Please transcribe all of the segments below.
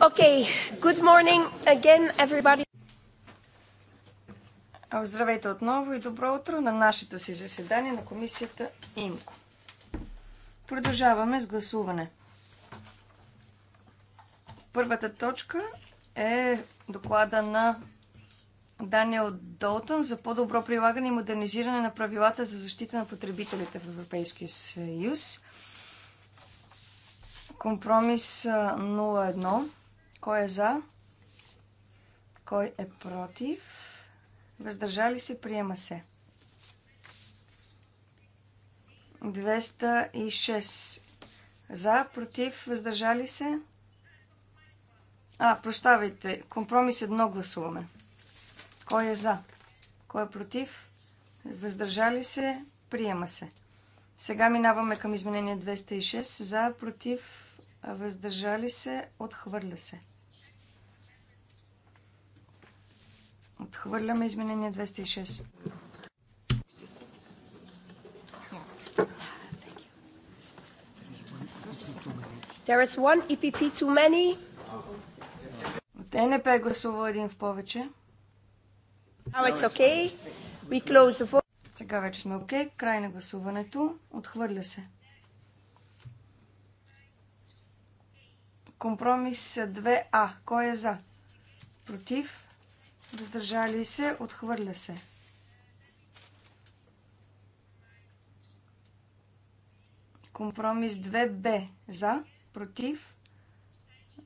Okay, good morning again everybody. Здравейте отново и добро утро на нашето си заседание на комисията ИМКО. Продължаваме с гласуване. Първата точка е доклада на Даниел Долтън за по-добро прилагане и модернизиране на правилата за защита на потребителите в Европейския съюз. Компромис 01. Кой е за? Кой е против? Въздържали се, приема се. 206. За, против, въздържали се. А, прощавайте. Компромис едно гласуваме. Кой е за? Кой е против? Въздържали се? Приема се. Сега минаваме към изменение 206. За, против, въздържали се, отхвърля се. Отхвърляме изменение 206. There is one EPP too many. От НП е гласувал един в повече. Now it's okay. We close the vote. Сега вече сме окей. Okay. Край на гласуването. Отхвърля се. Компромис 2А. Кой е за? Против? Въздържали се? Отхвърля се. Компромис 2Б. За? Против?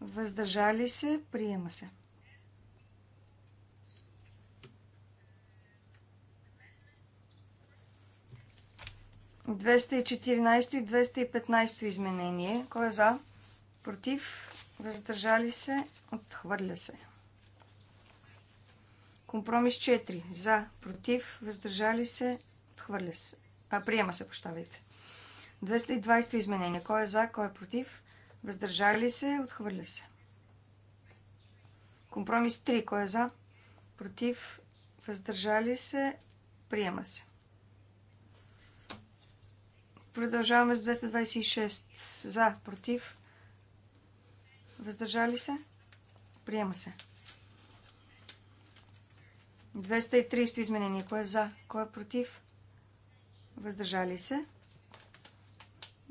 Въздържали се? Приема се. Двеста и 215 изменение. Кой е за? против, въздържали се, отхвърля се. Компромис 4. За, против, въздържали се, отхвърля се. А, приема се, пощавайте. 220 изменение. Кой е за, кой е против, въздържали се, отхвърля се. Компромис 3. Кой е за, против, въздържали се, приема се. Продължаваме с 226. За, против, Въздържали се? Приема се. 230 изменение. Кой е за? Кой е против? Въздържали се?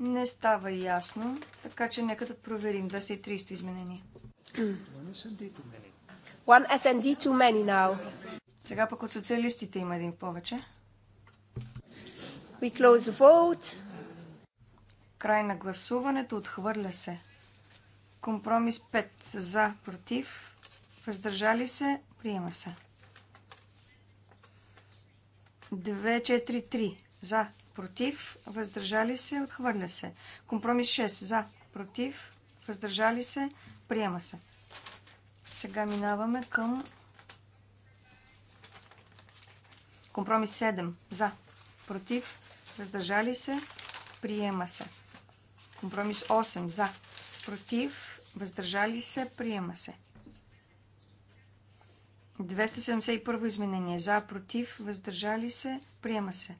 Не става ясно, така че нека да проверим 230 изменение. One SND too many now. Сега пък от социалистите има един повече. We close the vote. Край на гласуването отхвърля се. Компромис 5. За, против, въздържали се, приема се. 2-4-3. За, против, въздържали се, отхвърля се. Компромис 6. За, против, въздържали се, приема се. Сега минаваме към компромис 7. За, против, въздържали се, приема се. Компромис 8. За, против, Въздържали се, приема се. 271 изменение. За, против, въздържали се, приема се.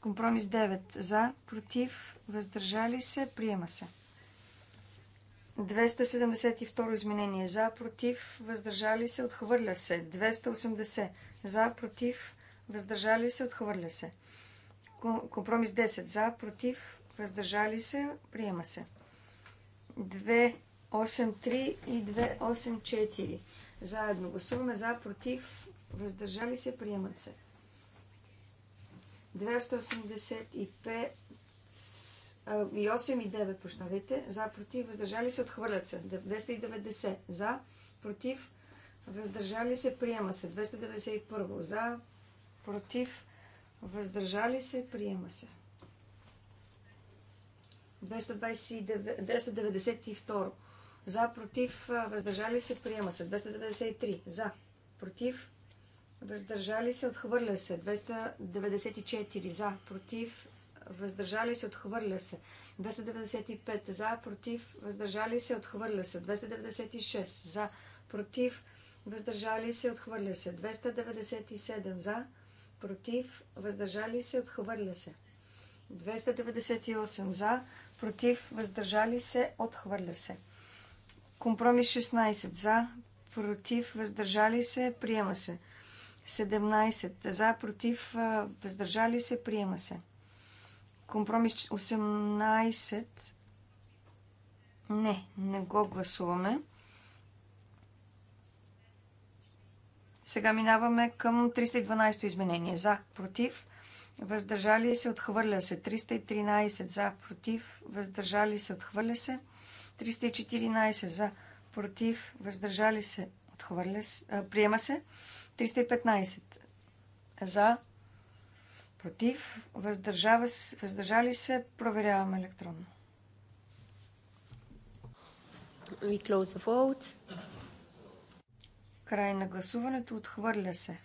Компромис 9. За, против, въздържали се, приема се. 272 изменение. За, против, въздържали се, отхвърля се. 280. За, против, въздържали се, отхвърля се. Компромис 10. За, против, въздържали се, приема се. 283 и 284. Заедно гласуваме за, против, въздържали се, приемат се. 285 и 8 и 9, пощавайте. за, против, въздържали се, отхвърлят се. 290 за, против, въздържали се, приема се. 291 за, против, въздържали се, приема се. 292 за, против, въздържали се, приема се. 293 за, против, въздържали се, отхвърля се. 294 за, против, въздържали се, отхвърля се. 295 за, против, въздържали се, отхвърля се. 296 за, против, въздържали се, отхвърля се. 297 за, против, въздържали се, отхвърля се. 298 за, против, въздържали се, отхвърля се. Компромис 16 за, против, въздържали се, приема се. 17 за, против, въздържали се, приема се. Компромис 18 не, не го гласуваме. Сега минаваме към 312 изменение. За, против, въздържали се, отхвърля се. 313 за, против, въздържали се, отхвърля се. 314 за, против, въздържали се, отхвърля се, а, приема се. 315 за, против, въздържава, въздържали се, проверяваме електронно. We close the vote. Край на гласуването отхвърля се.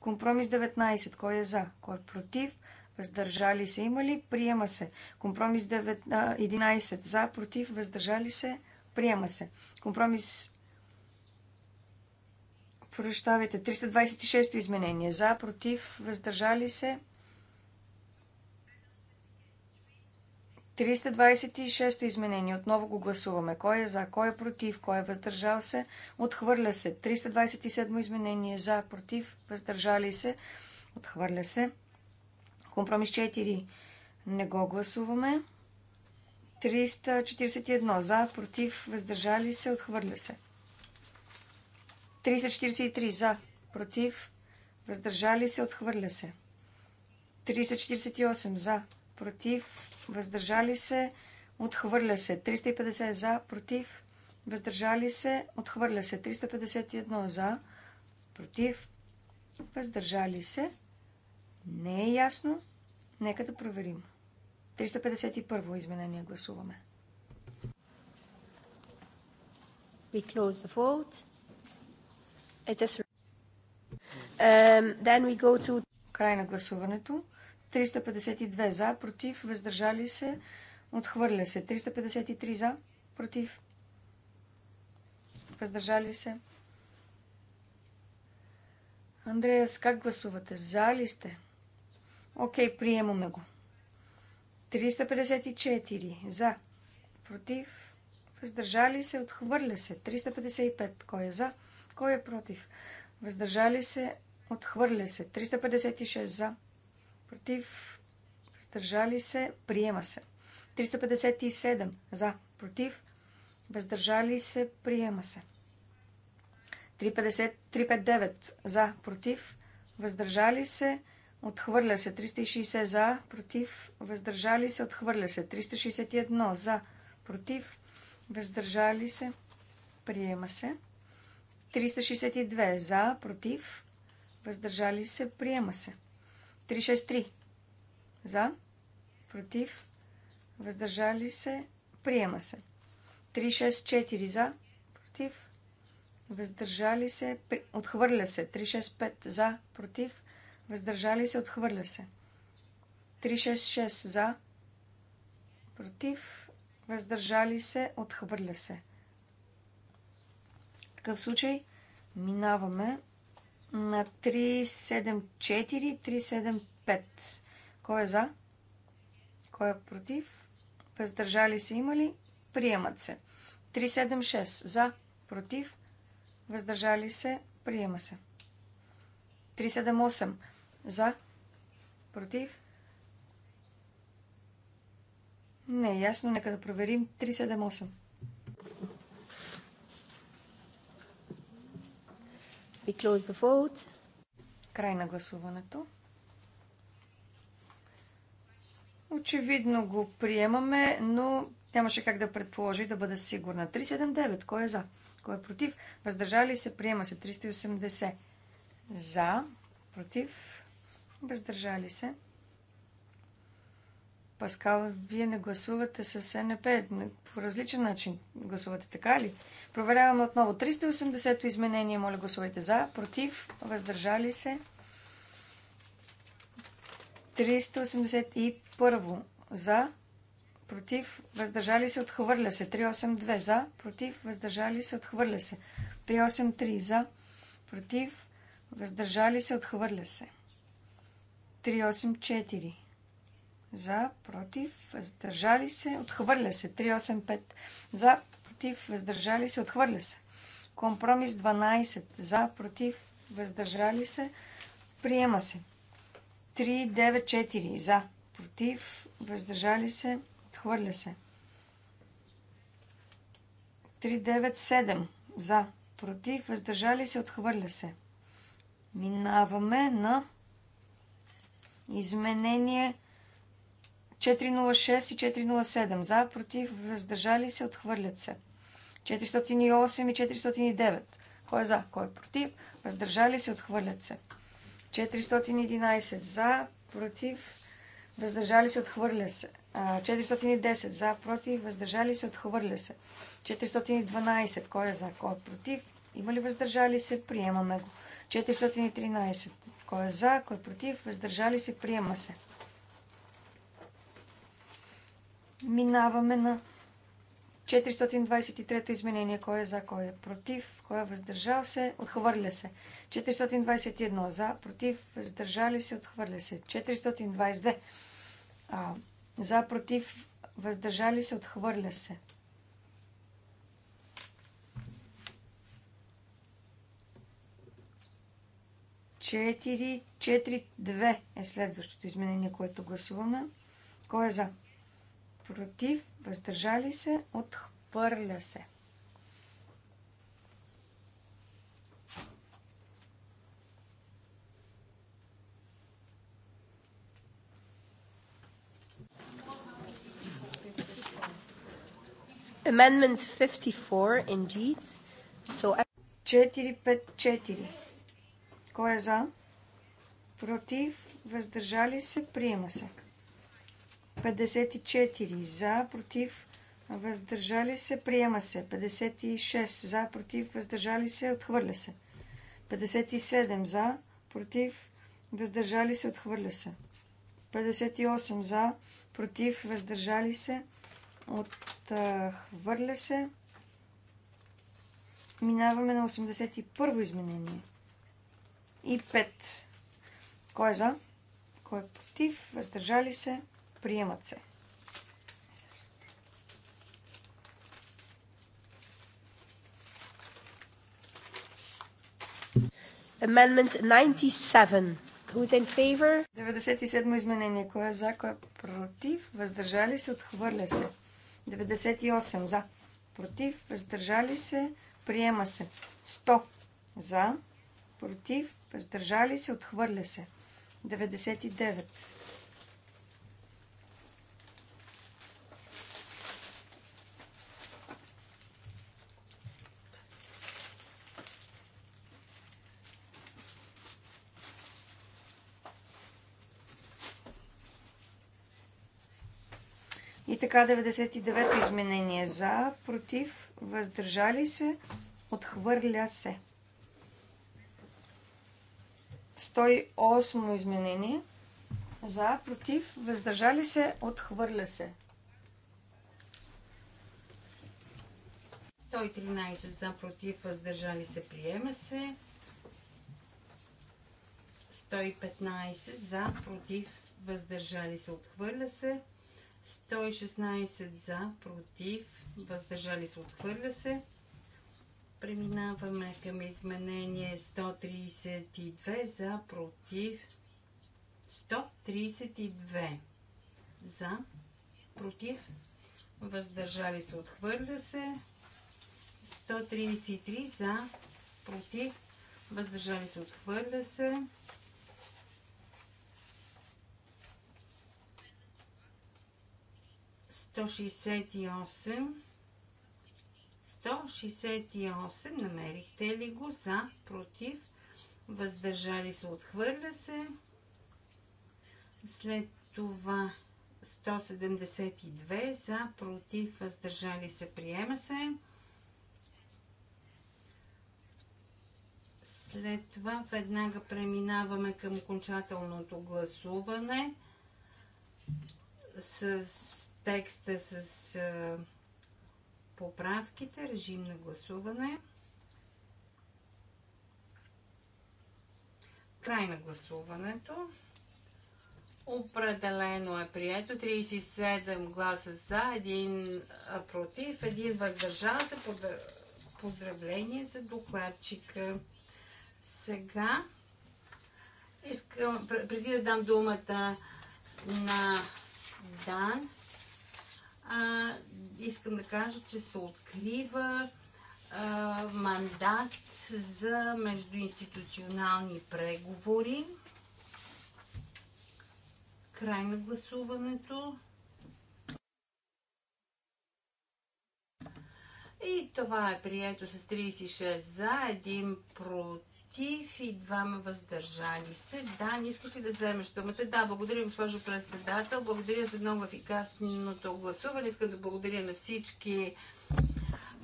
Компромис 19. Кой е за? Кой е против? Въздържали се има ли? Приема се. Компромис 9, 11. За, против, въздържали се? Приема се. Компромис Прощавайте, 326-то изменение. За, против, въздържали се, 326-то изменение. Отново го гласуваме. Кой е за, кой е против, кой е въздържал се. Отхвърля се. 327-то изменение. За, против, въздържали се. Отхвърля се. Компромис 4. Не го гласуваме. 341. За, против, въздържали се. Отхвърля се. 343. За, против, въздържали се. Отхвърля се. 348. За, против, въздържали се, отхвърля се. 350 за, против, въздържали се, отхвърля се. 351 за, против, въздържали се. Не е ясно. Нека да проверим. 351 изменение гласуваме. We close the vote. It is... Um, then we go to... Край на гласуването. 352 за, против, въздържали се, отхвърля се. 353 за, против, въздържали се. Андреас, как гласувате? За ли сте? Окей, приемаме го. 354 за, против, въздържали се, отхвърля се. 355, кой е за, кой е против? Въздържали се, отхвърля се. 356 за, против, въздържали се, приема се. 357 за, против, въздържали се, приема се. 350, 359 за, против, въздържали се, отхвърля се. 360 за, против, въздържали се, отхвърля се. 361 за, против, въздържали се, приема се. 362 за, против, въздържали се, приема се. 363. За. Против. Въздържали се. Приема се. 364 за. Против. Въздържали се. При... Отхвърля се. 365 за. Против. Въздържали се. Отхвърля се. 366 за. Против. Въздържали се. Отхвърля се. В такъв случай минаваме на 374, 375. Кой е за? Кой е против? Въздържали се има ли? Приемат се. 376. За, против, въздържали се, приема се. 378. За, против. Не е ясно, нека да проверим. 378. We close the vote. Край на гласуването. Очевидно го приемаме, но нямаше как да предположи да бъда сигурна. 379. Кой е за? Кой е против? Въздържали се? Приема се. 380. За. Против. Въздържали се. Паскал, вие не гласувате с НП. По различен начин гласувате, така ли? Проверяваме отново. 380-то изменение. Моля, гласувайте за, против, въздържали се. 381 за, против, въздържали се, отхвърля се. 382 за, против, въздържали се, отхвърля се. 383 за, против, въздържали се, отхвърля се. 384 за, против, въздържали се, отхвърля се. 385 за, против, въздържали се, отхвърля се. Компромис 12 за, против, въздържали се, приема се. 394 за, против, въздържали се, отхвърля се. 397 за, против, въздържали се, отхвърля се. Минаваме на изменение 406 и 407 за, против, въздържали се, отхвърлят се. 408 и 409. Кой е за, кой е против, въздържали се, отхвърлят се. 411 за, против, въздържали се, отхвърля се. 410 за, против, въздържали се, отхвърля се. 412, кой е за, кой е против, има ли въздържали се, приемаме го. 413, кой е за, кой е против, въздържали се, приема се. Минаваме на 423-то изменение. Кой е за, кой е против, кой е въздържал се, отхвърля се. 421 за, против, въздържали се, отхвърля се. 422 а, за, против, въздържали се, отхвърля се. Четири, четири, две е следващото изменение, което гласуваме. Кой е за? против, въздържали се, отхвърля се. Amendment 54, indeed. So... 4. Кой е за? Против, въздържали се, приема се. 54 за, против, въздържали се, приема се. 56 за, против, въздържали се, отхвърля се. 57 за, против, въздържали се, отхвърля се. 58 за, против, въздържали се, отхвърля се. Минаваме на 81 изменение. И 5. Кой е за? Кой е против? Въздържали се? Приемат се. Amendment 97. Who's in favor? 97 изменение. Кой е за, кой е против? Въздържали се, отхвърля се. 98 за. Против, въздържали се, приема се. 100 за. Против, въздържали се, отхвърля се. 99 така 99-то изменение за, против, въздържали се, отхвърля се. 108 изменение за, против, въздържали се, отхвърля се. 113 за, против, въздържали се, приема се. 115 за, против, въздържали се, отхвърля се. 116 за, против, въздържали се, отхвърля се. Преминаваме към изменение 132 за, против, 132 за, против, въздържали се, отхвърля се. 133 за, против, въздържали се, отхвърля се. 168. 168. Намерихте ли го? За, против, въздържали се, отхвърля се. След това 172 за, против, въздържали се, приема се. След това веднага преминаваме към окончателното гласуване с текста с а, поправките, режим на гласуване. Край на гласуването. Определено е прието 37 гласа за, един против, един въздържал се. Поздравление за докладчика. Сега искам, преди да дам думата на Дан, а, искам да кажа, че се открива а, мандат за междуинституционални преговори. Край на гласуването. И това е прието с 36 за, 1 против против и двама въздържали се. Да, не искаш ли да вземеш думата? Да, благодаря, госпожо председател. Благодаря за много ефикасното гласуване. Искам да благодаря на всички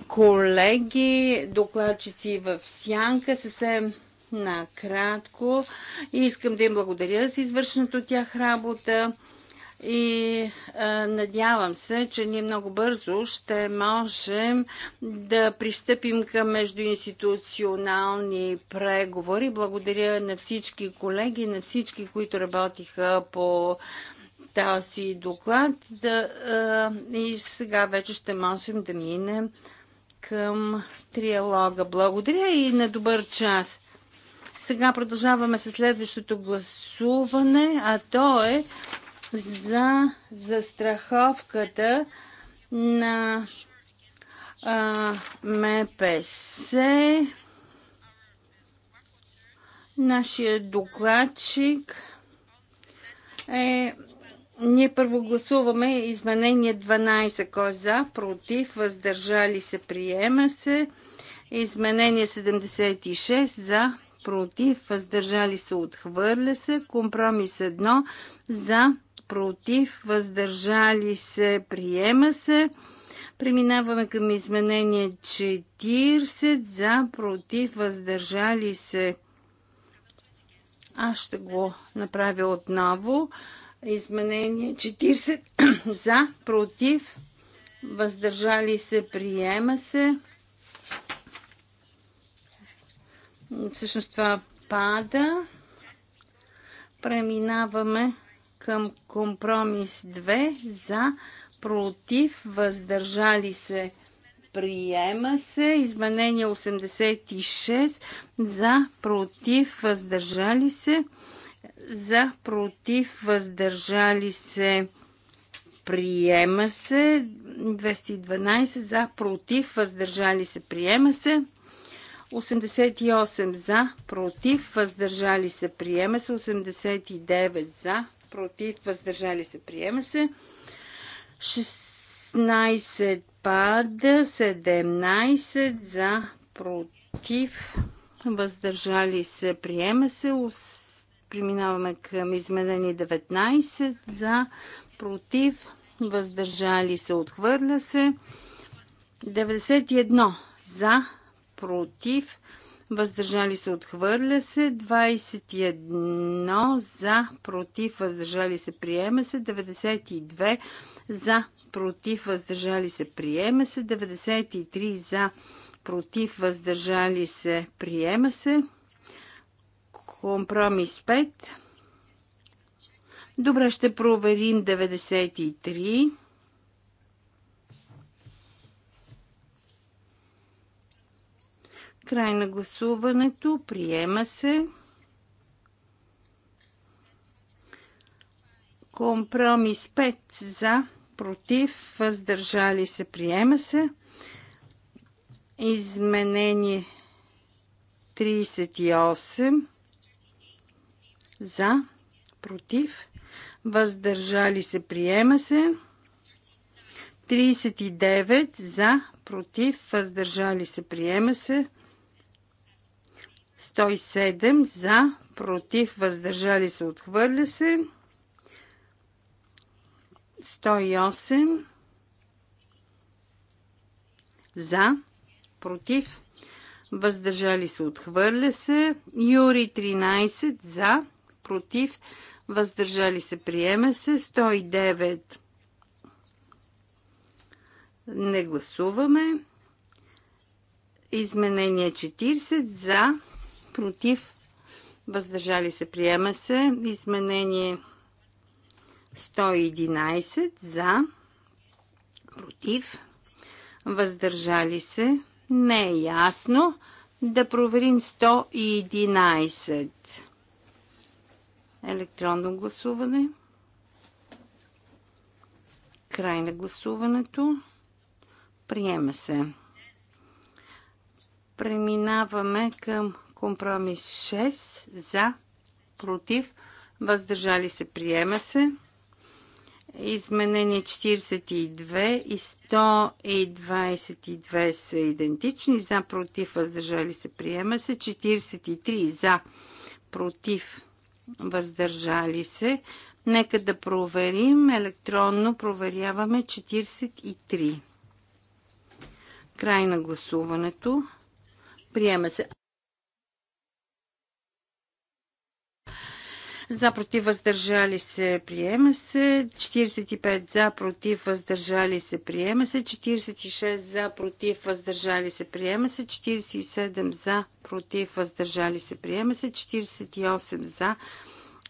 колеги, докладчици в Сянка. Съвсем накратко. И искам да им благодаря за извършеното тях работа и е, надявам се, че ние много бързо ще можем да пристъпим към междуинституционални преговори. Благодаря на всички колеги, на всички, които работиха по този доклад да, е, и сега вече ще можем да минем към триалога. Благодаря и на добър час. Сега продължаваме с следващото гласуване, а то е за застраховката на а, МПС. Нашия докладчик е ние първо гласуваме изменение 12. Кой е за, против, въздържали се, приема се. Изменение 76 за, против, въздържали се, отхвърля се. Компромис 1 за, против, въздържали се, приема се. Преминаваме към изменение 40 за, против, въздържали се. Аз ще го направя отново. Изменение 40 за, против, въздържали се, приема се. Всъщност това пада. Преминаваме към компромис 2 за против въздържали се приема се изменение 86 за против въздържали се за против въздържали се приема се 212 за против въздържали се приема се 88 за, против, въздържали се, приема се 89 за, против, въздържали се, приема се. 16 пада, 17 за, против, въздържали се, приема се. Преминаваме към изменени 19 за, против, въздържали се, отхвърля се. 91 за, против, въздържали се въздържали се, отхвърля се, 21 за, против, въздържали се, приема се, 92 за, против, въздържали се, приема се, 93 за, против, въздържали се, приема се, компромис 5. Добре, ще проверим 93. Край на гласуването. Приема се. Компромис 5 за, против, въздържали се, приема се. Изменение 38 за, против, въздържали се, приема се. 39 за, против, въздържали се, приема се. 107 за, против, въздържали се, отхвърля се. 108 за, против, въздържали се, отхвърля се. Юри 13 за, против, въздържали се, приема се. 109 не гласуваме. Изменение 40 за, против, въздържали се, приема се. Изменение 111 за, против, въздържали се. Не е ясно. Да проверим 111. Електронно гласуване. Край на гласуването. Приема се. Преминаваме към Компромис 6 за, против, въздържали се, приема се. Изменение 42 и 122 са идентични. За, против, въздържали се, приема се. 43 за, против, въздържали се. Нека да проверим. Електронно проверяваме 43. Край на гласуването. Приема се. за против въздържали се, приема се. 45 за против въздържали се, приема се. 46 за против въздържали се, приема се. 47 за против въздържали се, приема се. 48 за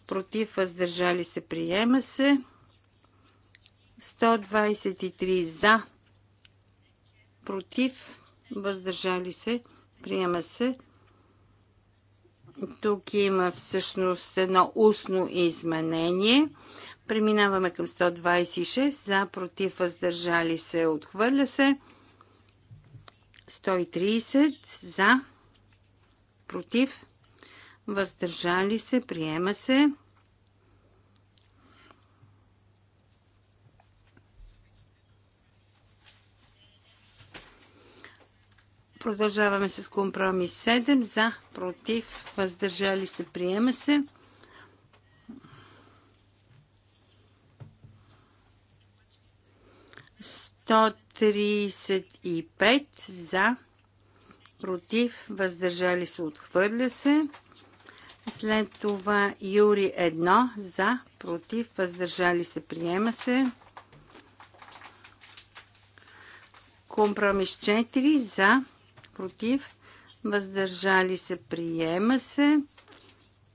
против въздържали се, приема се. 123 за против въздържали се, приема се. Тук има всъщност едно устно изменение. Преминаваме към 126. За, против, въздържали се, отхвърля се. 130. За, против, въздържали се, приема се. Продължаваме с компромис 7. За, против, въздържали се, приема се. Сто 35 за, против, въздържали се, отхвърля се. След това Юри 1 за, против, въздържали се, приема се. Компромис 4 за, против, въздържали се, приема се.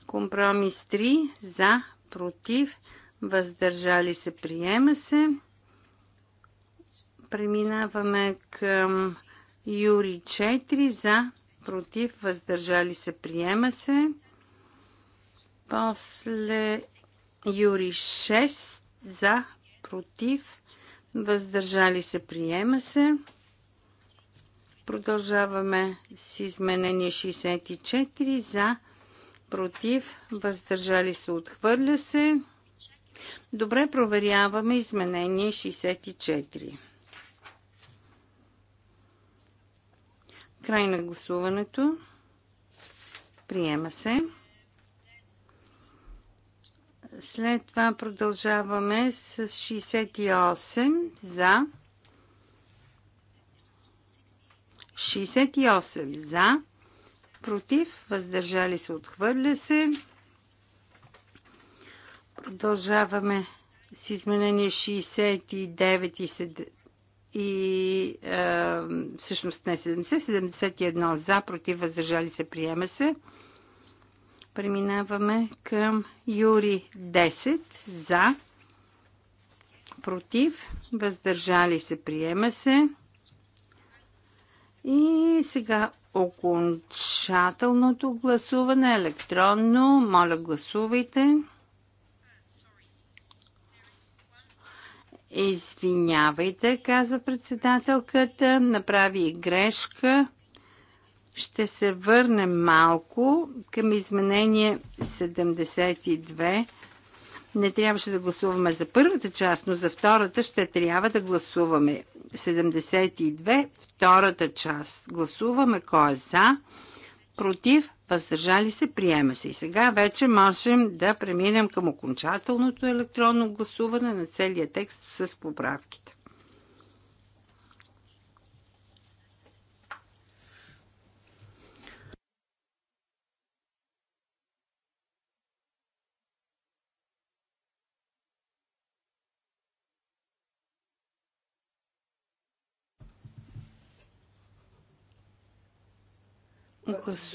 Компромис 3 за, против, въздържали се, приема се. Преминаваме към Юри 4 за, против, въздържали се, приема се. После Юри 6 за, против, въздържали се, приема се. Продължаваме с изменение 64 за против, въздържали се, отхвърля се. Добре, проверяваме изменение 64. Край на гласуването. Приема се. След това продължаваме с 68 за 68 за, против, въздържали се, отхвърля се. Продължаваме с изменение 69 и, и е, всъщност не 70, 71 за, против, въздържали се, приема се. Преминаваме към Юри 10 за, против, въздържали се, приема се. И сега окончателното гласуване електронно. Моля, гласувайте. Извинявайте, каза председателката, направи грешка. Ще се върнем малко към изменение 72. Не трябваше да гласуваме за първата част, но за втората ще трябва да гласуваме. 72, втората част. Гласуваме кой е за, против, въздържали се, приема се. И сега вече можем да преминем към окончателното електронно гласуване на целия текст с поправките. Глас...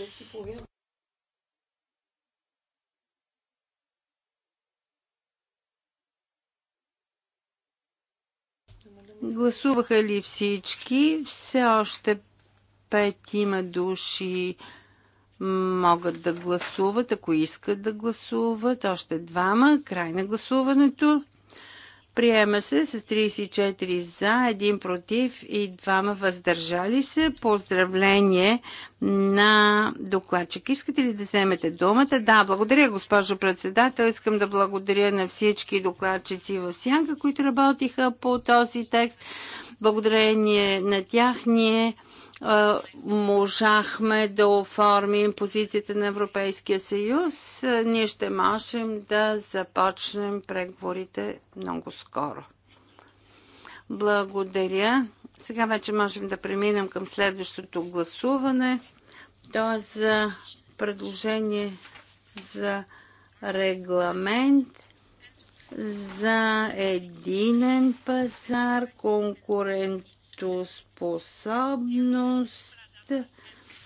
Гласуваха ли всички? Все още петима души могат да гласуват, ако искат да гласуват. Още двама. Край на гласуването. Приема се с 34 за, 1 против и 2 въздържали се. Поздравление на докладчик. Искате ли да вземете думата? Да, благодаря, госпожо председател. Искам да благодаря на всички докладчици в Сянка, които работиха по този текст. Благодарение на тях ние можахме да оформим позицията на Европейския съюз, ние ще можем да започнем преговорите много скоро. Благодаря. Сега вече можем да преминем към следващото гласуване. То е за предложение за регламент за единен пазар, конкурентоспособност способност.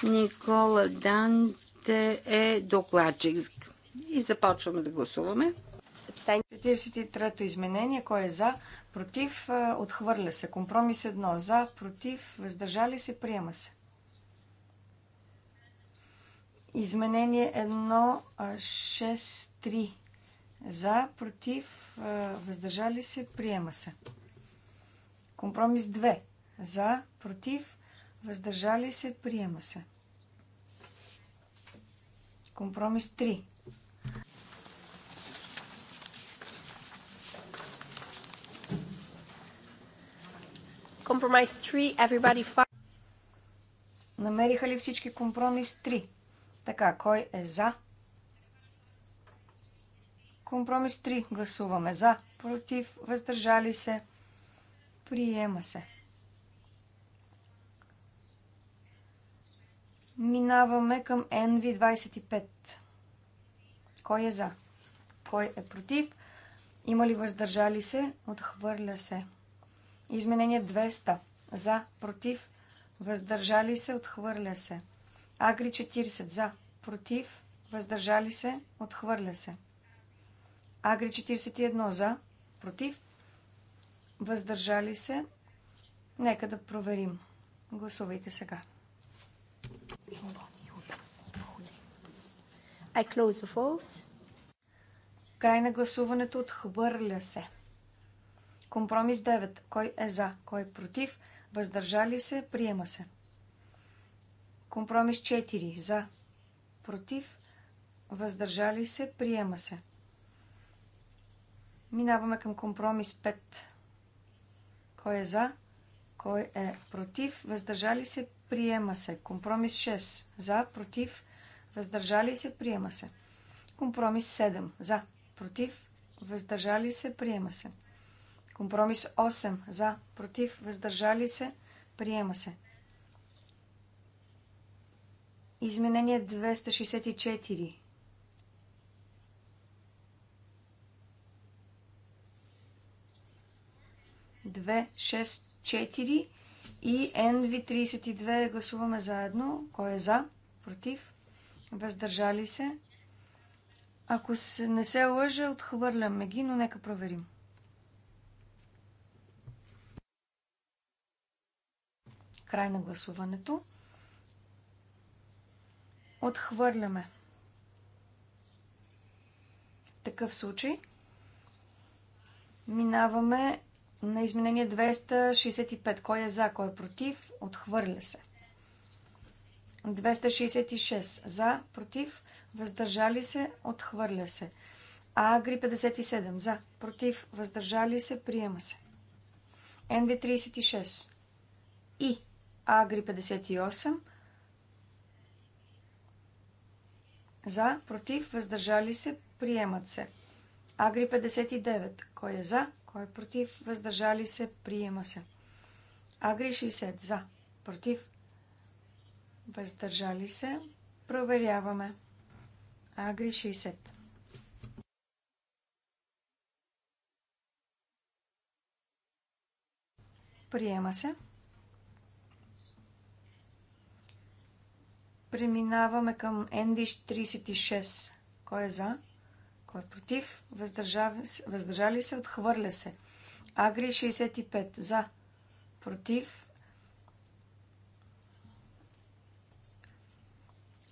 Никола Данте е докладчик. И започваме да гласуваме. 43-то изменение. Кой е за? Против? Е, отхвърля се. Компромис 1. За? Против? Въздържали се? Приема се. Изменение 1.6.3. За, против, е, въздържали се, приема се. Компромис 2 за, против, въздържали се, приема се. Компромис 3. Компромис 3, everybody Намериха ли всички компромис 3? Така, кой е за? Компромис 3. Гласуваме за, против, въздържали се, приема се. Минаваме към NV25. Кой е за? Кой е против? Има ли въздържали се? Отхвърля се. Изменение 200. За, против, въздържали се, отхвърля се. Агри 40. За, против, въздържали се, отхвърля се. Агри 41. За, против, въздържали се. Нека да проверим. Гласувайте сега. I close the vote. Край на гласуването отхвърля се. Компромис 9. Кой е за? Кой е против? Въздържали се? Приема се. Компромис 4. За. Против. Въздържали се? Приема се. Минаваме към компромис 5. Кой е за? Кой е против? Въздържали се? Приема се. Компромис 6. За. Против въздържали се, приема се. Компромис 7 за, против, въздържали се, приема се. Компромис 8 за, против, въздържали се, приема се. Изменение 264 264 и NV32 гласуваме заедно. Кой е за? Против? въздържали се. Ако се не се лъжа, отхвърляме ги, но нека проверим. Край на гласуването. Отхвърляме. В такъв случай минаваме на изменение 265. Кой е за, кой е против? Отхвърля се. 266 за, против, въздържали се, отхвърля се. Агри 57 за, против, въздържали се, приема се. НВ 36 и Агри 58 за, против, въздържали се, приемат се. Агри 59. Кой е за, кой е против, въздържали се, приема се. Агри 60. За, против, въздържали се, проверяваме. Агри 60. Приема се. Преминаваме към Ендиш 36. Кой е за? Кой е против? въздържали се? Отхвърля се. Агри 65. За. Против?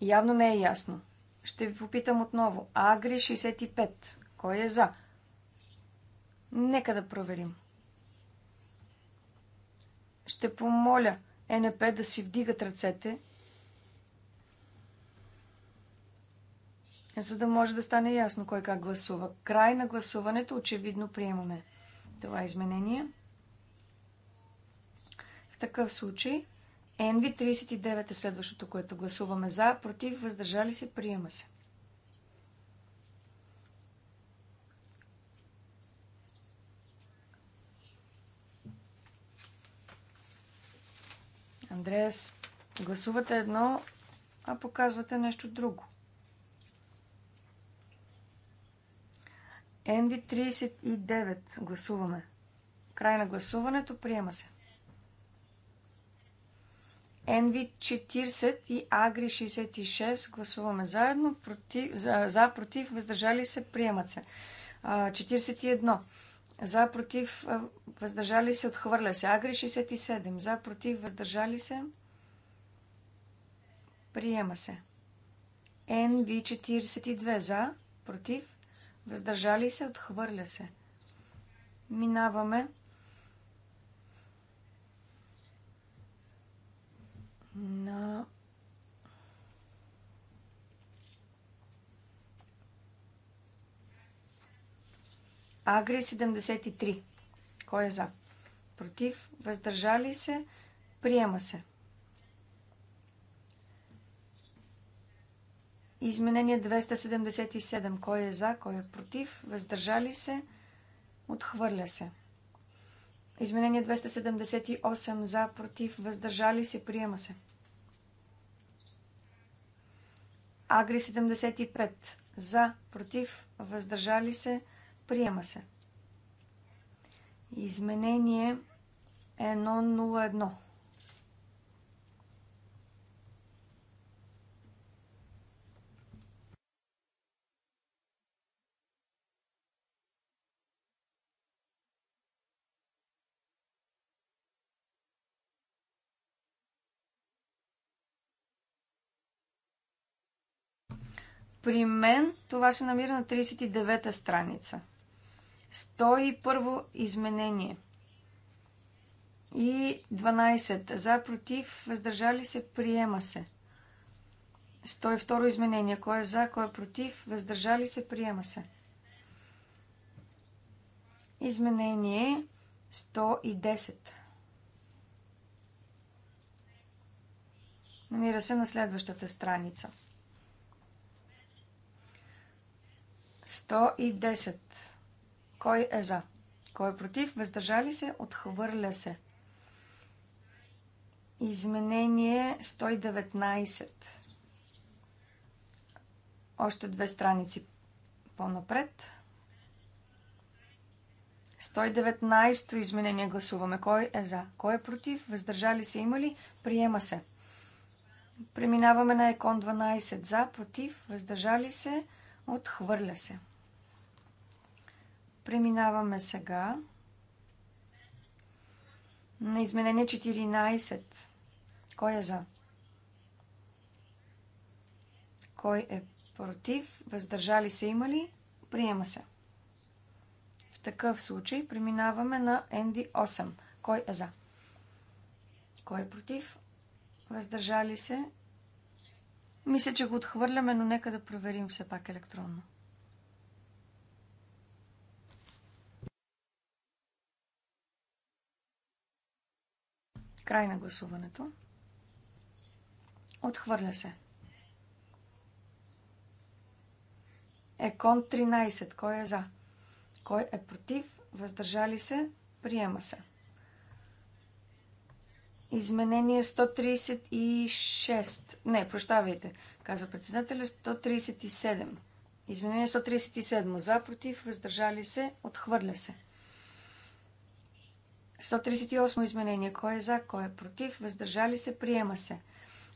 Явно не е ясно. Ще ви попитам отново. Агри 65. Кой е за? Нека да проверим. Ще помоля НП да си вдигат ръцете, за да може да стане ясно кой как гласува. Край на гласуването очевидно приемаме това изменение. В такъв случай NV39 е следващото, което гласуваме за, против, въздържали се, приема се. Андреас, гласувате едно, а показвате нещо друго. NV39 гласуваме. Край на гласуването приема се. Енви 40 и Агри 66 гласуваме заедно, против, за, за, против, въздържали се, приемат се. 41. За, против, въздържали се, отхвърля се. Агри 67. За, против, въздържали се, приема се. НВ 42. За, против, въздържали се, отхвърля се. Минаваме на Агри 73. Кой е за? Против? Въздържали се? Приема се. Изменение 277. Кой е за? Кой е против? Въздържали се? Отхвърля се. Изменение 278. За? Против? Въздържали се? Приема се. Агри 75. За, против, въздържали се, приема се. Изменение 101. При мен това се намира на 39-та страница. 101 изменение. И 12. За, против, въздържали се, приема се. 102 изменение. Кой е за, кой е против, въздържали се, приема се. Изменение 110. Намира се на следващата страница. 110. Кой е за? Кой е против? Въздържали се? Отхвърля се. Изменение 119. Още две страници по-напред. 119-то изменение гласуваме. Кой е за? Кой е против? Въздържали се има ли? Приема се. Преминаваме на Екон 12. За, против, въздържали се. Отхвърля се. Преминаваме сега на изменение 14. Кой е за? Кой е против? Въздържали се има ли? Приема се. В такъв случай преминаваме на ND8. Кой е за? Кой е против? Въздържали се? Мисля, че го отхвърляме, но нека да проверим все пак електронно. Край на гласуването. Отхвърля се. Екон 13. Кой е за? Кой е против? Въздържали се? Приема се. Изменение 136. Не, прощавайте, каза председателя. 137. Изменение 137. За, против, въздържали се, отхвърля се. 138 изменение. Кой е за, кой е против, въздържали се, приема се.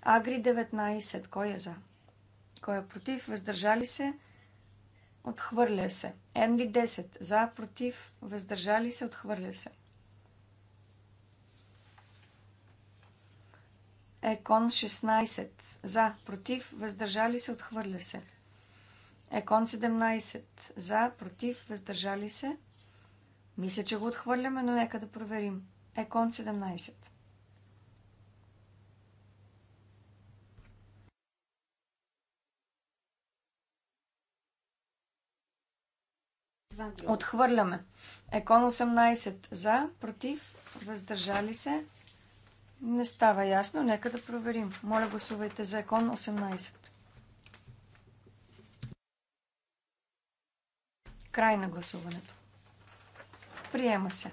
Агри 19. Кой е за? Кой е против, въздържали се, отхвърля се. Енви 10. За, против, въздържали се, отхвърля се. Екон 16. За, против, въздържали се, отхвърля се. Екон 17. За, против, въздържали се. Мисля, че го отхвърляме, но нека да проверим. Екон 17. Отхвърляме. Екон 18. За, против, въздържали се. Не става ясно. Нека да проверим. Моля, гласувайте за Екон 18. Край на гласуването. Приема се.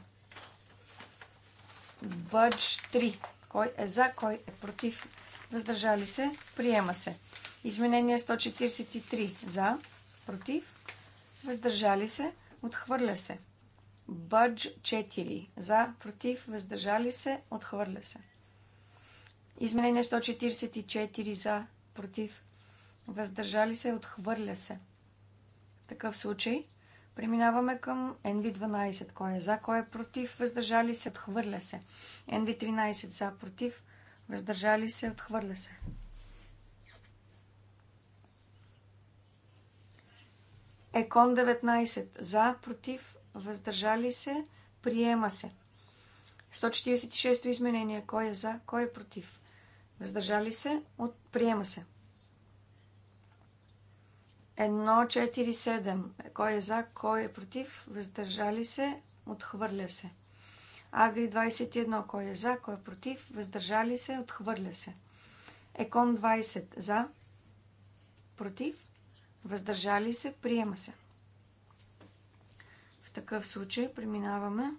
Бъдж 3. Кой е за, кой е против? Въздържали се? Приема се. Изменение 143. За, против? Въздържали се? Отхвърля се. Бъдж 4. За, против? Въздържали се? Отхвърля се. Изменение 144 за, против, въздържали се, отхвърля се. В такъв случай преминаваме към NV12. Кой е за, кой е против, въздържали се, отхвърля се. NV13 за, против, въздържали се, отхвърля се. Екон 19 за, против, въздържали се, приема се. 146 изменение. Кой е за, кой е против? Въздържали се? От... Приема се. 1.4.7. Кой е за, кой е против? Въздържали се? Отхвърля се. Агри 21. Кой е за, кой е против? Въздържали се? Отхвърля се. Екон 20. За? Против? Въздържали се? Приема се. В такъв случай преминаваме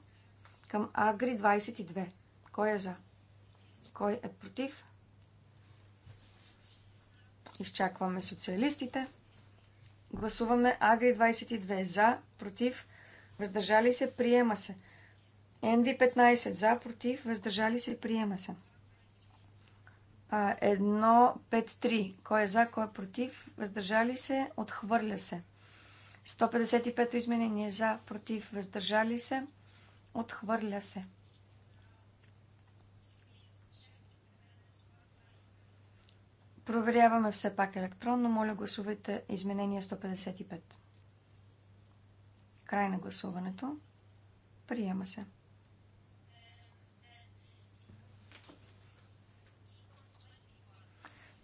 към Агри 22. Кой е за? Кой е против? Изчакваме социалистите. Гласуваме Агри 22 за, против, въздържали се, приема се. НВ 15 за, против, въздържали се, приема се. 1-5-3. Кой е за, кой е против, въздържали се, отхвърля се. 155 изменение за, против, въздържали се, отхвърля се. Проверяваме все пак електронно. Моля, гласувайте изменение 155. Край на гласуването. Приема се.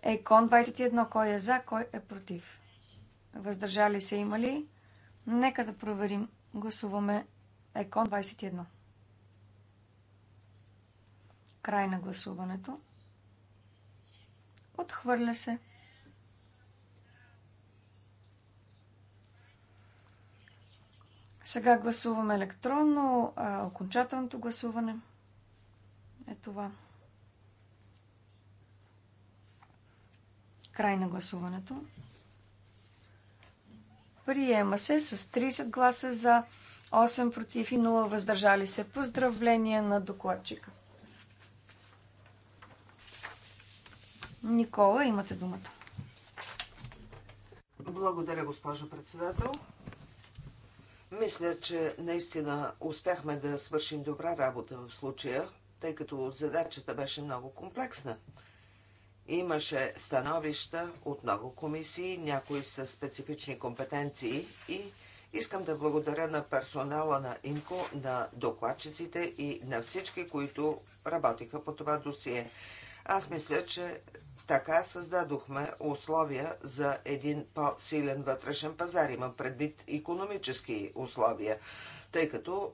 Екон 21. Кой е за, кой е против? Въздържали се има ли? Нека да проверим. Гласуваме Екон 21. Край на гласуването. Отхвърля се. Сега гласуваме електронно а, окончателното гласуване. Е това. Край на гласуването. Приема се с 30 гласа за, 8 против и 0 въздържали се. Поздравление на докладчика. Никола, имате думата. Благодаря, госпожо председател. Мисля, че наистина успяхме да свършим добра работа в случая, тъй като задачата беше много комплексна. Имаше становища от много комисии, някои с специфични компетенции и искам да благодаря на персонала на ИНКО, на докладчиците и на всички, които работиха по това досие. Аз мисля, че така създадохме условия за един по-силен вътрешен пазар. Имам предвид економически условия, тъй като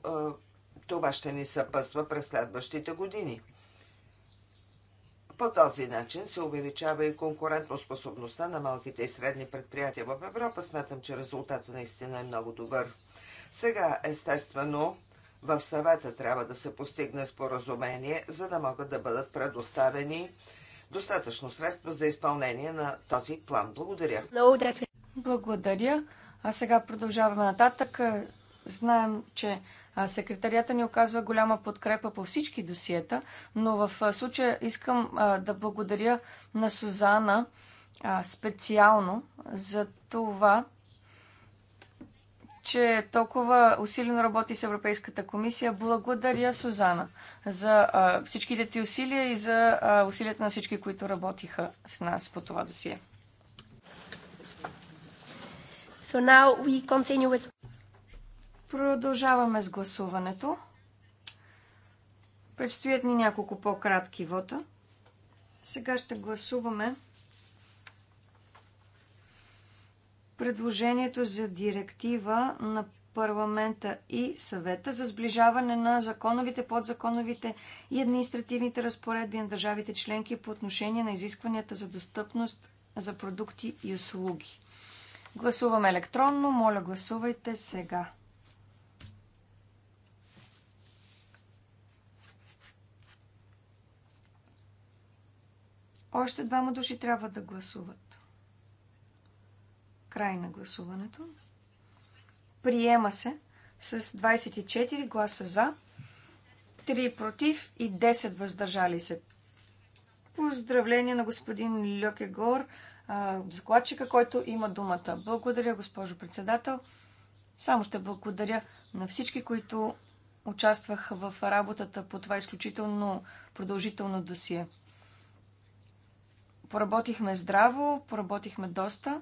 това ще ни съпъства през следващите години. По този начин се увеличава и конкурентоспособността на малките и средни предприятия в Европа. Смятам, че резултатът наистина е много добър. Сега, естествено, в съвета трябва да се постигне споразумение, за да могат да бъдат предоставени достатъчно средства за изпълнение на този план. Благодаря. Благодаря. А сега продължаваме нататък. Знаем, че секретарията ни оказва голяма подкрепа по всички досиета, но в случая искам да благодаря на Сузана специално за това, че толкова усилено работи с Европейската комисия. Благодаря, Сузана, за а, всичките ти усилия и за а, усилията на всички, които работиха с нас по това досие. So now we continue with... Продължаваме с гласуването. Предстоят ни няколко по-кратки вота. Сега ще гласуваме предложението за директива на парламента и съвета за сближаване на законовите, подзаконовите и административните разпоредби на държавите членки по отношение на изискванията за достъпност за продукти и услуги. Гласуваме електронно. Моля, гласувайте сега. Още двама души трябва да гласуват. Край на гласуването. Приема се с 24 гласа за, 3 против и 10 въздържали се. Поздравление на господин Льокегор, докладчика, който има думата. Благодаря, госпожо председател. Само ще благодаря на всички, които участваха в работата по това изключително продължително досие. Поработихме здраво, поработихме доста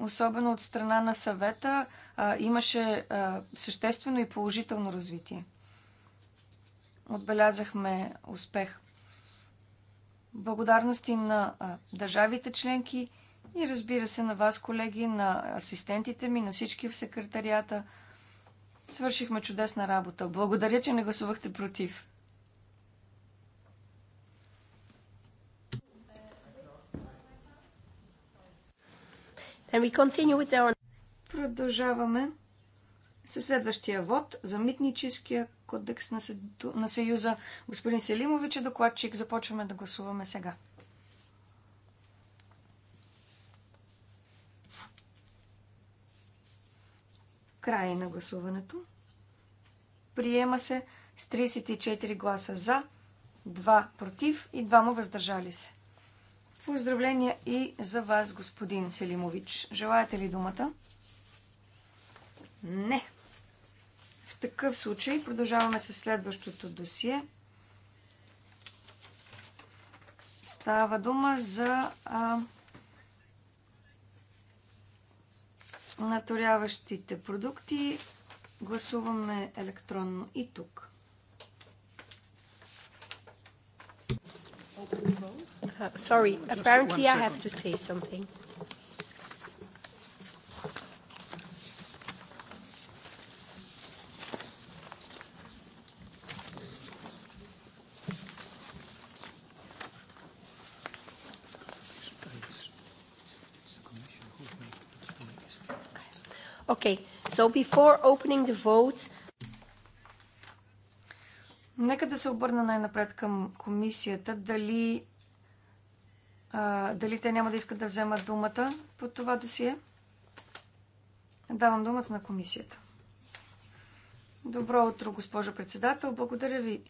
особено от страна на съвета, а, имаше а, съществено и положително развитие. Отбелязахме успех. Благодарности на а, държавите членки и разбира се на вас, колеги, на асистентите ми, на всички в секретарията. Свършихме чудесна работа. Благодаря, че не гласувахте против. Our... Продължаваме със следващия вод за митническия кодекс на, на Съюза. Господин Селимович е докладчик. Започваме да гласуваме сега. Край на гласуването. Приема се с 34 гласа за, 2 против и 2 му въздържали се. Поздравления и за вас, господин Селимович. Желаете ли думата? Не. В такъв случай продължаваме с следващото досие. Става дума за а, наторяващите продукти. Гласуваме електронно и тук. Open vote sorry, just apparently I have to say something. Okay, so before opening the vote, Нека да се обърна най-напред към комисията. Дали а, дали те няма да искат да вземат думата по това досие. Давам думата на комисията. Добро утро, госпожо председател. Благодаря ви.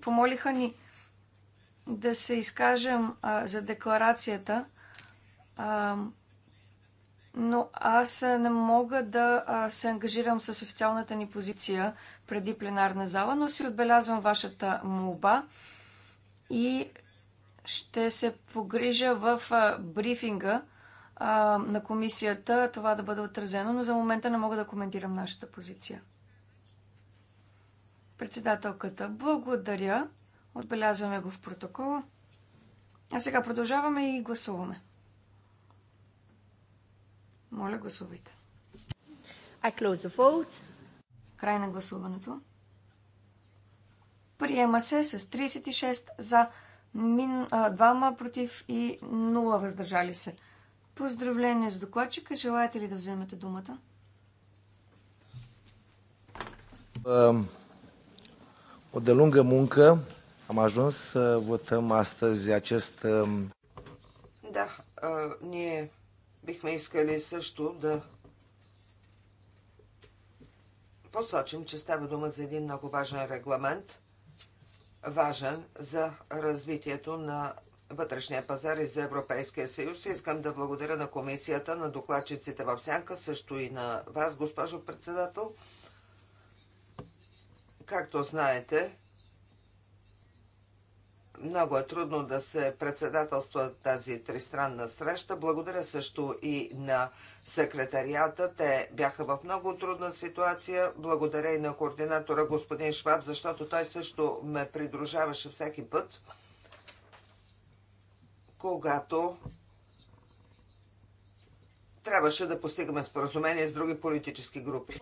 помолиха ни да се изкажем а, за декларацията. А, но аз не мога да се ангажирам с официалната ни позиция преди пленарна зала, но си отбелязвам вашата молба и ще се погрижа в брифинга на комисията това да бъде отразено, но за момента не мога да коментирам нашата позиция. Председателката, благодаря. Отбелязваме го в протокола. А сега продължаваме и гласуваме. Моля, гласувайте. I close the vote. Край на гласуването. Приема се с 36 за, 2 против и 0 въздържали се. Поздравление с докладчика. Желаете ли да вземете думата? От de lungă muncă am ajuns să votăm astăzi acest... Da, ние бихме искали също да посочим, че става дума за един много важен регламент, важен за развитието на вътрешния пазар и за Европейския съюз. Искам да благодаря на комисията, на докладчиците в Сянка, също и на вас, госпожо председател. Както знаете, много е трудно да се председателства тази тристранна среща. Благодаря също и на секретарията. Те бяха в много трудна ситуация. Благодаря и на координатора господин Шваб, защото той също ме придружаваше всеки път, когато трябваше да постигаме споразумение с други политически групи.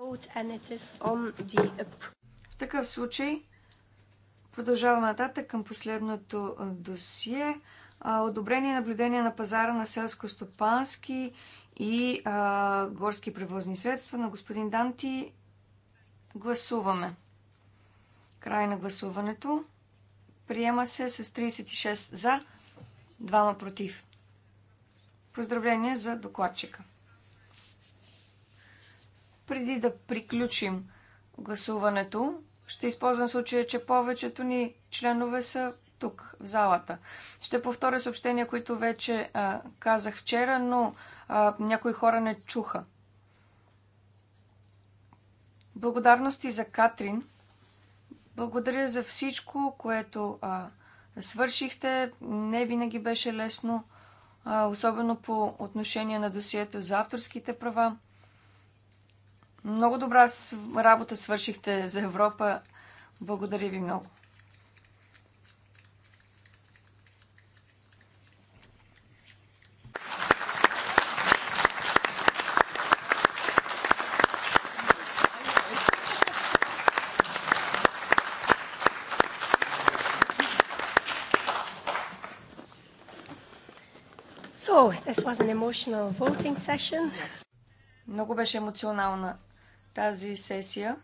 В такъв случай Продължаваме нататък към последното досие. Одобрение и наблюдение на пазара на селско-стопански и а, горски превозни средства на господин Данти. Гласуваме. Край на гласуването. Приема се с 36 за, 2 против. Поздравление за докладчика. Преди да приключим гласуването, ще използвам случая, че повечето ни членове са тук, в залата. Ще повторя съобщения, които вече а, казах вчера, но а, някои хора не чуха. Благодарности за Катрин. Благодаря за всичко, което а, свършихте. Не винаги беше лесно, а, особено по отношение на досието за авторските права. Много добра работа свършихте за Европа. Благодаря ви много. So, this was an emotional voting session. Много беше емоционална тази сесия.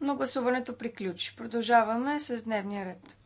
Но гласуването приключи. Продължаваме с дневния ред.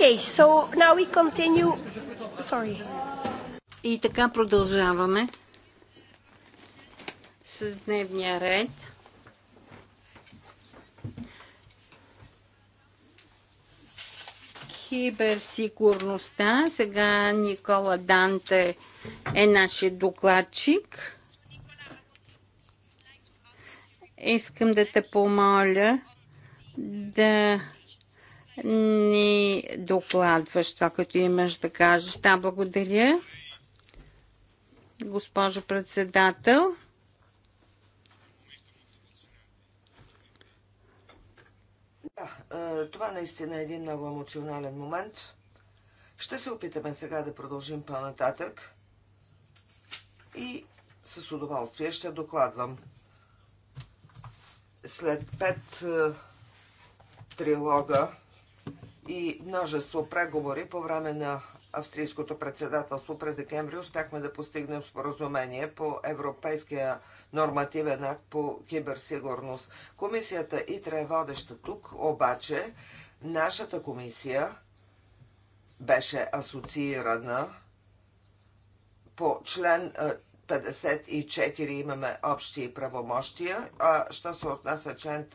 Okay, so now we continue. Sorry. И така продължаваме с дневния ред. Киберсигурността. Сега Никола Данте е нашия докладчик. Искам да те помоля да ни докладваш това, като имаш да кажеш. Да, благодаря, госпожо председател. Да, е, това наистина е един много емоционален момент. Ще се опитаме сега да продължим по-нататък и с удоволствие ще докладвам. След пет е, трилога и множество преговори по време на австрийското председателство през декември успяхме да постигнем споразумение по Европейския нормативен акт по киберсигурност. Комисията ИТРА е водеща тук, обаче нашата комисия беше асоциирана по член 54 имаме общи правомощия, а що се отнася член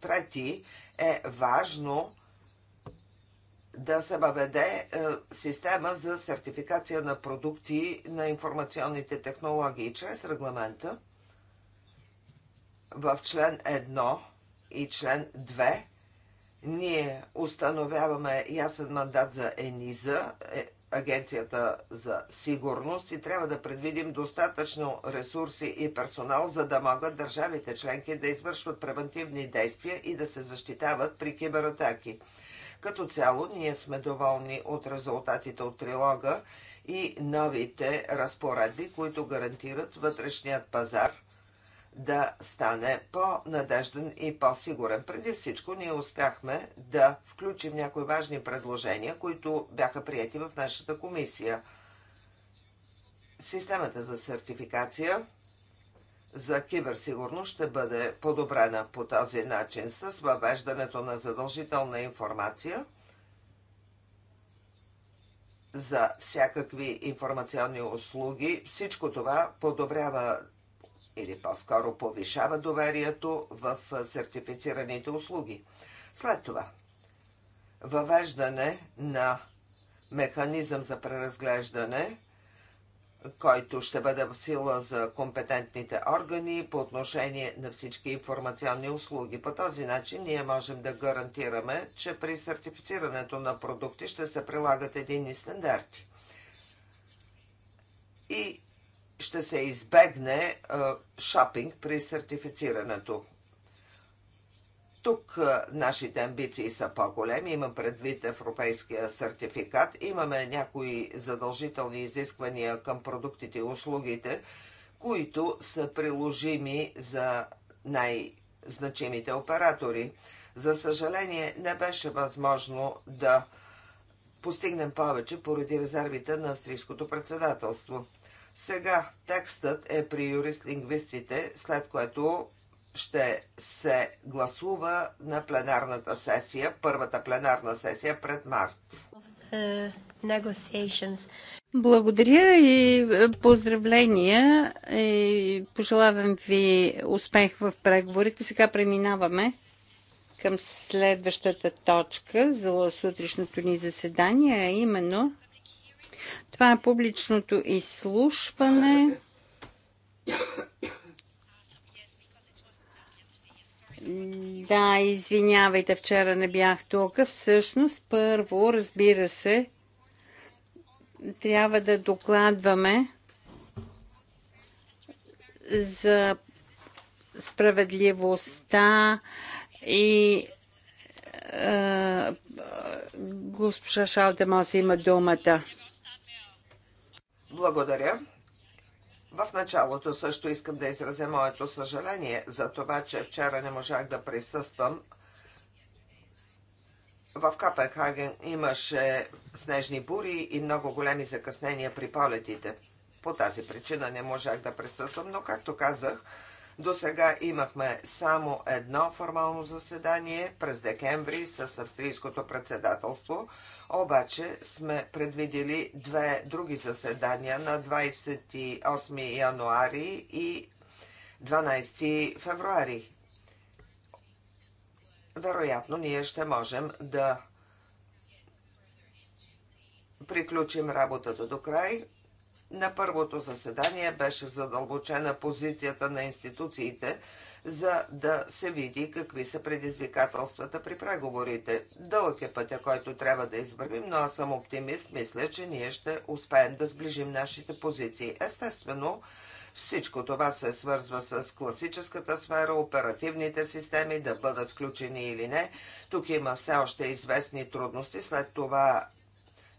3 е важно да се въведе е, система за сертификация на продукти на информационните технологии чрез регламента в член 1 и член 2 ние установяваме ясен мандат за ЕНИЗА, е, Агенцията за сигурност и трябва да предвидим достатъчно ресурси и персонал, за да могат държавите членки да извършват превентивни действия и да се защитават при кибератаки. Като цяло ние сме доволни от резултатите от трилога и новите разпоредби, които гарантират вътрешният пазар да стане по-надежден и по-сигурен. Преди всичко ние успяхме да включим някои важни предложения, които бяха прияти в нашата комисия. Системата за сертификация за киберсигурност ще бъде подобрена по този начин с въвеждането на задължителна информация за всякакви информационни услуги. Всичко това подобрява или по-скоро повишава доверието в сертифицираните услуги. След това, въвеждане на механизъм за преразглеждане който ще бъде в сила за компетентните органи по отношение на всички информационни услуги. По този начин ние можем да гарантираме, че при сертифицирането на продукти ще се прилагат единни стандарти и ще се избегне шопинг при сертифицирането. Тук нашите амбиции са по-големи. Имам предвид европейския сертификат. Имаме някои задължителни изисквания към продуктите и услугите, които са приложими за най-значимите оператори. За съжаление, не беше възможно да постигнем повече поради резервите на австрийското председателство. Сега текстът е при юрист-лингвистите, след което ще се гласува на пленарната сесия, първата пленарна сесия пред март. Е, Благодаря и е, поздравления и пожелавам ви успех в преговорите. Сега преминаваме към следващата точка за сутрешното ни заседание, а именно това е публичното изслушване Да, извинявайте, вчера не бях тук. Всъщност, първо, разбира се, трябва да докладваме за справедливостта и е, госпожа Шалдемос има думата. Благодаря. В началото също искам да изразя моето съжаление за това, че вчера не можах да присъствам. В Капенхаген имаше снежни бури и много големи закъснения при полетите. По тази причина не можах да присъствам, но както казах, до сега имахме само едно формално заседание през декември с австрийското председателство, обаче сме предвидели две други заседания на 28 януари и 12 февруари. Вероятно, ние ще можем да приключим работата до край на първото заседание беше задълбочена позицията на институциите, за да се види какви са предизвикателствата при преговорите. Дълъг е пътя, който трябва да извървим, но аз съм оптимист. Мисля, че ние ще успеем да сближим нашите позиции. Естествено, всичко това се свързва с класическата сфера, оперативните системи, да бъдат включени или не. Тук има все още известни трудности. След това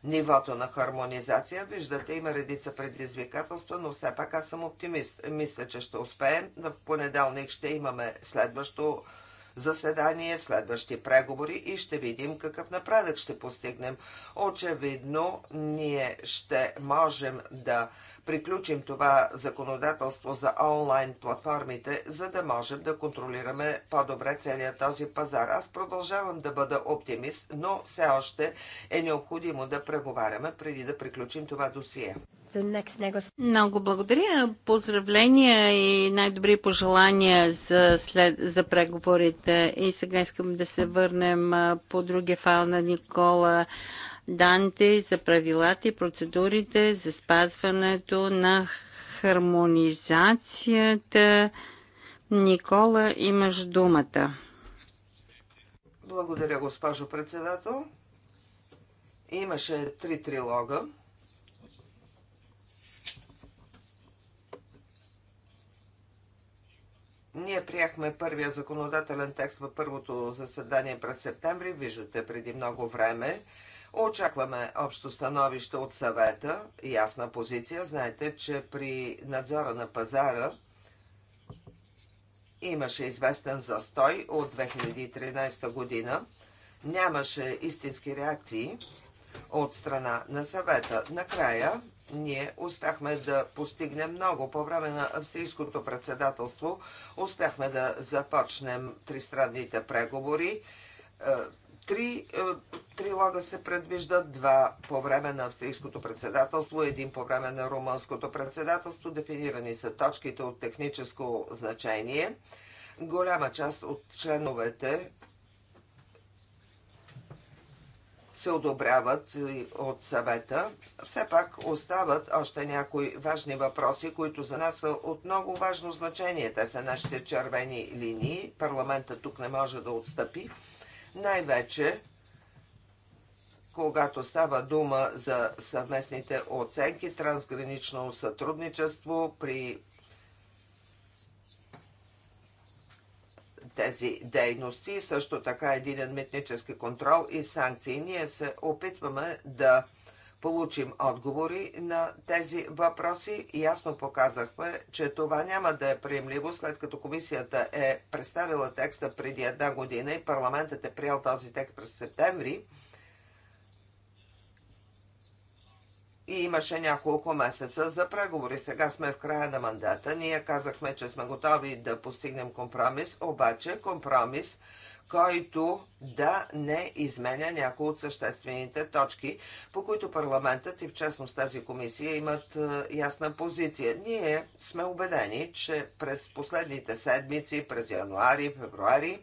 нивото на хармонизация. Виждате, има редица предизвикателства, но все пак аз съм оптимист. Мисля, че ще успеем. В понеделник ще имаме следващо заседание, следващи преговори и ще видим какъв напредък ще постигнем. Очевидно, ние ще можем да приключим това законодателство за онлайн платформите, за да можем да контролираме по-добре целият този пазар. Аз продължавам да бъда оптимист, но все още е необходимо да преговаряме преди да приключим това досие. Много благодаря. Поздравления и най-добри пожелания за, след, за преговорите. И сега искам да се върнем по другия файл на Никола Данте за правилата и процедурите за спазването на хармонизацията. Никола, имаш думата. Благодаря, госпожо председател. Имаше три трилога. Ние приехме първия законодателен текст във първото заседание през септември, виждате преди много време. Очакваме общо становище от съвета, ясна позиция. Знаете, че при надзора на пазара имаше известен застой от 2013 година. Нямаше истински реакции от страна на съвета. Накрая ние успяхме да постигнем много. По време на австрийското председателство успяхме да започнем тристранните преговори. Е, три е, трилога се предвиждат, два по време на австрийското председателство, един по време на румънското председателство. Дефинирани са точките от техническо значение. Голяма част от членовете се одобряват от съвета, все пак остават още някои важни въпроси, които за нас са от много важно значение. Те са нашите червени линии. Парламента тук не може да отстъпи. Най-вече когато става дума за съвместните оценки, трансгранично сътрудничество при тези дейности, също така един митнически контрол и санкции. Ние се опитваме да получим отговори на тези въпроси. Ясно показахме, че това няма да е приемливо, след като комисията е представила текста преди една година и парламентът е приял този текст през септември. и имаше няколко месеца за преговори. Сега сме в края на мандата. Ние казахме, че сме готови да постигнем компромис, обаче компромис, който да не изменя някои от съществените точки, по които парламентът и в частност тази комисия имат е, ясна позиция. Ние сме убедени, че през последните седмици, през януари, февруари,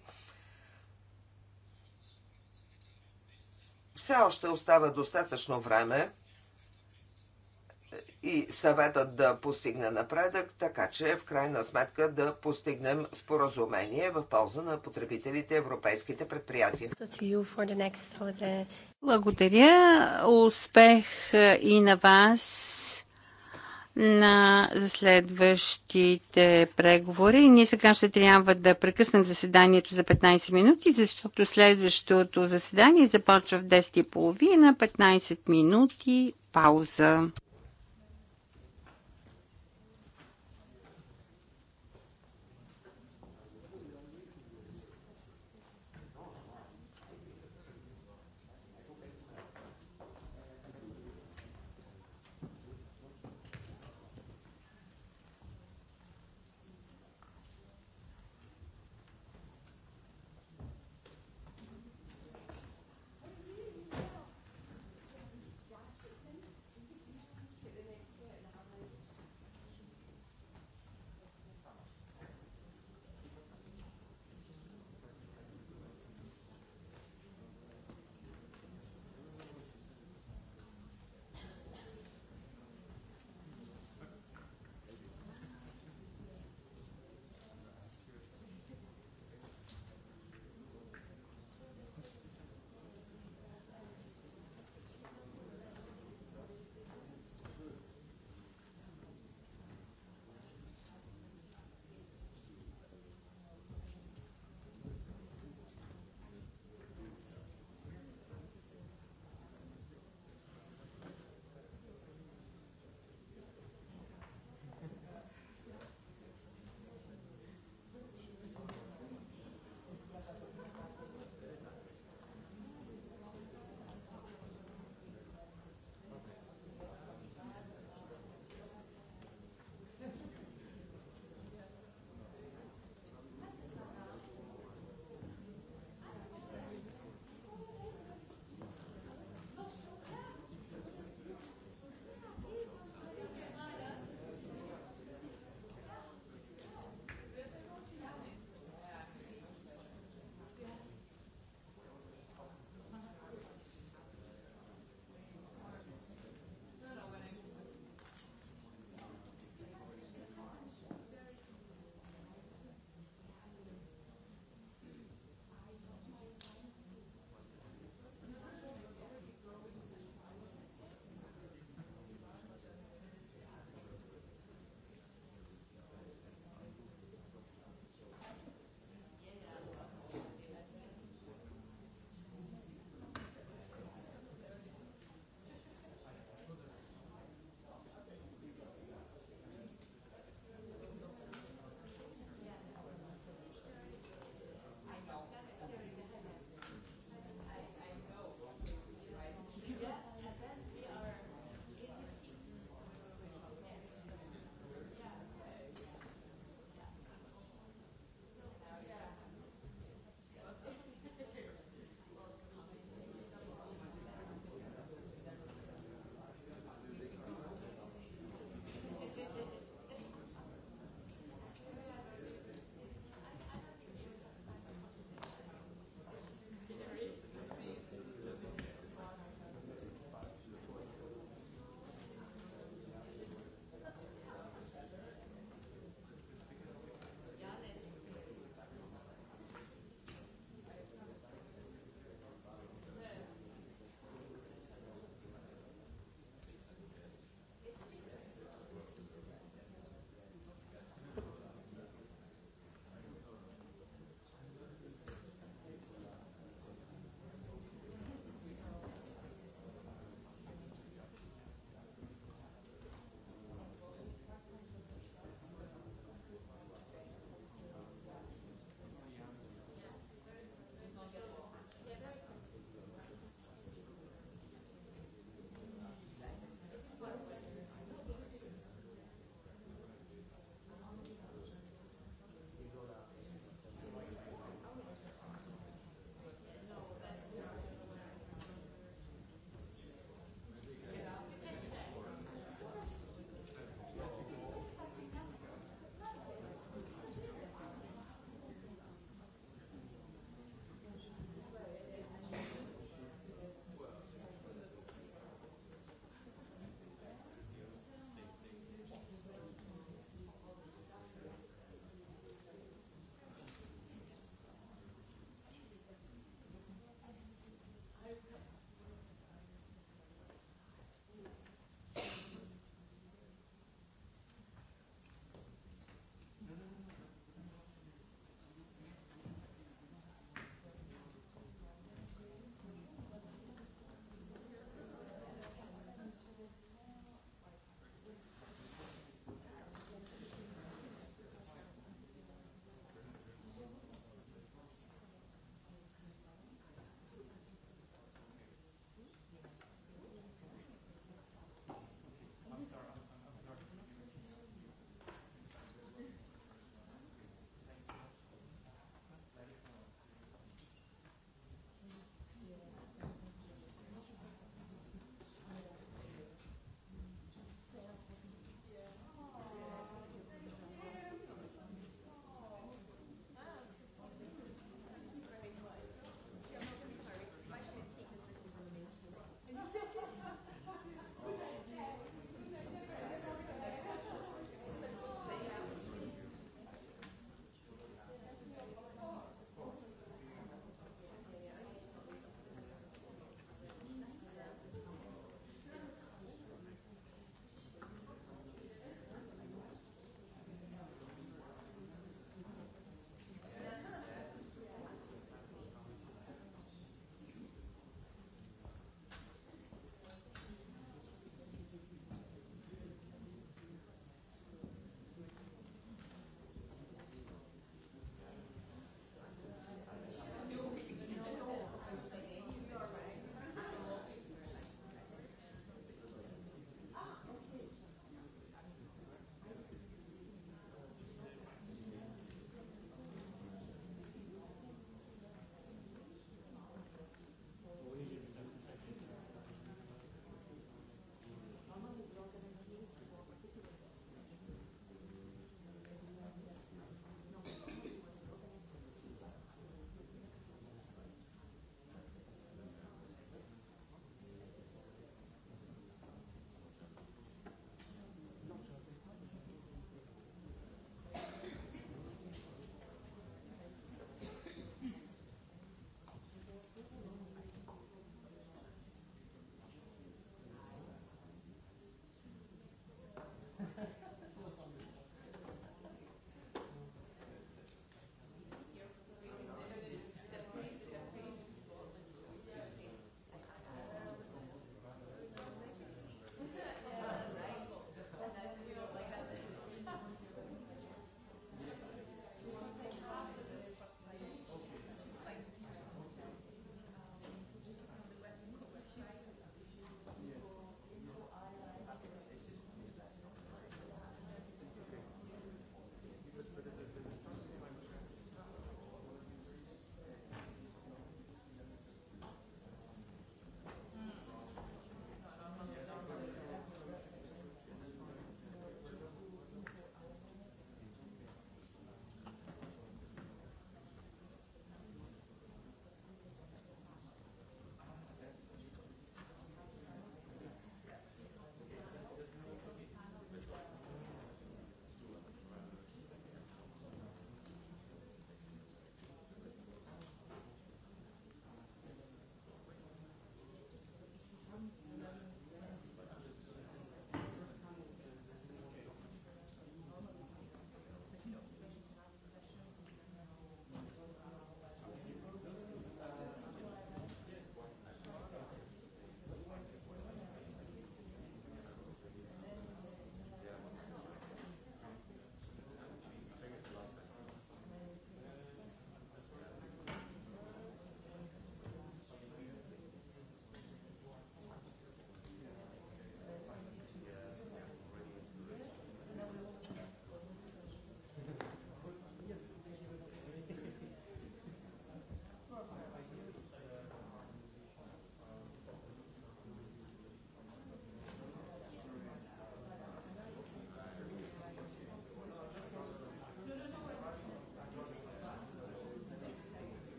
все още остава достатъчно време и съветът да постигне напредък, така че в крайна сметка да постигнем споразумение в полза на потребителите европейските предприятия. Благодаря. Успех е, и на вас на следващите преговори. Ние сега ще трябва да прекъснем заседанието за 15 минути, защото следващото заседание започва в 10.30, 15 минути пауза.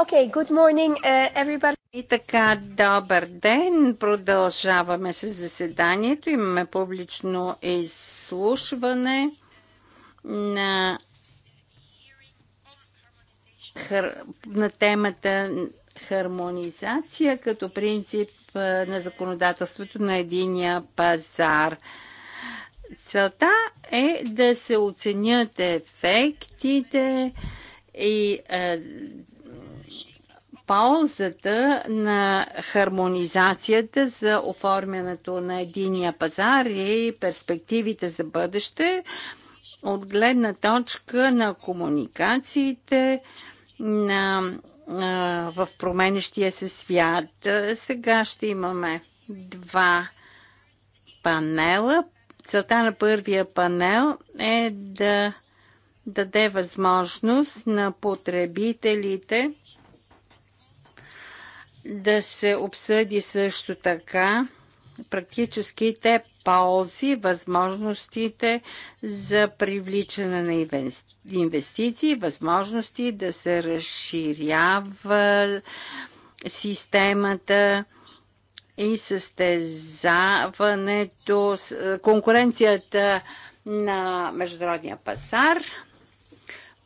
Okay, good morning, uh, everybody. И така, добър ден. Продължаваме с заседанието. Имаме публично изслушване на, хар... на темата хармонизация като принцип на законодателството на единия пазар. Целта е да се оценят ефектите и ползата на хармонизацията за оформянето на единия пазар и перспективите за бъдеще от гледна точка на комуникациите на, а, в променещия се свят. Сега ще имаме два панела. Целта на първия панел е да даде възможност на потребителите да се обсъди също така практическите ползи, възможностите за привличане на инвестиции, възможности да се разширява системата и състезаването, конкуренцията на международния пазар –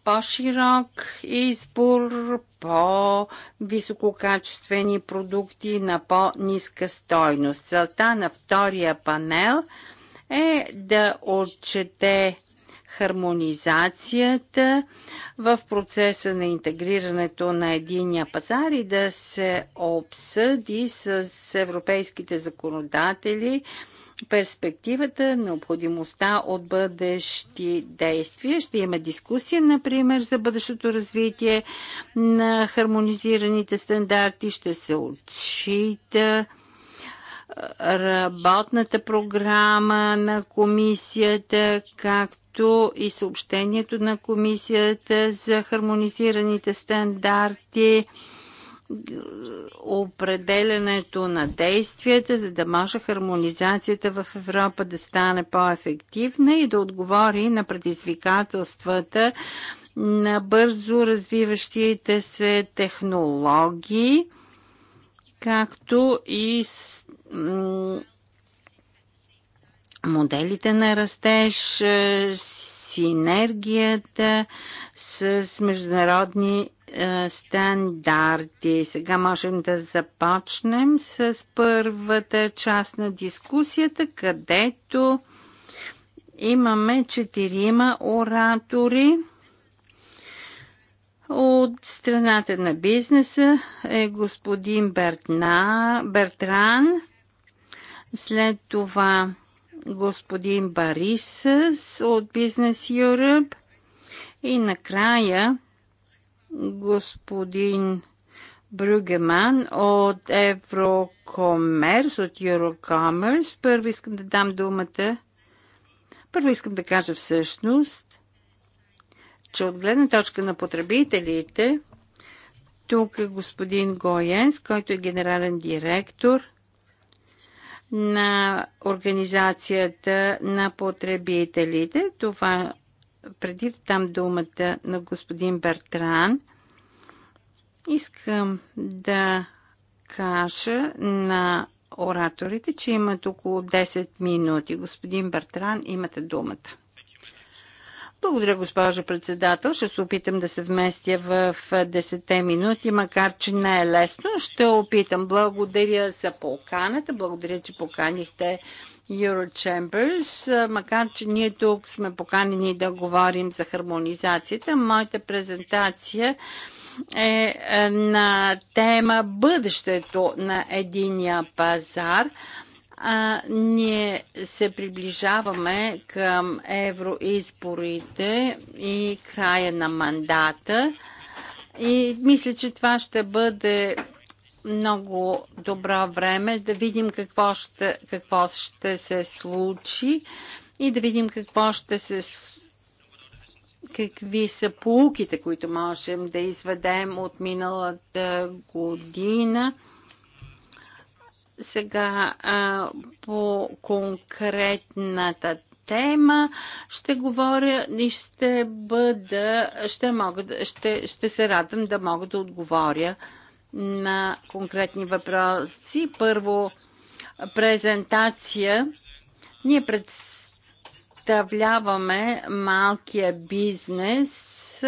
по-широк избор, по-висококачествени продукти на по-ниска стойност. Целта на втория панел е да отчете хармонизацията в процеса на интегрирането на единия пазар и да се обсъди с европейските законодатели перспективата, необходимостта от бъдещи действия. Ще има дискусия, например, за бъдещото развитие на хармонизираните стандарти. Ще се отчита работната програма на комисията, както и съобщението на комисията за хармонизираните стандарти определенето на действията, за да може хармонизацията в Европа да стане по-ефективна и да отговори на предизвикателствата на бързо развиващите се технологии, както и с моделите на растеж, синергията с международни е, стандарти. Сега можем да започнем с първата част на дискусията, където имаме четирима оратори. От страната на бизнеса е господин Бертна, Бертран, след това господин Барисъс от Business Europe и накрая господин Брюгеман от Еврокомерс, от Еврокомерс, Първо искам да дам думата. Първо искам да кажа всъщност, че от гледна точка на потребителите, тук е господин Гоенс, който е генерален директор на Организацията на потребителите. Това преди да дам думата на господин Бертран, искам да кажа на ораторите, че имат около 10 минути. Господин Бертран, имате думата. Благодаря, госпожа председател. Ще се опитам да се вместя в 10 минути, макар че не е лесно. Ще опитам. Благодаря за поканата. Благодаря, че поканихте Eurochambers, макар че ние тук сме поканени да говорим за хармонизацията, моята презентация е, е на тема бъдещето на единия пазар. А, ние се приближаваме към евроизборите и края на мандата. И мисля, че това ще бъде много добро време да видим какво ще, какво ще се случи и да видим какво ще се какви са полуките, които можем да изведем от миналата година. Сега по конкретната тема ще говоря и ще бъда, ще, мога, ще, ще се радвам да мога да отговоря на конкретни въпроси. Първо, презентация. Ние представляваме малкия бизнес,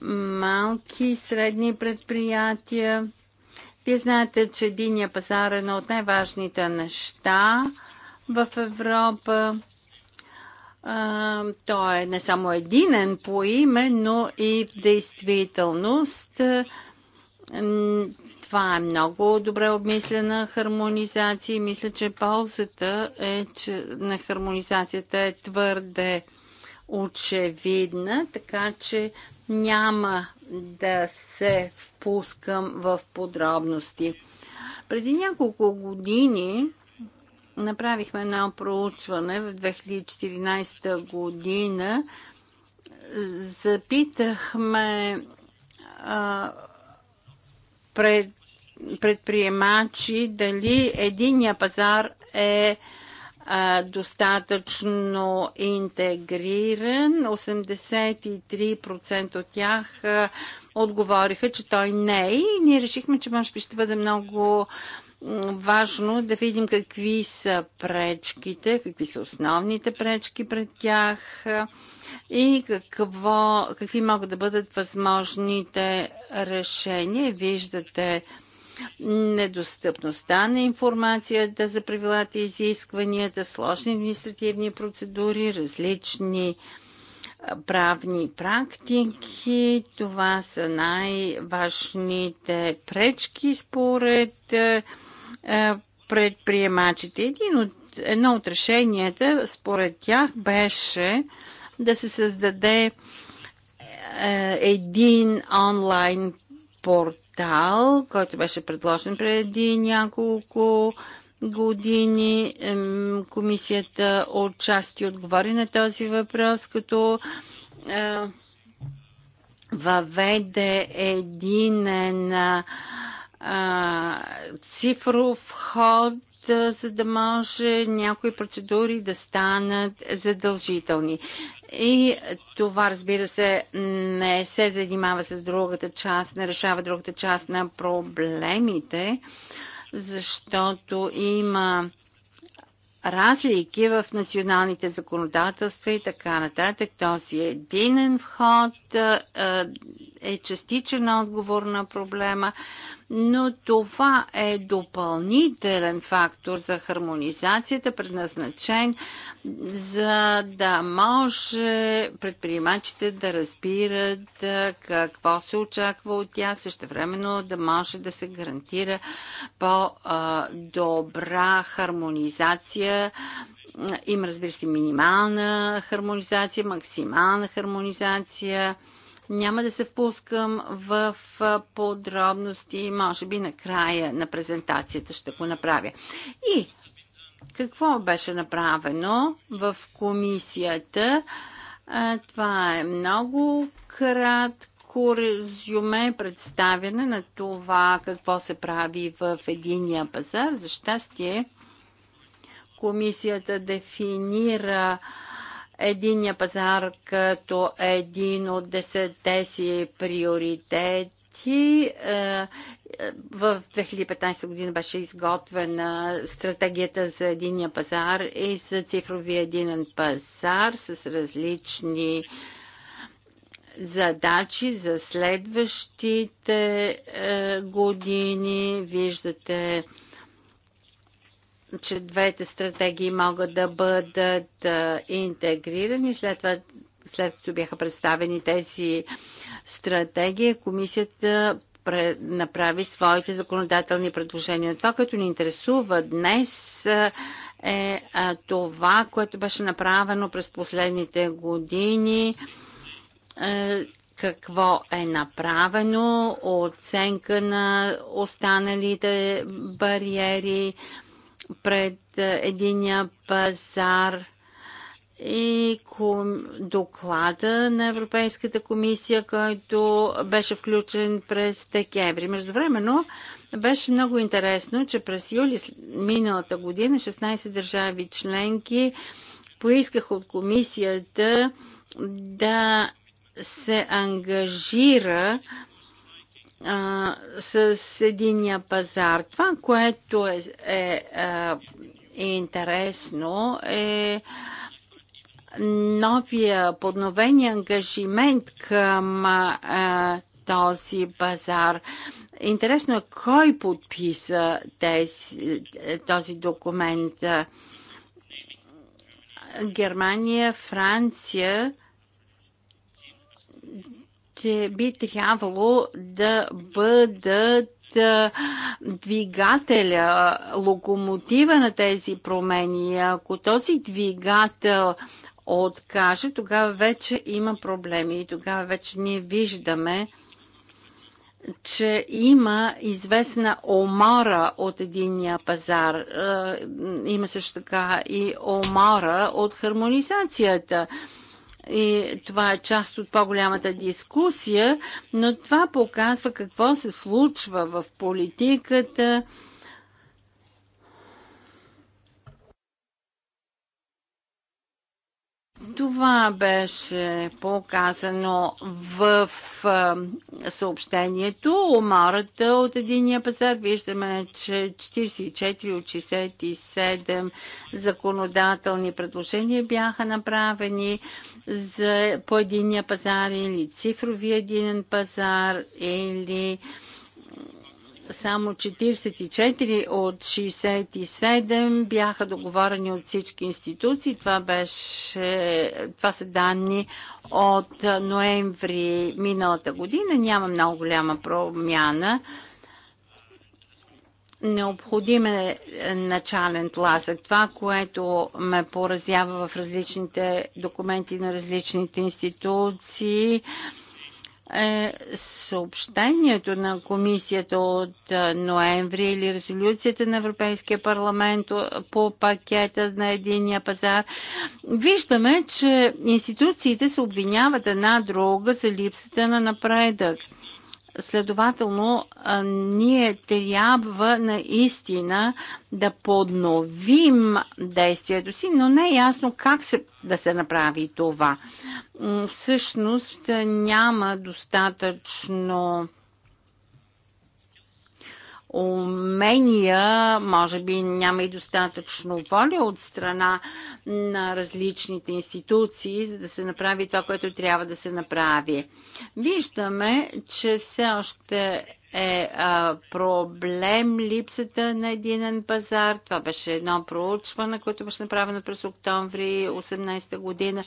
малки и средни предприятия. Вие знаете, че единия пазар е едно от най-важните неща в Европа той е не само единен по име, но и в действителност. Това е много добре обмислена хармонизация и мисля, че ползата е, че на хармонизацията е твърде очевидна, така че няма да се впускам в подробности. Преди няколко години направихме едно проучване в 2014 година. Запитахме а, пред, предприемачи дали единния пазар е а, достатъчно интегриран. 83% от тях а, отговориха, че той не е. И ние решихме, че може би ще бъде много а, важно е да видим какви са пречките, какви са основните пречки пред тях и какво, какви могат да бъдат възможните решения. Виждате недостъпността на информацията за правилата и изискванията, сложни административни процедури, различни правни практики. Това са най-важните пречки според е, предприемачите. Един от, едно от решенията, според тях, беше да се създаде е, един онлайн портал, който беше предложен преди няколко години. Комисията отчасти отговори на този въпрос, като е, въведе един на а, цифров ход, за да може някои процедури да станат задължителни. И това, разбира се, не се занимава с другата част, не решава другата част на проблемите, защото има разлики в националните законодателства и така нататък. Този единен вход е частичен отговор на проблема, но това е допълнителен фактор за хармонизацията, предназначен за да може предприемачите да разбират какво се очаква от тях, също времено да може да се гарантира по-добра хармонизация има, разбира се, минимална хармонизация, максимална хармонизация, няма да се впускам в подробности, може би накрая на презентацията ще го направя. И какво беше направено в комисията? Това е много кратко резюме, представяне на това какво се прави в единия пазар. За щастие, комисията дефинира а, единния пазар като един от десетте си приоритети. Е, е, в 2015 година беше изготвена стратегията за единния пазар и за цифровия единен пазар с различни задачи за следващите е, години. Виждате че двете стратегии могат да бъдат интегрирани. След това, след като бяха представени тези стратегии, комисията направи своите законодателни предложения. Това, което ни интересува днес е това, което беше направено през последните години какво е направено, оценка на останалите бариери, пред е, единия пазар и доклада на Европейската комисия, който беше включен през декември. Междувременно беше много интересно, че през юли миналата година 16 държави членки поискаха от комисията да се ангажира а, с единия пазар. Това, което е, е, е интересно е новия подновения ангажимент към а, този пазар. Интересно е кой подписа тези, този документ. Германия, Франция че би трябвало да бъдат двигателя, локомотива на тези промени. Ако този двигател откаже, тогава вече има проблеми и тогава вече ние виждаме, че има известна омара от единния пазар. Има също така и омара от хармонизацията и това е част от по-голямата дискусия, но това показва какво се случва в политиката. Това беше показано в съобщението. Омарата от единия пазар. Виждаме, че 44 от 67 законодателни предложения бяха направени за, по единия пазар или цифрови единен пазар или само 44 от 67 бяха договорени от всички институции. Това, беше, това са данни от ноември миналата година. Няма много голяма промяна. Необходим е, е начален тласък. Това, което ме поразява в различните документи на различните институции, е съобщението на комисията от е, ноември или резолюцията на Европейския парламент по пакета на единия пазар, виждаме, че институциите се обвиняват една друга за липсата на напредък. Следователно, ние трябва наистина да подновим действието си, но не е ясно как се, да се направи това. Всъщност няма достатъчно умения, може би няма и достатъчно воля от страна на различните институции, за да се направи това, което трябва да се направи. Виждаме, че все още е а, проблем липсата на единен пазар. Това беше едно проучване, което беше направено през октомври 18 година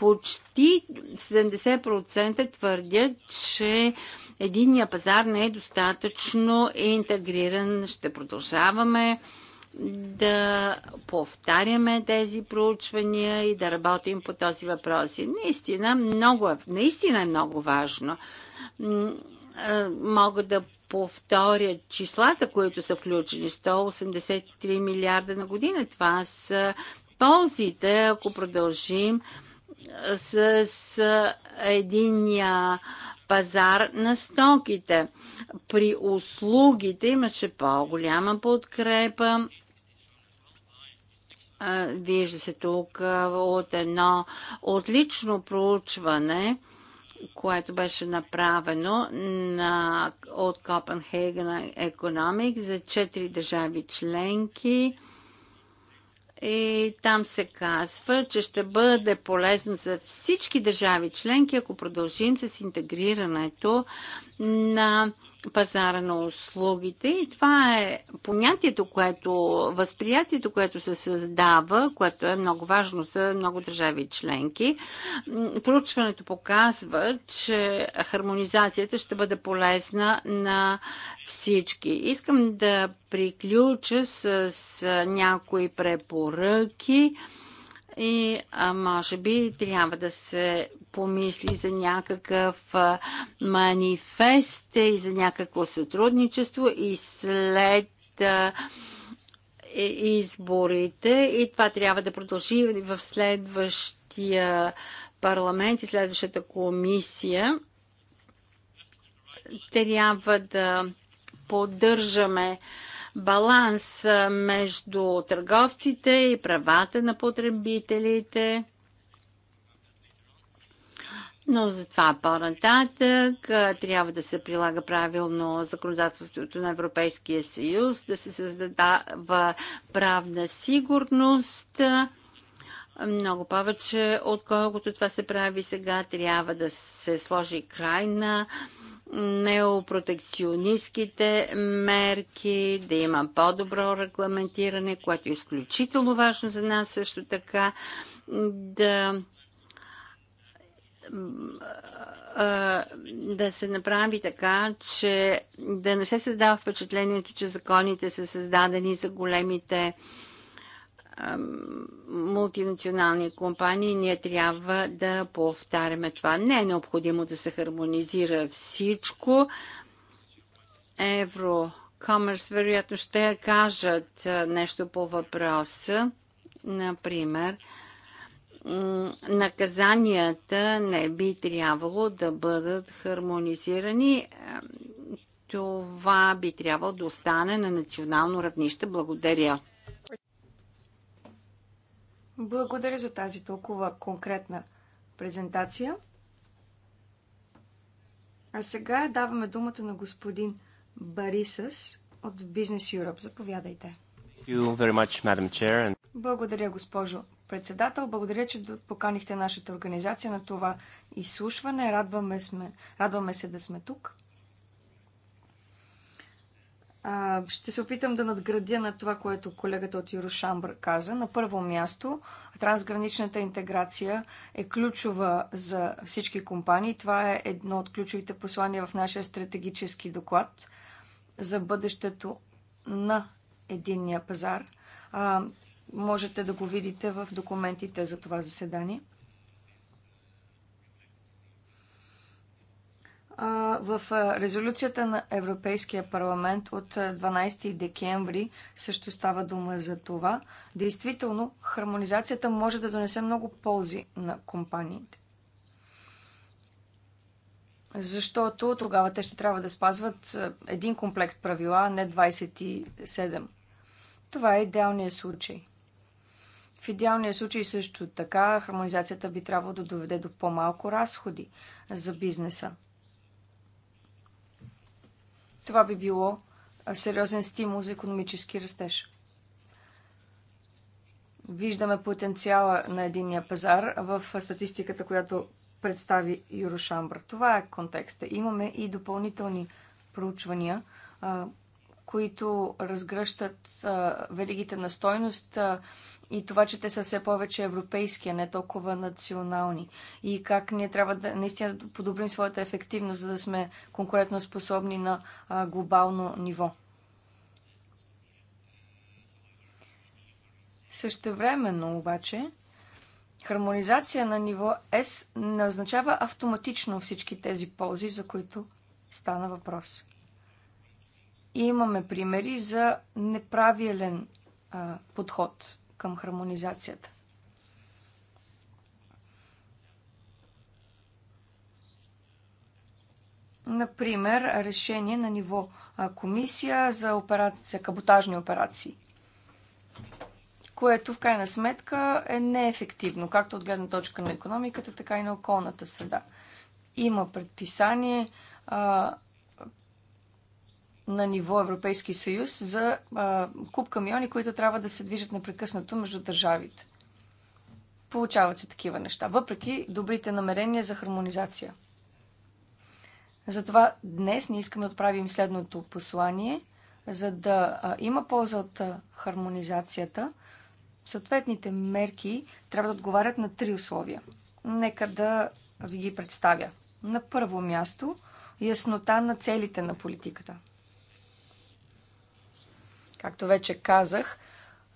почти 70% твърдят, че единния пазар не е достатъчно е интегриран. Ще продължаваме да повтаряме тези проучвания и да работим по този въпрос. И наистина, много, е, наистина е много важно. Мога да повторя числата, които са включени. 183 милиарда на година. Това са ползите, ако продължим с единия пазар на стоките. При услугите имаше по-голяма подкрепа. Вижда се тук от едно отлично проучване, което беше направено на, от Копенхаген Економик за четири държави членки и там се казва, че ще бъде полезно за всички държави членки, ако продължим с интегрирането на пазара на услугите и това е понятието, което, възприятието, което се създава, което е много важно за много държави членки. Проучването показва, че хармонизацията ще бъде полезна на всички. Искам да приключа с, с някои препоръки и а, може би трябва да се помисли за някакъв манифест и за някакво сътрудничество и след изборите и това трябва да продължи в следващия парламент и следващата комисия. Трябва да поддържаме баланс между търговците и правата на потребителите но затова по-нататък трябва да се прилага правилно законодателството на Европейския съюз, да се създава правна сигурност много повече, отколкото това се прави сега. Трябва да се сложи край на неопротекционистските мерки, да има по-добро регламентиране, което е изключително важно за нас също така да да се направи така, че да не се създава впечатлението, че законите са създадени за големите мултинационални компании, ние трябва да повтаряме това. Не е необходимо да се хармонизира всичко. Еврокомерс, вероятно ще кажат нещо по въпроса. Например, наказанията не би трябвало да бъдат хармонизирани. Е, това би трябвало да остане на национално равнище. Благодаря. Благодаря за тази толкова конкретна презентация. А сега даваме думата на господин Барисас от Business Europe. Заповядайте. Благодаря, госпожо председател. Благодаря, че поканихте нашата организация на това изслушване. Радваме, сме, радваме се да сме тук. А, ще се опитам да надградя на това, което колегата от Юрошамбър каза. На първо място, трансграничната интеграция е ключова за всички компании. Това е едно от ключовите послания в нашия стратегически доклад за бъдещето на единния пазар. А, Можете да го видите в документите за това заседание. В резолюцията на Европейския парламент от 12 декември също става дума за това. Действително, хармонизацията може да донесе много ползи на компаниите. Защото тогава те ще трябва да спазват един комплект правила, а не 27. Това е идеалният случай. В идеалния случай също така хармонизацията би трябвало да доведе до по-малко разходи за бизнеса. Това би било сериозен стимул за економически растеж. Виждаме потенциала на единния пазар в статистиката, която представи Юрошамбър. Това е контекста. Имаме и допълнителни проучвания, които разгръщат веригите на стойност и това, че те са все повече европейски, а не толкова национални. И как ние трябва да наистина да подобрим своята ефективност, за да сме конкурентно способни на а, глобално ниво. Същевременно обаче, хармонизация на ниво S не означава автоматично всички тези ползи, за които стана въпрос. И имаме примери за неправилен а, подход към хармонизацията. Например, решение на ниво комисия за операция, каботажни операции, което в крайна сметка е неефективно, както от гледна точка на економиката, така и на околната среда. Има предписание на ниво Европейски съюз за а, куп камиони, които трябва да се движат непрекъснато между държавите. Получават се такива неща, въпреки добрите намерения за хармонизация. Затова днес ние искаме да отправим следното послание, за да а, има полза от а, хармонизацията. Съответните мерки трябва да отговарят на три условия. Нека да ви ги представя. На първо място, яснота на целите на политиката – Както вече казах,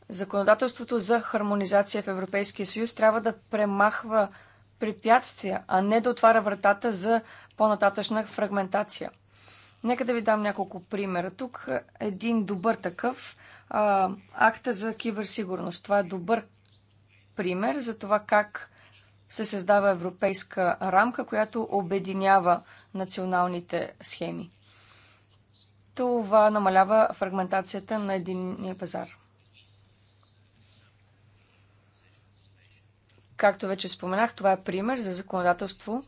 законодателството за хармонизация в Европейския съюз трябва да премахва препятствия, а не да отваря вратата за по-нататъчна фрагментация. Нека да ви дам няколко примера. Тук един добър такъв а, акта за киберсигурност. Това е добър пример за това как се създава европейска рамка, която обединява националните схеми. Това намалява фрагментацията на единния пазар. Както вече споменах, това е пример за законодателство,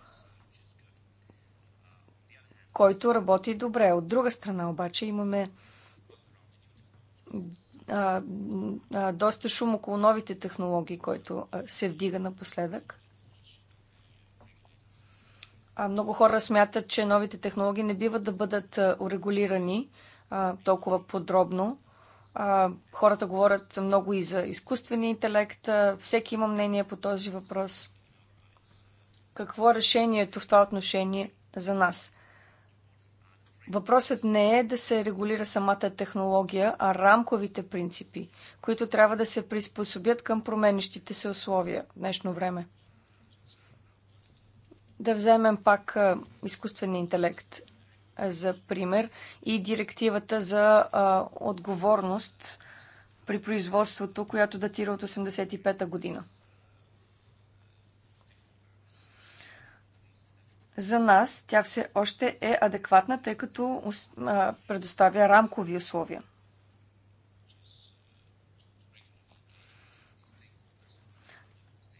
който работи добре. От друга страна обаче имаме а, а, доста шум около новите технологии, който а, се вдига напоследък. Много хора смятат, че новите технологии не биват да бъдат урегулирани толкова подробно. Хората говорят много и за изкуствения интелект. Всеки има мнение по този въпрос. Какво е решението в това отношение за нас? Въпросът не е да се регулира самата технология, а рамковите принципи, които трябва да се приспособят към променещите се условия в днешно време. Да вземем пак изкуствения интелект за пример и директивата за а, отговорност при производството, която датира от 85 година. За нас тя все още е адекватна, тъй като а, предоставя рамкови условия –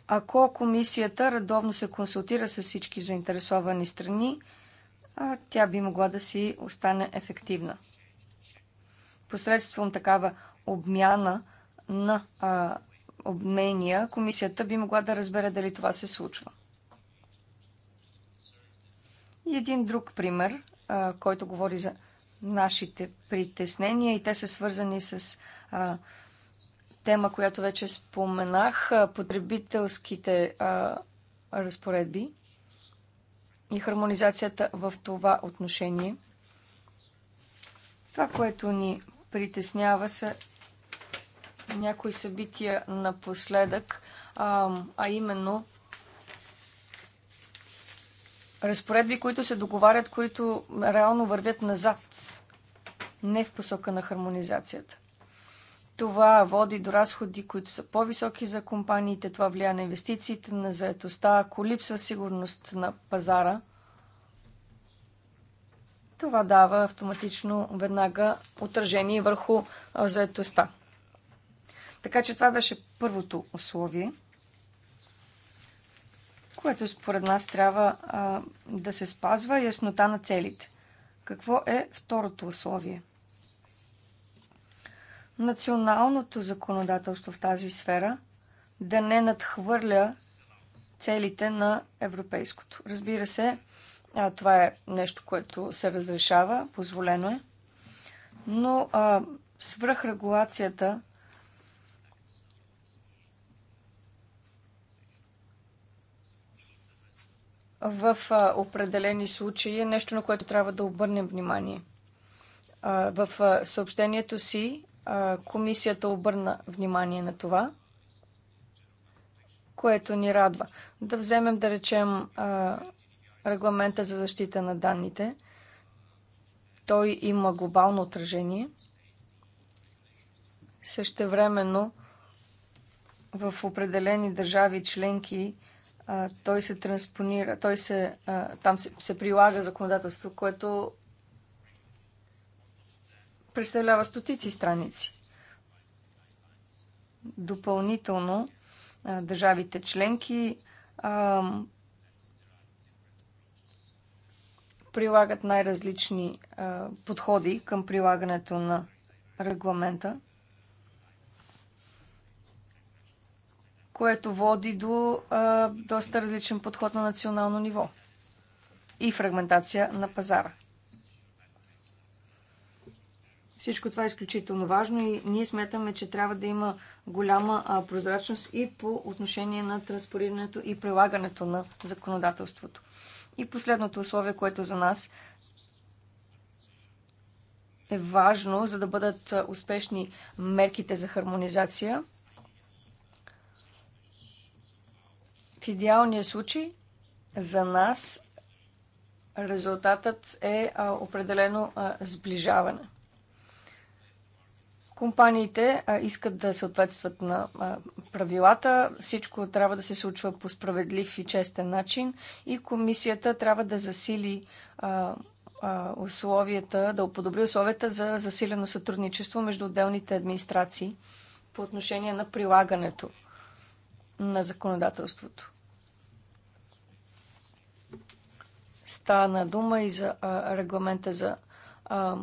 Ако комисията редовно се консултира с всички заинтересовани страни, тя би могла да си остане ефективна. Посредством такава обмяна на а, обмения, комисията би могла да разбере дали това се случва. И един друг пример, а, който говори за нашите притеснения и те са свързани с а, тема, която вече споменах, потребителските а, разпоредби и хармонизацията в това отношение. Това, което ни притеснява са някои събития напоследък, а, а именно разпоредби, които се договарят, които реално вървят назад, не в посока на хармонизацията. Това води до разходи, които са по-високи за компаниите, това влияе на инвестициите, на заетостта, ако липсва сигурност на пазара. Това дава автоматично веднага отражение върху заетостта. Така че това беше първото условие, което според нас трябва а, да се спазва яснота на целите. Какво е второто условие? националното законодателство в тази сфера да не надхвърля целите на европейското. Разбира се, това е нещо, което се разрешава, позволено е, но свръхрегулацията в определени случаи е нещо, на което трябва да обърнем внимание. в съобщението си комисията обърна внимание на това, което ни радва. Да вземем, да речем, регламента за защита на данните. Той има глобално отражение. Същевременно в определени държави членки той се транспонира, той се, там се, се прилага законодателство, което представлява стотици страници. Допълнително държавите членки прилагат най-различни подходи към прилагането на регламента, което води до доста различен подход на национално ниво и фрагментация на пазара. Всичко това е изключително важно и ние смятаме, че трябва да има голяма прозрачност и по отношение на транспорирането и прилагането на законодателството. И последното условие, което за нас е важно, за да бъдат успешни мерките за хармонизация. В идеалния случай за нас резултатът е определено сближаване. Компаниите а, искат да съответстват на а, правилата, всичко трябва да се случва по справедлив и честен начин и комисията трябва да засили а, а, условията, да подобри условията за засилено сътрудничество между отделните администрации по отношение на прилагането на законодателството. Стана дума и за а, регламента за а,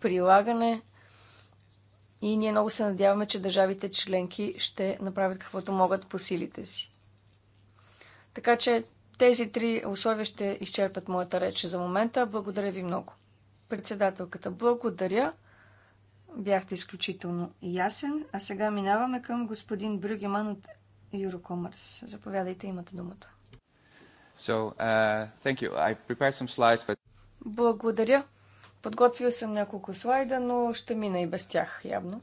прилагане и ние много се надяваме, че държавите членки ще направят каквото могат по силите си. Така че тези три условия ще изчерпят моята реч за момента. Благодаря ви много. Председателката, благодаря. Бяхте изключително ясен. А сега минаваме към господин Брюгеман от Eurocommerce. Заповядайте, имате думата. So, uh, thank you. I prepared some slides, but... Благодаря. Подготвил съм няколко слайда, но ще мина и без тях, явно.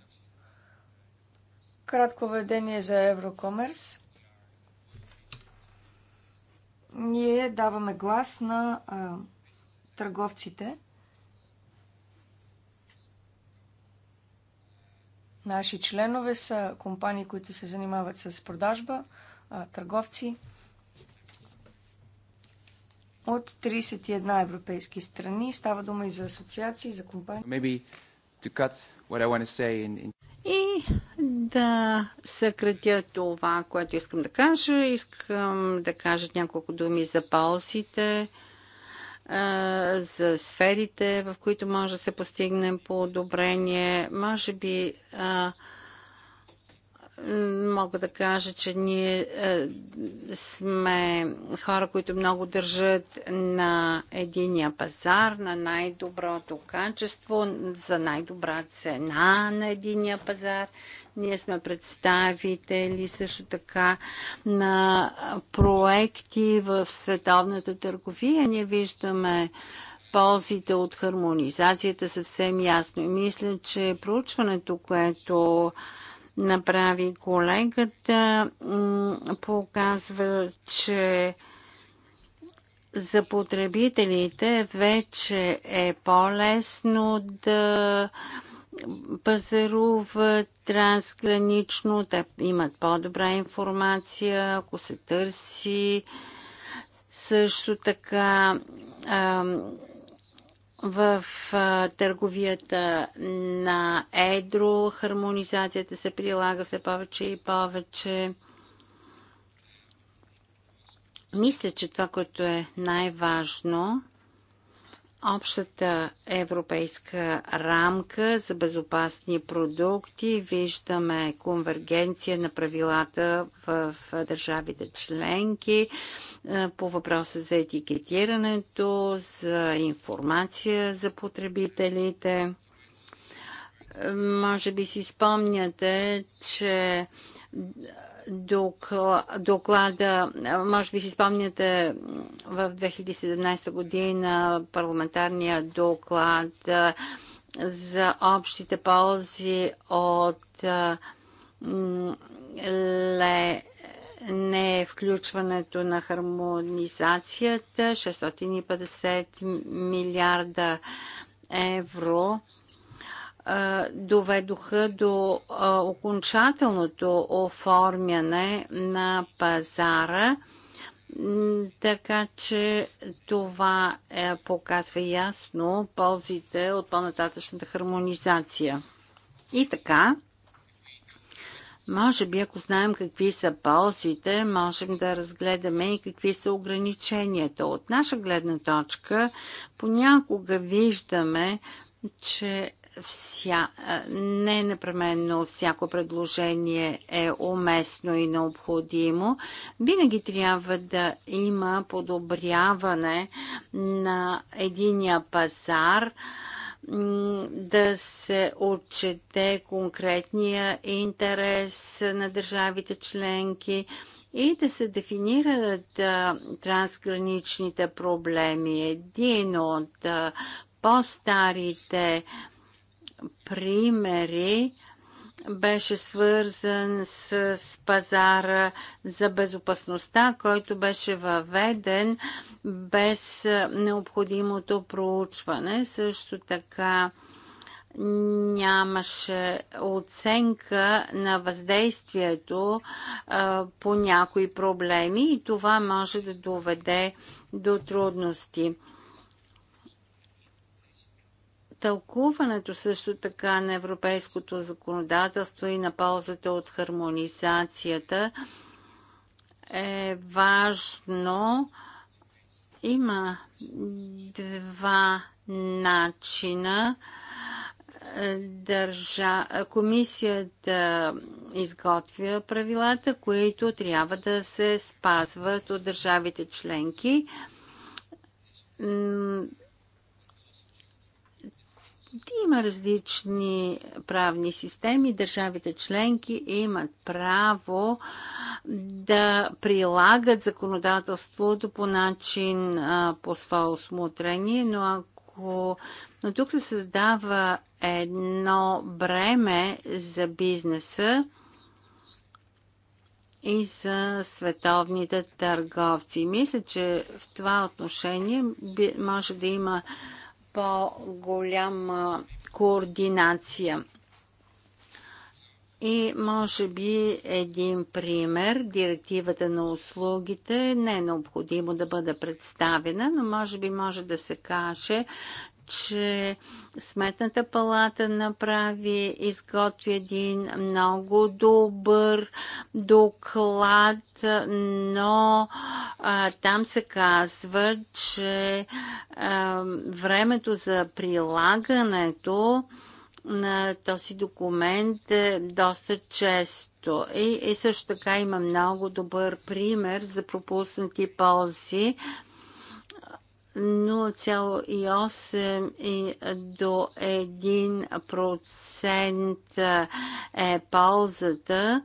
Кратко ведение за Еврокомерс. Ние даваме глас на а, търговците. Наши членове са компании, които се занимават с продажба, а, търговци, от 31 европейски страни. Става дума и за асоциации, за компании. И да съкратя това, което искам да кажа. Искам да кажа няколко думи за паусите, за сферите, в които може да се постигне подобрение. Може би мога да кажа, че ние е, сме хора, които много държат на единия пазар, на най-доброто качество, за най-добра цена на единия пазар. Ние сме представители също така на проекти в световната търговия. Ние виждаме ползите от хармонизацията съвсем ясно. И мисля, че проучването, което направи колегата, показва, че за потребителите вече е по-лесно да пазаруват трансгранично, да имат по-добра информация, ако се търси също така в търговията на едро. Хармонизацията се прилага все повече и повече. Мисля, че това, което е най-важно, общата европейска рамка за безопасни продукти. Виждаме конвергенция на правилата в, държавите членки е, по въпроса за етикетирането, за информация за потребителите. Е, може би си спомняте, че доклада, може би си спомняте в 2017 година парламентарния доклад за общите ползи от ле, не включването на хармонизацията 650 милиарда евро доведоха до окончателното оформяне на пазара. Така че това е, показва ясно ползите от по-нататъчната хармонизация. И така, може би ако знаем какви са ползите, можем да разгледаме и какви са ограниченията. От наша гледна точка понякога виждаме, че вся, не непременно всяко предложение е уместно и необходимо. Винаги трябва да има подобряване на единия пазар, да се отчете конкретния интерес на държавите членки и да се дефинират трансграничните проблеми. Един от по-старите примери беше свързан с, пазара за безопасността, който беше въведен без необходимото проучване. Също така нямаше оценка на въздействието по някои проблеми и това може да доведе до трудности тълкуването също така на европейското законодателство и на ползата от хармонизацията е важно. Има два начина е, държа, комисията изготвя правилата, които трябва да се спазват от държавите членки има различни правни системи. Държавите членки имат право да прилагат законодателството по начин по свое усмотрение, но ако но тук се създава едно бреме за бизнеса, и за световните търговци. Мисля, че в това отношение може да има по-голяма координация. И може би един пример, директивата на услугите не е необходимо да бъде представена, но може би може да се каже, че Сметната палата направи, изготви един много добър доклад, но а, там се казва, че а, времето за прилагането на този документ е доста често. И, и също така има много добър пример за пропуснати ползи. 0,8 и до 1% е ползата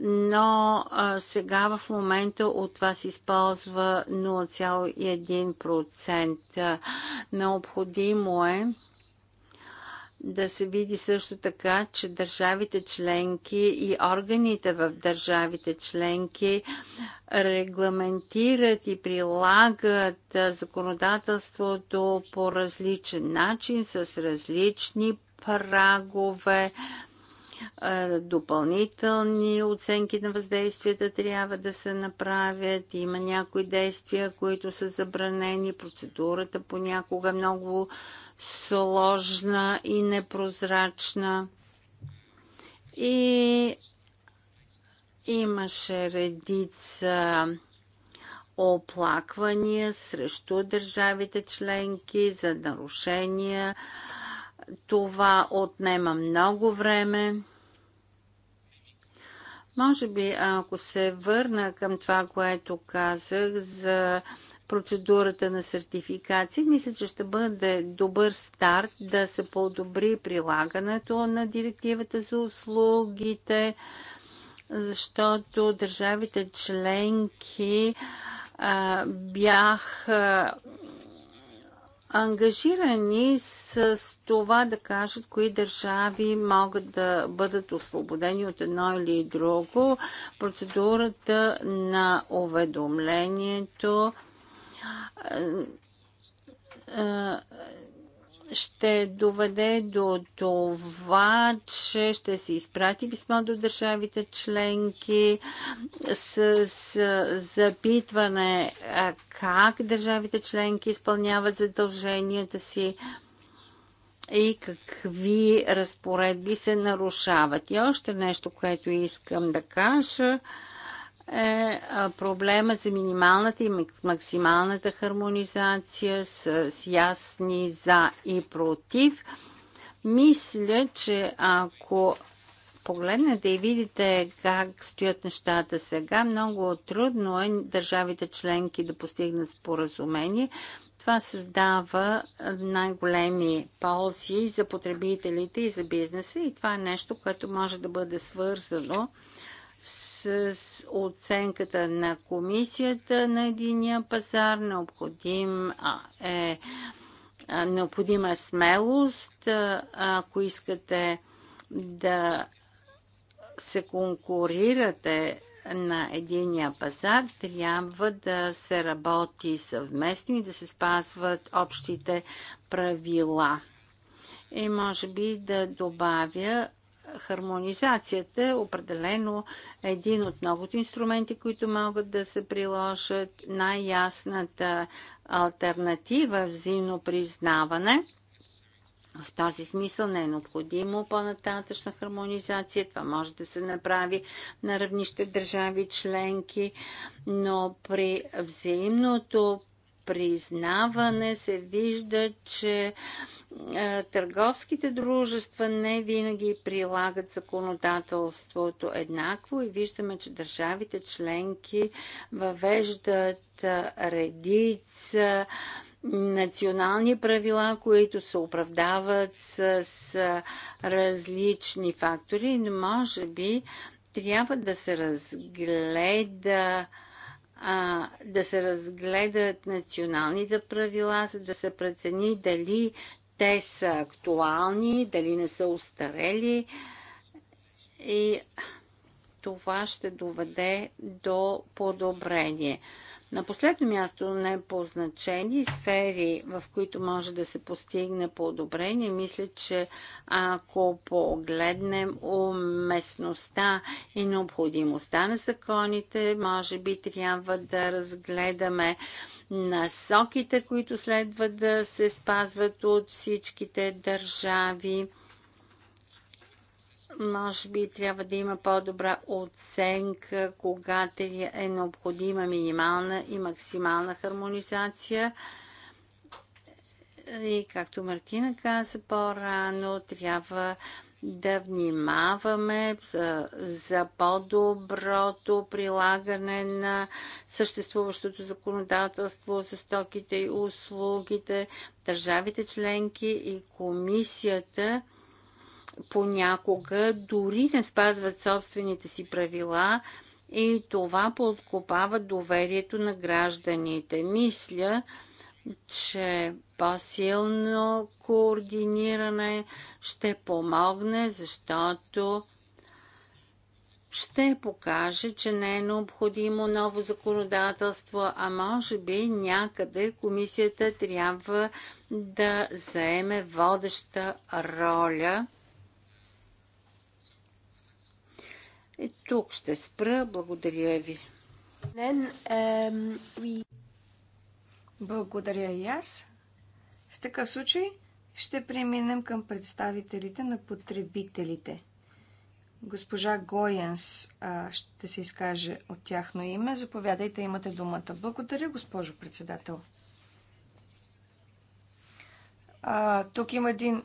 но сега в момента от това се използва 0,1%. Необходимо е да се види също така, че държавите членки и органите в държавите членки регламентират и прилагат законодателството по различен начин, с различни прагове, допълнителни оценки на въздействията трябва да се направят. Има някои действия, които са забранени. Процедурата понякога е много сложна и непрозрачна. И имаше редица оплаквания срещу държавите членки за нарушения. Това отнема много време. Може би, ако се върна към това, което казах за процедурата на сертификация. Мисля, че ще бъде добър старт да се подобри прилагането на директивата за услугите, защото държавите членки а, бяха ангажирани с, с това да кажат кои държави могат да бъдат освободени от едно или друго. Процедурата на уведомлението ще доведе до това, че ще се изпрати писмо до държавите членки с, с запитване как държавите членки изпълняват задълженията си и какви разпоредби се нарушават. И още нещо, което искам да кажа е проблема за минималната и максималната хармонизация с ясни за и против. Мисля, че ако погледнете и видите как стоят нещата сега, много трудно е държавите членки да постигнат споразумение. Това създава най-големи ползи и за потребителите и за бизнеса и това е нещо, което може да бъде свързано с с оценката на комисията на единия пазар. Необходим е, необходима смелост, ако искате да се конкурирате на единия пазар, трябва да се работи съвместно и да се спазват общите правила. И може би да добавя хармонизацията е определено един от многото инструменти, които могат да се приложат. Най-ясната альтернатива е взаимно признаване. В този смисъл не е необходимо по-нататъчна хармонизация. Това може да се направи на равнище държави членки, но при взаимното признаване се вижда, че е, търговските дружества не винаги прилагат законодателството еднакво и виждаме, че държавите членки въвеждат е, редица национални правила, които се оправдават с, с различни фактори, но може би трябва да се разгледа да се разгледат националните правила, за да се прецени дали те са актуални, дали не са устарели. И това ще доведе до подобрение. На последно място, не по значение, сфери, в които може да се постигне подобрение, мисля, че ако погледнем уместността и необходимостта на законите, може би трябва да разгледаме насоките, които следва да се спазват от всичките държави. Може би трябва да има по-добра оценка, когато е необходима минимална и максимална хармонизация. И както Мартина каза по-рано, трябва да внимаваме за, за по-доброто прилагане на съществуващото законодателство за стоките и услугите, държавите членки и комисията понякога дори не спазват собствените си правила и това подкопава доверието на гражданите. Мисля, че по-силно координиране ще помогне, защото ще покаже, че не е необходимо ново законодателство, а може би някъде комисията трябва да заеме водеща роля. И тук ще спра. Благодаря ви. Um, благодаря и аз. В такъв случай ще преминем към представителите на потребителите. Госпожа Гоенс ще се изкаже от тяхно име. Заповядайте, имате думата. Благодаря, госпожо председател. А, тук има един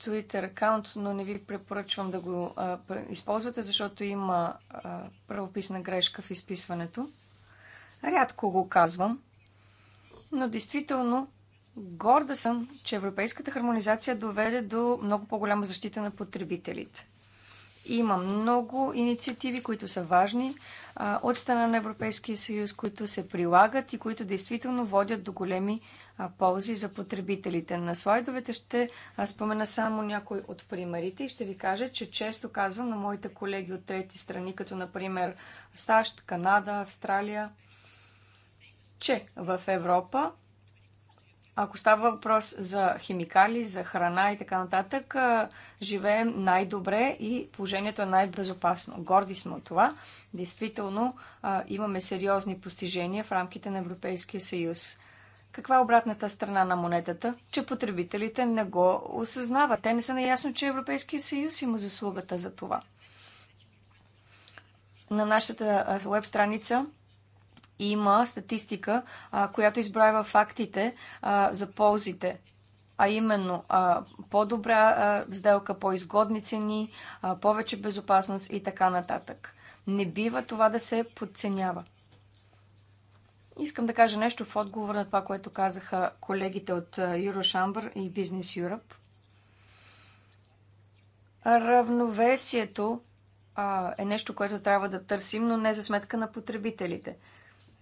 Twitter акаунт, но не ви препоръчвам да го а, използвате, защото има а, правописна грешка в изписването. Рядко го казвам но действително горда съм, че европейската хармонизация доведе до много по-голяма защита на потребителите. Има много инициативи, които са важни а, от страна на Европейския съюз, които се прилагат и които действително водят до големи а, ползи за потребителите. На слайдовете ще а, спомена само някой от примерите и ще ви кажа, че често казвам на моите колеги от трети страни, като например САЩ, Канада, Австралия – че в Европа, ако става въпрос за химикали, за храна и така нататък, живеем най-добре и положението е най-безопасно. Горди сме от това. Действително имаме сериозни постижения в рамките на Европейския съюз. Каква е обратната страна на монетата? Че потребителите не го осъзнават. Те не са наясно, че Европейския съюз има заслугата за това. На нашата веб страница има статистика, а, която избрава фактите а, за ползите а именно по-добра сделка, по-изгодни цени, а, повече безопасност и така нататък. Не бива това да се подценява. Искам да кажа нещо в отговор на това, което казаха колегите от Eurochamber и Business Europe. Равновесието а, е нещо, което трябва да търсим, но не за сметка на потребителите.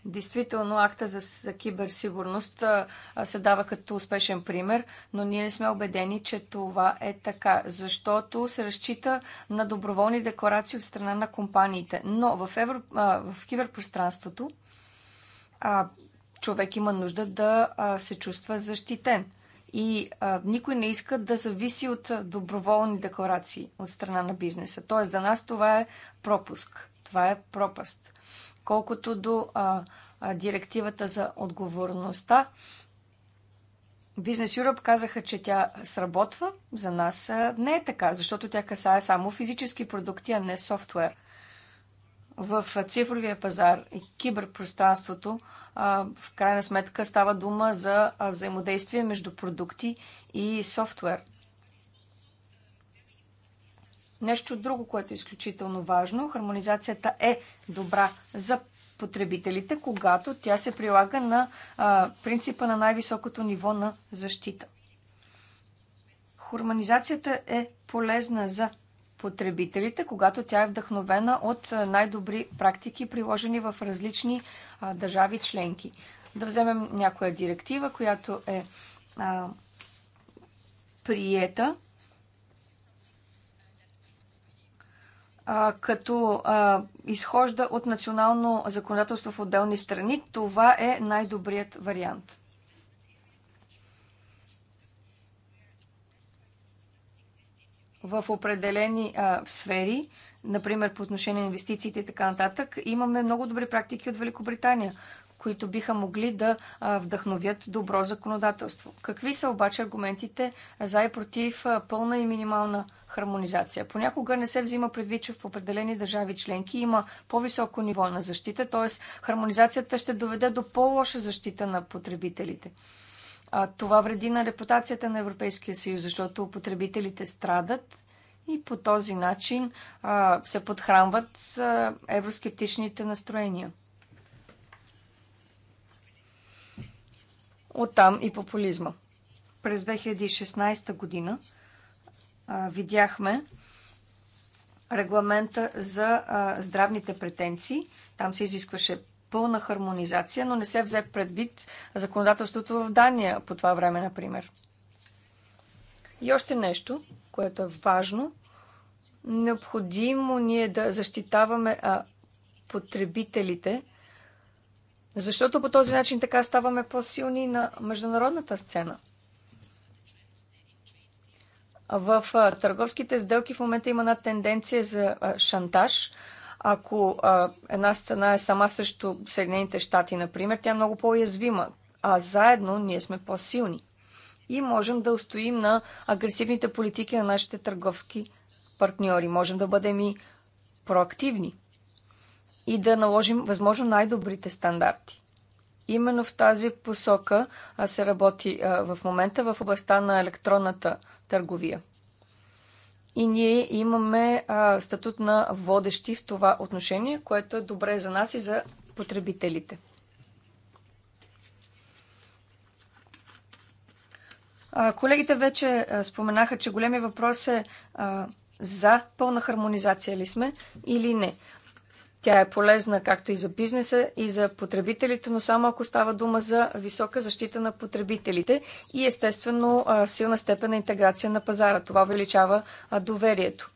Действително, акта за киберсигурност се дава като успешен пример, но ние не сме убедени, че това е така, защото се разчита на доброволни декларации от страна на компаниите. Но в, евро, в киберпространството човек има нужда да се чувства защитен. И а, никой не иска да зависи от доброволни декларации от страна на бизнеса. Тоест, за нас това е пропуск. Това е пропаст. Колкото до а, а, директивата за отговорността, Бизнес Юръп казаха, че тя сработва. За нас а, не е така, защото тя касае само физически продукти, а не софтуер. В цифровия пазар и киберпространството а, в крайна сметка става дума за взаимодействие между продукти и софтуер – Нещо друго, което е изключително важно, хармонизацията е добра за потребителите, когато тя се прилага на а, принципа на най-високото ниво на защита. Хармонизацията е полезна за потребителите, когато тя е вдъхновена от най-добри практики, приложени в различни а, държави членки. Да вземем някоя директива, която е а, приета като а, изхожда от национално законодателство в отделни страни, това е най-добрият вариант. В определени а, сфери, например по отношение на инвестициите и така нататък, имаме много добри практики от Великобритания които биха могли да вдъхновят добро законодателство. Какви са обаче аргументите за и против пълна и минимална хармонизация? Понякога не се взима предвид, че в определени държави членки има по-високо ниво на защита, т.е. хармонизацията ще доведе до по-лоша защита на потребителите. това вреди на репутацията на Европейския съюз, защото потребителите страдат и по този начин а, се подхранват евроскептичните настроения. Оттам и популизма. През 2016 година видяхме регламента за здравните претенции. Там се изискваше пълна хармонизация, но не се взе предвид законодателството в Дания по това време, например. И още нещо, което е важно. Необходимо ние да защитаваме потребителите – защото по този начин така ставаме по-силни на международната сцена. В търговските сделки в момента има една тенденция за шантаж. Ако една страна е сама срещу Съединените щати, например, тя е много по-уязвима, а заедно ние сме по-силни и можем да устоим на агресивните политики на нашите търговски партньори. Можем да бъдем и проактивни – и да наложим възможно най-добрите стандарти. Именно в тази посока се работи в момента в областта на електронната търговия. И ние имаме статут на водещи в това отношение, което е добре за нас и за потребителите. Колегите вече споменаха, че големия въпрос е за пълна хармонизация ли сме или не. Тя е полезна както и за бизнеса, и за потребителите, но само ако става дума за висока защита на потребителите и естествено силна степен на интеграция на пазара. Това увеличава доверието.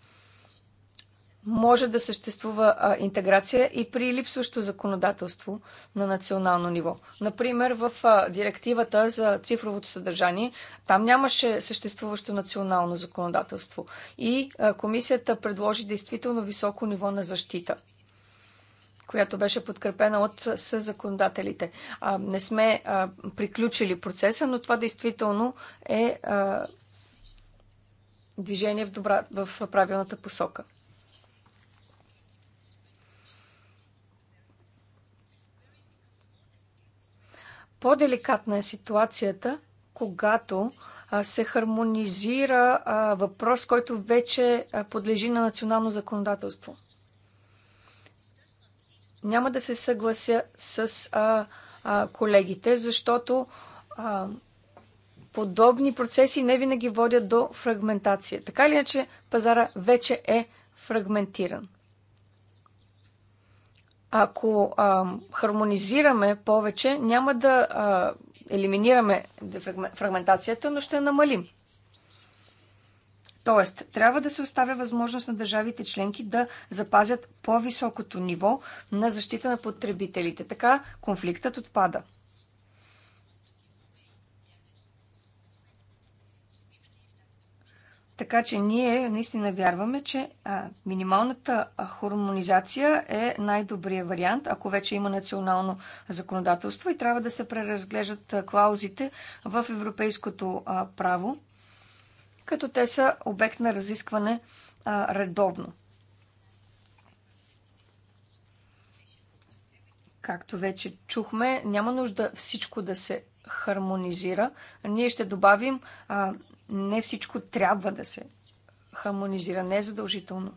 Може да съществува интеграция и при липсващо законодателство на национално ниво. Например, в директивата за цифровото съдържание, там нямаше съществуващо национално законодателство. И комисията предложи действително високо ниво на защита – която беше подкрепена от съзаконодателите. Не сме приключили процеса, но това действително е движение в, добра, в правилната посока. По-деликатна е ситуацията, когато се хармонизира въпрос, който вече подлежи на национално законодателство няма да се съглася с а, а, колегите, защото а, подобни процеси не винаги водят до фрагментация. Така или иначе, пазара вече е фрагментиран. Ако а, хармонизираме повече, няма да а, елиминираме фрагментацията, но ще намалим. Тоест, трябва да се оставя възможност на държавите членки да запазят по-високото ниво на защита на потребителите. Така конфликтът отпада. Така че ние наистина вярваме, че минималната хормонизация е най-добрият вариант, ако вече има национално законодателство и трябва да се преразглеждат клаузите в европейското право като те са обект на разискване а, редовно. Както вече чухме, няма нужда всичко да се хармонизира. Ние ще добавим а, не всичко трябва да се хармонизира, не е задължително.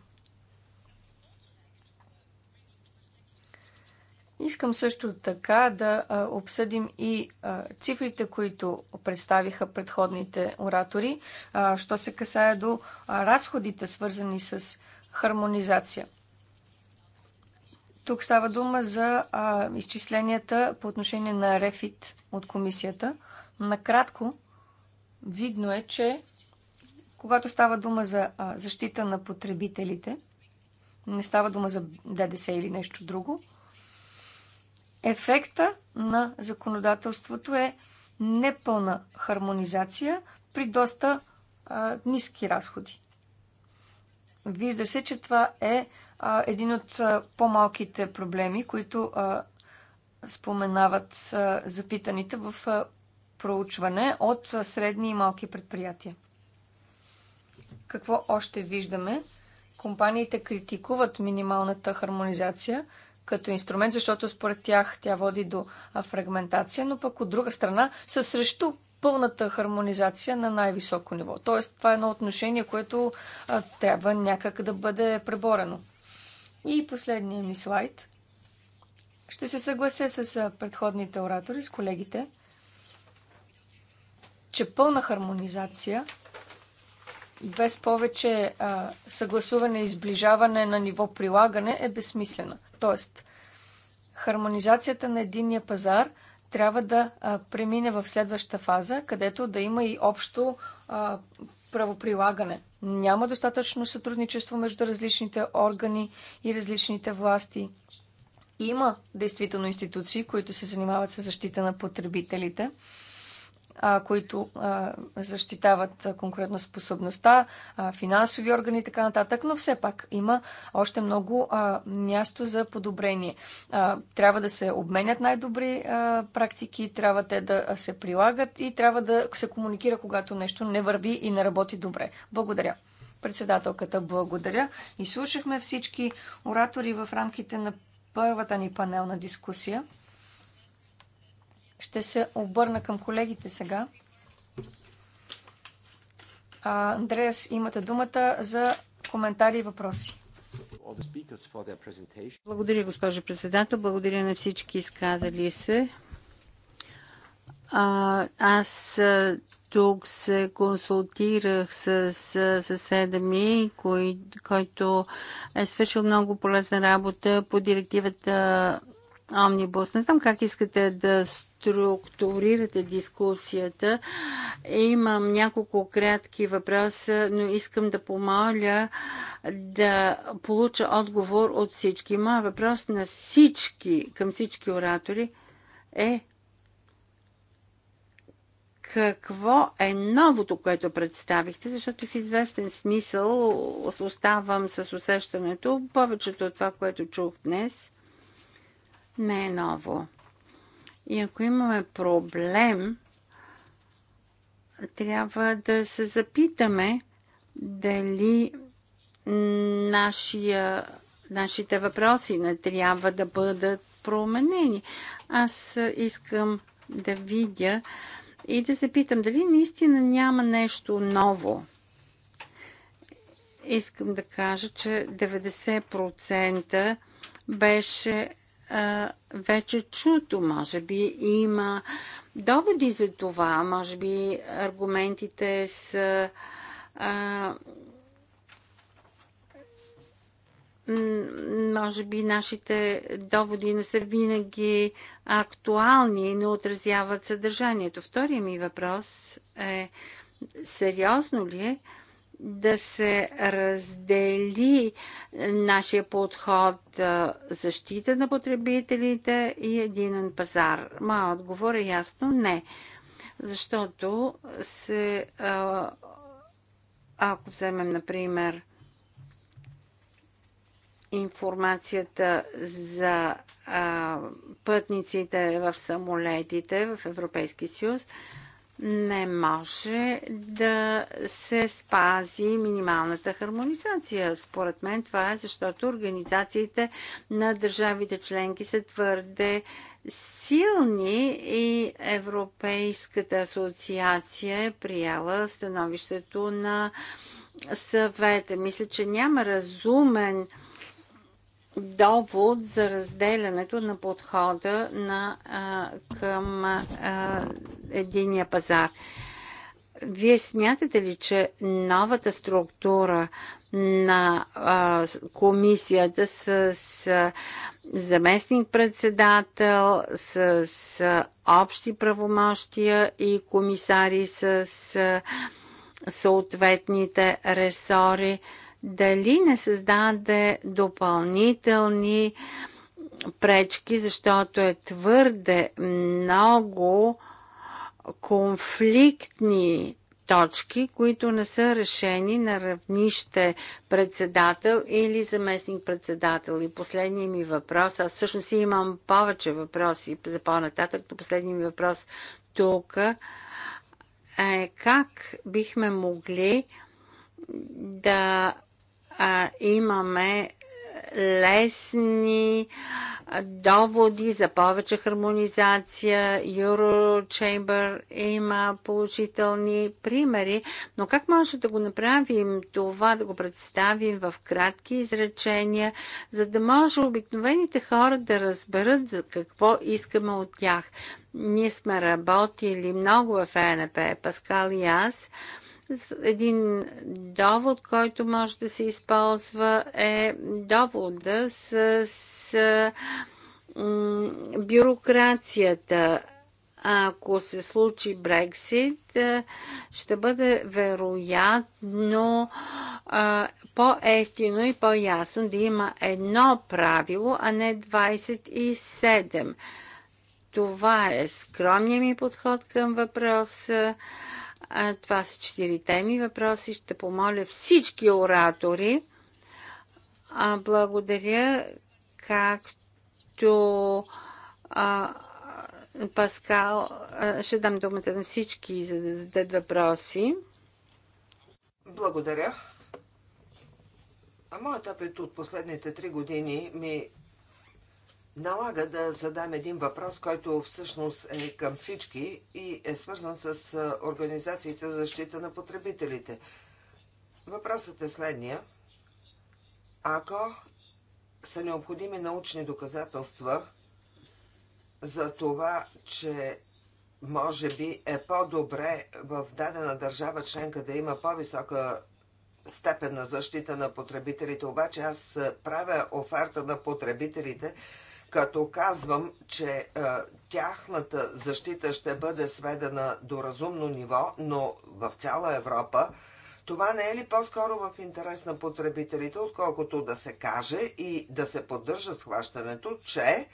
Искам също така да обсъдим и цифрите, които представиха предходните оратори, що се касае до разходите, свързани с хармонизация. Тук става дума за а, изчисленията по отношение на Рефит от комисията. Накратко, видно е, че когато става дума за а, защита на потребителите, не става дума за ДДС или нещо друго, Ефекта на законодателството е непълна хармонизация при доста а, ниски разходи. Вижда се, че това е а, един от по-малките проблеми, които а, споменават а, запитаните в а, проучване от а, средни и малки предприятия. Какво още виждаме? Компаниите критикуват минималната хармонизация – като инструмент, защото според тях тя води до фрагментация, но пък от друга страна са срещу пълната хармонизация на най-високо ниво. Тоест, това е едно отношение, което а, трябва някак да бъде преборено. И последния ми слайд. Ще се съглася с предходните оратори, с колегите, че пълна хармонизация без повече а, съгласуване и сближаване на ниво прилагане е безсмислена. Тоест, хармонизацията на единния пазар трябва да премине в следваща фаза, където да има и общо правоприлагане. Няма достатъчно сътрудничество между различните органи и различните власти. Има действително институции, които се занимават с защита на потребителите, а, които а, защитават конкретно а, финансови органи и така нататък, но все пак има още много а, място за подобрение. А, трябва да се обменят най-добри практики, трябва те да се прилагат и трябва да се комуникира, когато нещо не върви и не работи добре. Благодаря. Председателката, благодаря. И слушахме всички оратори в рамките на първата ни панелна дискусия. Ще се обърна към колегите сега. Андреас, имате думата за коментари и въпроси. Благодаря, госпожо председател. Благодаря на всички изказали се. А, аз тук се консултирах с съседа ми, кой, който е свършил много полезна работа по директивата Омнибус. Не знам как искате да структурирате дискусията. Имам няколко кратки въпроса, но искам да помоля да получа отговор от всички. Моя въпрос на всички, към всички оратори е какво е новото, което представихте, защото в известен смисъл оставам с усещането, повечето от това, което чух днес, не е ново. И ако имаме проблем, трябва да се запитаме дали нашия, нашите въпроси не трябва да бъдат променени. Аз искам да видя и да се питам дали наистина няма нещо ново. Искам да кажа, че 90% беше а, вече чуто. Може би има доводи за това, може би аргументите са а, може би нашите доводи не са винаги актуални и не отразяват съдържанието. Втория ми въпрос е сериозно ли е да се раздели нашия подход защита на потребителите и единен пазар? Моя отговор е ясно не. Защото се. Ако вземем, например, информацията за а, пътниците в самолетите в Европейския съюз, не може да се спази минималната хармонизация. Според мен това е защото организациите на държавите членки са твърде силни и Европейската асоциация е приела становището на съвета. Мисля, че няма разумен довод за разделянето на подхода на, а, към а, единия пазар. Вие смятате ли, че новата структура на а, комисията с, с заместник-председател, с, с общи правомощия и комисари с, с съответните ресори, дали не създаде допълнителни пречки, защото е твърде много конфликтни точки, които не са решени на равнище председател или заместник председател. И последният ми въпрос, аз всъщност имам повече въпроси за по-нататък, но последният ми въпрос тук е как бихме могли да а, имаме лесни доводи за повече хармонизация. Chamber има положителни примери, но как може да го направим това, да го представим в кратки изречения, за да може обикновените хора да разберат за какво искаме от тях. Ние сме работили много в ЕНП, Паскал и аз, един довод, който може да се използва е довода с, с бюрокрацията. Ако се случи Брексит, е, ще бъде вероятно по-ефтино и по-ясно да има едно правило, а не 27. Това е скромният ми подход към въпроса. А, това са четирите ми въпроси. Ще помоля всички оратори. А, благодаря, както а, Паскал, а, ще дам думата на всички, за да зададат въпроси. Благодаря. А моят опит от последните три години ми налага да задам един въпрос, който всъщност е към всички и е свързан с Организацията за защита на потребителите. Въпросът е следния. Ако са необходими научни доказателства за това, че може би е по-добре в дадена държава членка да има по-висока степен на защита на потребителите, обаче аз правя оферта на потребителите – като казвам, че е, тяхната защита ще бъде сведена до разумно ниво, но в цяла Европа, това не е ли по-скоро в интерес на потребителите, отколкото да се каже и да се поддържа схващането, че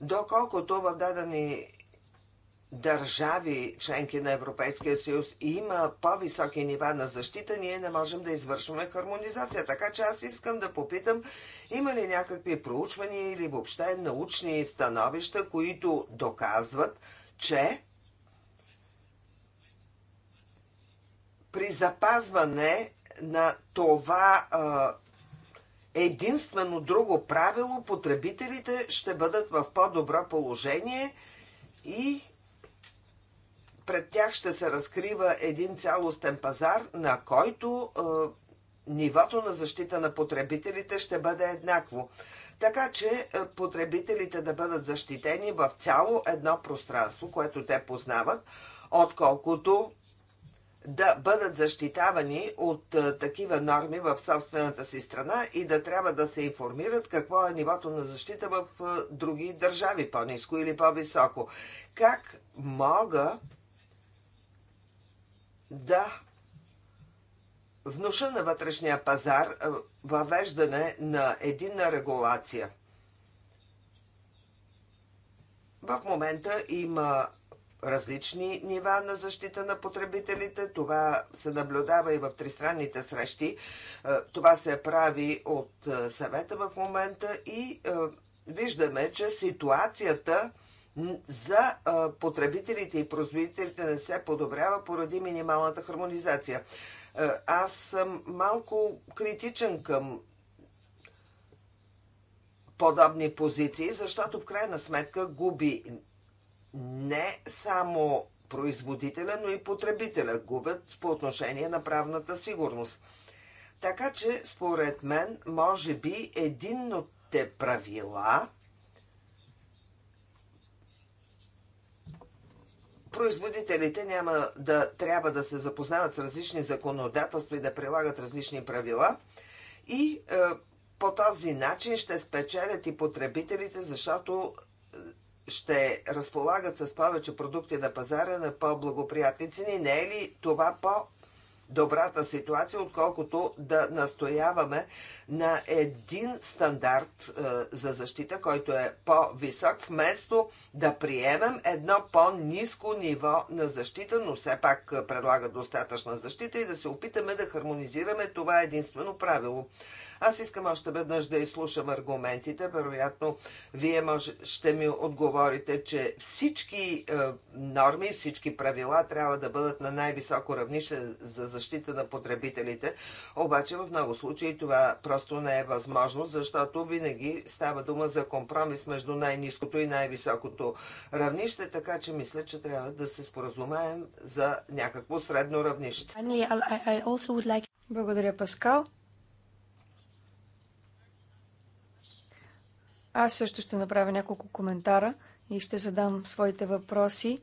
доколкото в дадени държави, членки на Европейския съюз, има по-високи нива на защита, ние не можем да извършваме хармонизация. Така че аз искам да попитам, има ли някакви проучвания или въобще научни становища, които доказват, че при запазване на това единствено друго правило, потребителите ще бъдат в по-добро положение и пред тях ще се разкрива един цялостен пазар, на който нивото на защита на потребителите ще бъде еднакво. Така че потребителите да бъдат защитени в цяло едно пространство, което те познават, отколкото да бъдат защитавани от такива норми в собствената си страна и да трябва да се информират какво е нивото на защита в други държави, по-низко или по-високо. Как мога да внуша на вътрешния пазар въвеждане на единна регулация. В момента има различни нива на защита на потребителите. Това се наблюдава и в тристранните срещи. Това се прави от съвета в момента и виждаме, че ситуацията за потребителите и производителите не се подобрява поради минималната хармонизация. Аз съм малко критичен към подобни позиции, защото в крайна сметка губи не само производителя, но и потребителя губят по отношение на правната сигурност. Така че, според мен, може би единното правила производителите няма да трябва да се запознават с различни законодателства и да прилагат различни правила и е, по този начин ще спечелят и потребителите, защото е, ще разполагат с повече продукти на пазара на по-благоприятни цени. Не е ли това по добрата ситуация, отколкото да настояваме на един стандарт е, за защита, който е по-висок, вместо да приемем едно по-низко ниво на защита, но все пак е, предлага достатъчна защита и да се опитаме да хармонизираме това единствено правило. Аз искам още веднъж да изслушам аргументите. Вероятно, вие може, ще ми отговорите, че всички е, норми, всички правила трябва да бъдат на най-високо равнище за защита на потребителите. Обаче в много случаи това просто не е възможно, защото винаги става дума за компромис между най-низкото и най-високото равнище, така че мисля, че трябва да се споразумеем за някакво средно равнище. Благодаря, Паскал. Аз също ще направя няколко коментара и ще задам своите въпроси.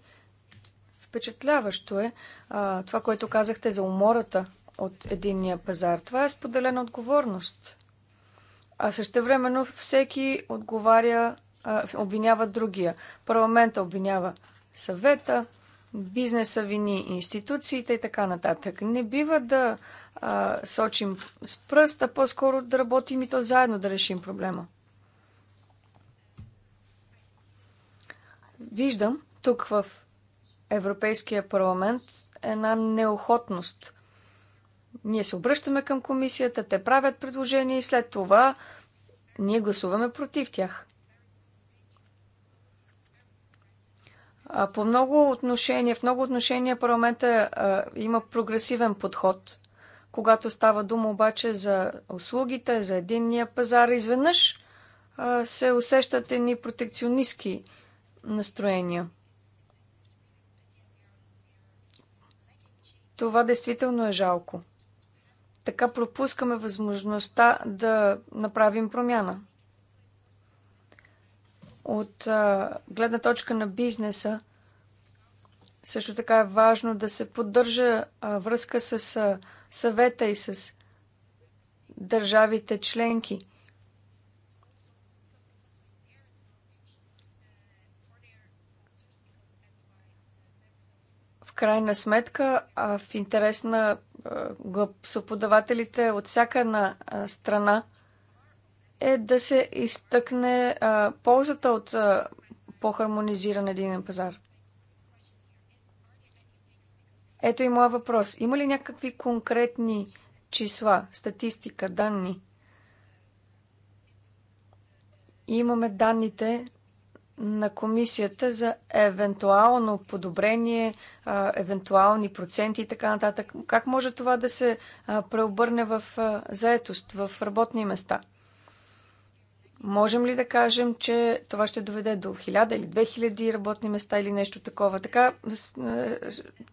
Впечатляващо е а, това, което казахте за умората от единния пазар. Това е споделена отговорност. А също времено всеки отговаря, а, обвинява другия. Парламента обвинява съвета, бизнеса вини институциите и така нататък. Не бива да а, сочим с пръста, по-скоро да работим и то заедно да решим проблема. Виждам тук в Европейския парламент една неохотност. Ние се обръщаме към комисията, те правят предложения и след това ние гласуваме против тях. По много отношения, в много отношения парламента а, има прогресивен подход. Когато става дума обаче за услугите, за единния пазар, изведнъж а, се усещат едни протекционистки настроения. Това действително е жалко. Така пропускаме възможността да направим промяна. От а, гледна точка на бизнеса, също така е важно да се поддържа а, връзка с а, съвета и с държавите членки – крайна сметка, а в интерес на гласоподавателите от всяка една страна е да се изтъкне а, ползата от по-хармонизиран единен пазар. Ето и моя въпрос. Има ли някакви конкретни числа, статистика, данни? имаме данните на комисията за евентуално подобрение, евентуални проценти и така нататък. Как може това да се преобърне в заетост, в работни места? Можем ли да кажем, че това ще доведе до 1000 или 2000 работни места или нещо такова? Така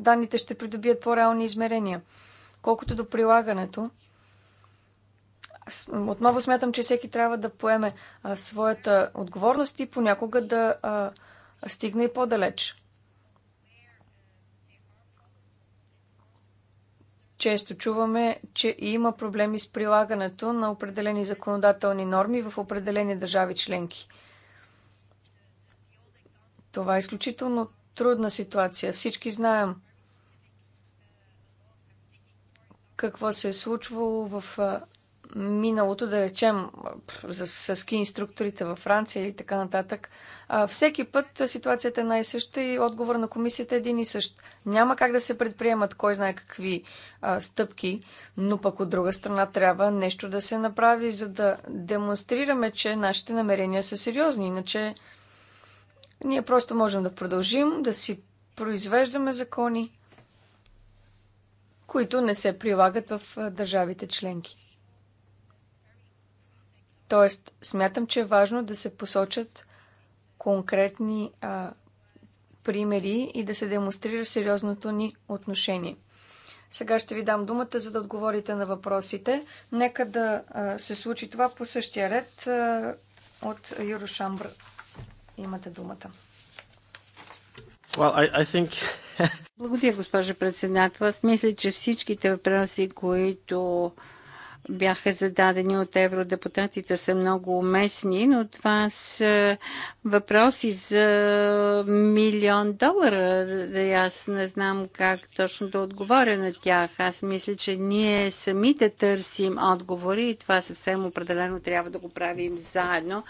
данните ще придобият по-реални измерения. Колкото до прилагането, отново смятам, че всеки трябва да поеме а, своята отговорност и понякога да а, стигне и по-далеч. Често чуваме, че има проблеми с прилагането на определени законодателни норми в определени държави членки. Това е изключително трудна ситуация. Всички знаем какво се е случвало в миналото, да речем, с, ски инструкторите във Франция и така нататък, а, всеки път ситуацията е най-съща и отговор на комисията е един и същ. Няма как да се предприемат кой знае какви а, стъпки, но пък от друга страна трябва нещо да се направи, за да демонстрираме, че нашите намерения са сериозни. Иначе ние просто можем да продължим да си произвеждаме закони, които не се прилагат в държавите членки. Тоест, смятам, че е важно да се посочат конкретни а, примери и да се демонстрира сериозното ни отношение. Сега ще ви дам думата, за да отговорите на въпросите. Нека да а, се случи това по същия ред а, от Юрошамбр. Имате думата. Well, I, I think... Благодаря, госпожа председател. Аз мисля, че всичките въпроси, които бяха зададени от евродепутатите, са много уместни, но това са въпроси за милион долара. Аз не знам как точно да отговоря на тях. Аз мисля, че ние самите търсим отговори и това съвсем определено трябва да го правим заедно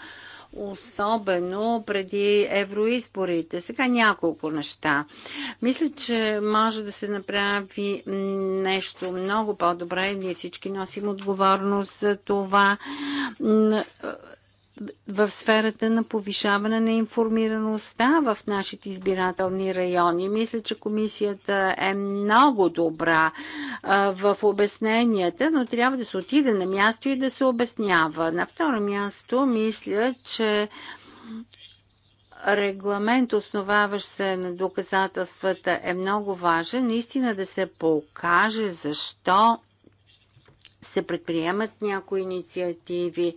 особено преди евроизборите. Сега няколко неща. Мисля, че може да се направи нещо много по-добре. Ние всички носим отговорност за това в сферата на повишаване на информираността в нашите избирателни райони. Мисля, че комисията е много добра а, в обясненията, но трябва да се отиде на място и да се обяснява. На второ място, мисля, че регламент, основаващ се на доказателствата, е много важен. Наистина да се покаже защо се предприемат някои инициативи.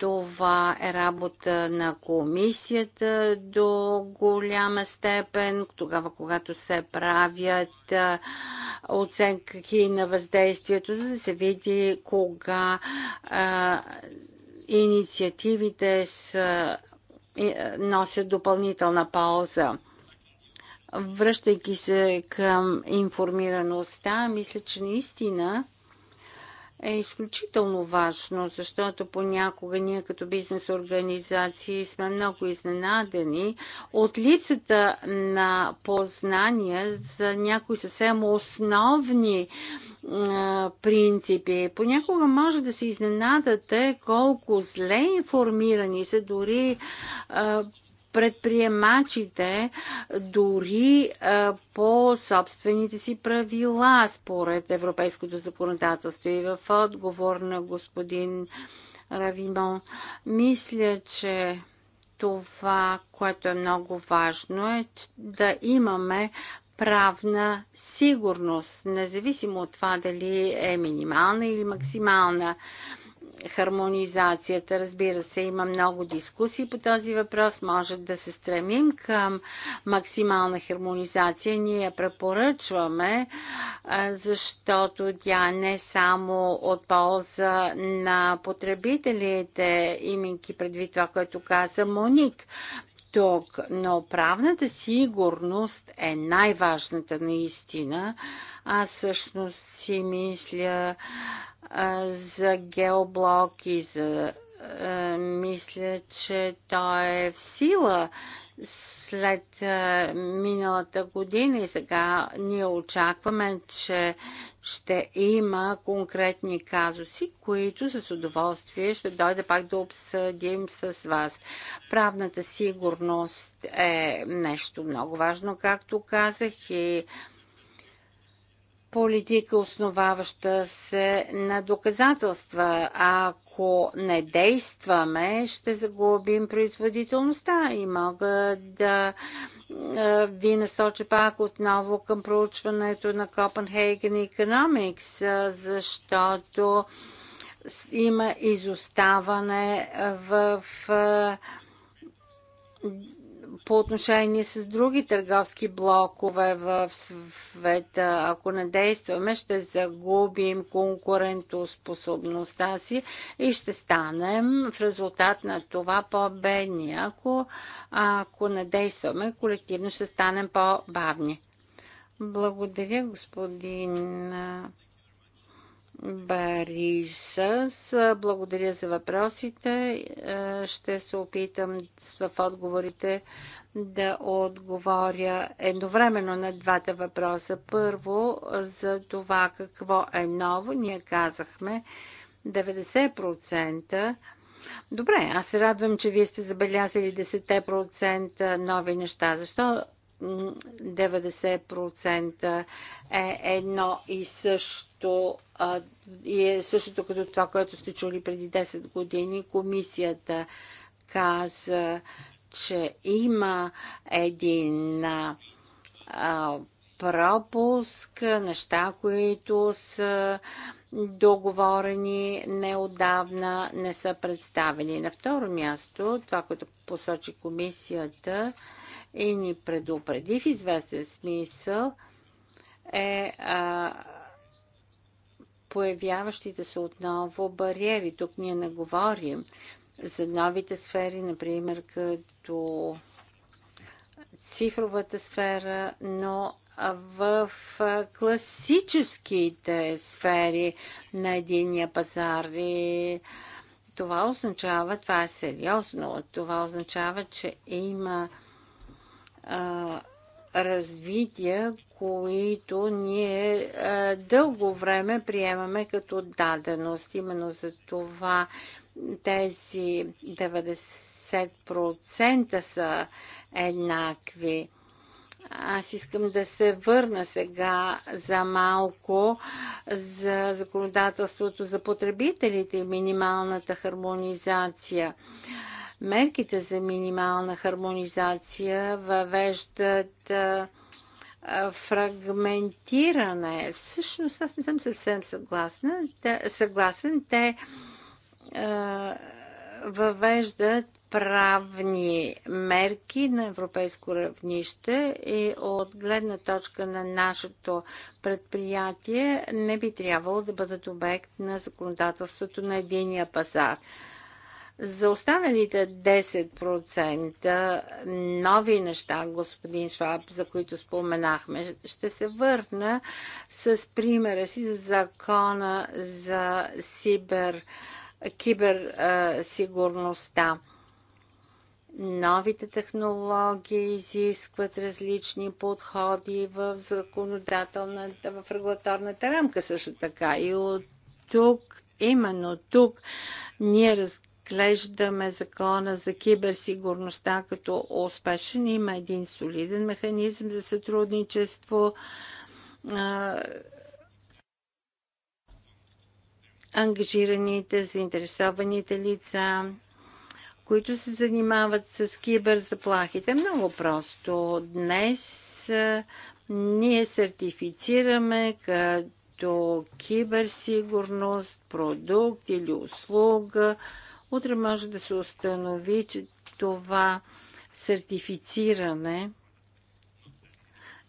Това е работа на комисията до голяма степен, тогава когато се правят оценки на въздействието, за да се види кога а, инициативите са, носят допълнителна полза. Връщайки се към информираността, мисля, че наистина е изключително важно, защото понякога ние като бизнес организации сме много изненадени от липсата на познания за някои съвсем основни принципи. Понякога може да се изненадате колко зле информирани са дори предприемачите дори а, по собствените си правила според европейското законодателство. И в отговор на господин Равимон, мисля, че това, което е много важно е да имаме правна сигурност, независимо от това дали е минимална или максимална хармонизацията. Разбира се, има много дискусии по този въпрос. Може да се стремим към максимална хармонизация. Ние препоръчваме, защото тя не само от полза на потребителите, имайки предвид това, което каза Моник, тук, но правната сигурност е най-важната наистина. Аз всъщност си мисля а, за геоблок и за а, мисля, че той е в сила след а, миналата година и сега ние очакваме, че ще има конкретни казуси, които с удоволствие ще дойде пак да обсъдим с вас. Правната сигурност е нещо много важно, както казах и политика, основаваща се на доказателства. Ако не действаме, ще загубим производителността и мога да ви насочи пак отново към проучването на Copenhagen Economics, защото има изоставане в по отношение с други търговски блокове в света. Ако не действаме, ще загубим конкурентоспособността си и ще станем в резултат на това по-бедни. Ако, ако не действаме, колективно ще станем по-бавни. Благодаря, господин Барисъс. Благодаря за въпросите. Ще се опитам в отговорите да отговоря едновременно на двата въпроса. Първо, за това какво е ново. Ние казахме 90% Добре, аз се радвам, че вие сте забелязали 10% нови неща. Защо 90% е едно и също и е същото като това, което сте чули преди 10 години. Комисията каза, че има един а, пропуск, неща, които са а, договорени неодавна, не са представени. На второ място, това, което посочи комисията и ни предупреди в известен смисъл, е а, появяващите се отново бариери. Тук ние не говорим за новите сфери, например като цифровата сфера, но в класическите сфери на единия пазар. И това означава, това е сериозно, това означава, че има а, развития, които ние а, дълго време приемаме като даденост. Именно за това тези 90% са еднакви. Аз искам да се върна сега за малко за законодателството за потребителите и минималната хармонизация. Мерките за минимална хармонизация въвеждат фрагментиране. Всъщност аз не съм съвсем съгласна. Те, съгласен. Те въвеждат правни мерки на европейско равнище и от гледна точка на нашето предприятие не би трябвало да бъдат обект на законодателството на единия пазар. За останалите 10% нови неща, господин Шваб, за които споменахме, ще се върна с примера си за закона за сибер, киберсигурността. Новите технологии изискват различни подходи в законодателната, в регулаторната рамка също така. И от тук, именно тук, ние разглеждаме закона за киберсигурността като успешен. Има един солиден механизъм за сътрудничество. Ангажираните, заинтересованите лица, които се занимават с киберзаплахите. Много просто. Днес ние сертифицираме като киберсигурност, продукт или услуга. Утре може да се установи, че това сертифициране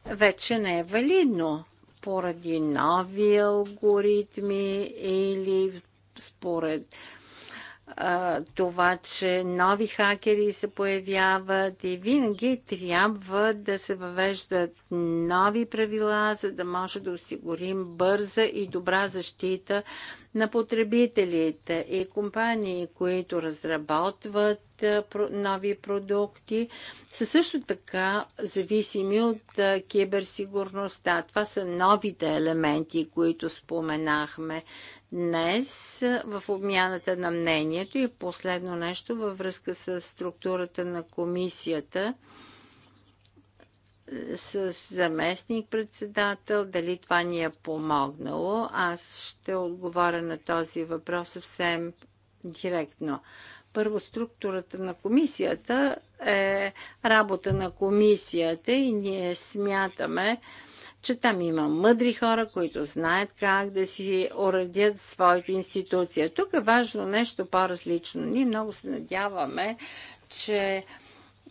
вече не е валидно поради нови алгоритми или според това, че нови хакери се появяват и винаги трябва да се въвеждат нови правила, за да може да осигурим бърза и добра защита на потребителите и компании, които разработват нови продукти, са също така зависими от киберсигурността. Това са новите елементи, които споменахме днес в обмяната на мнението и последно нещо във връзка с структурата на комисията с заместник-председател, дали това ни е помогнало. Аз ще отговоря на този въпрос съвсем директно. Първо, структурата на комисията е работа на комисията и ние смятаме, че там има мъдри хора, които знаят как да си уредят своята институция. Тук е важно нещо по-различно. Ние много се надяваме, че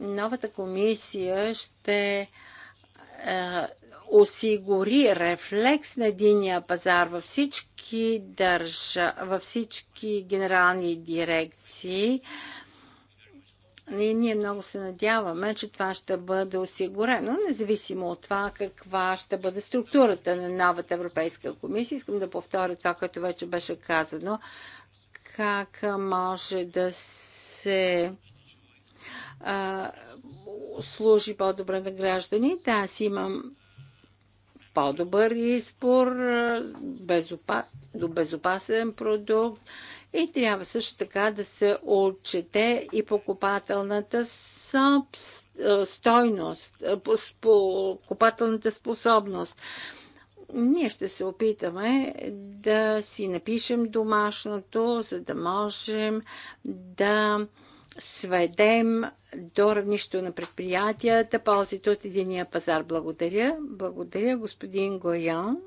новата комисия ще е, осигури рефлекс на единия пазар във всички, държа, във всички генерални дирекции. И ние много се надяваме, че това ще бъде осигурено, независимо от това каква ще бъде структурата на новата Европейска комисия. Искам да повторя това, което вече беше казано. Как може да се служи по-добре на гражданите. Аз имам по-добър избор, безопа, до безопасен продукт и трябва също така да се отчете и покупателната собс... стойност, покупателната способност. Ние ще се опитаме да си напишем домашното, за да можем да сведем до равнището на предприятията ползите от единия пазар. Благодаря. Благодаря, господин Гоян.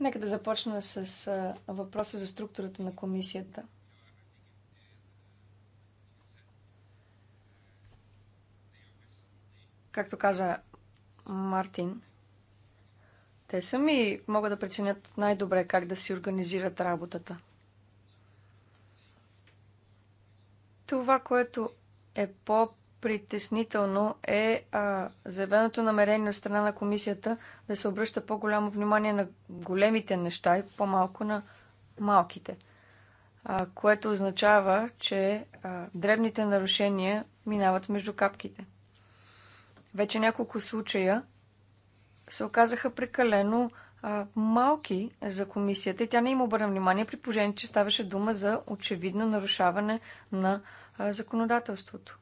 Нека да започна с въпроса за структурата на комисията. Както каза Мартин, те сами могат да преценят най-добре как да си организират работата. Това, което е по-притеснително е а, заявеното намерение от страна на комисията да се обръща по-голямо внимание на големите неща и по-малко на малките. А, което означава, че а, дребните нарушения минават между капките. Вече няколко случая – се оказаха прекалено а, малки за комисията и тя не им обърна внимание при положение, че ставаше дума за очевидно нарушаване на а, законодателството.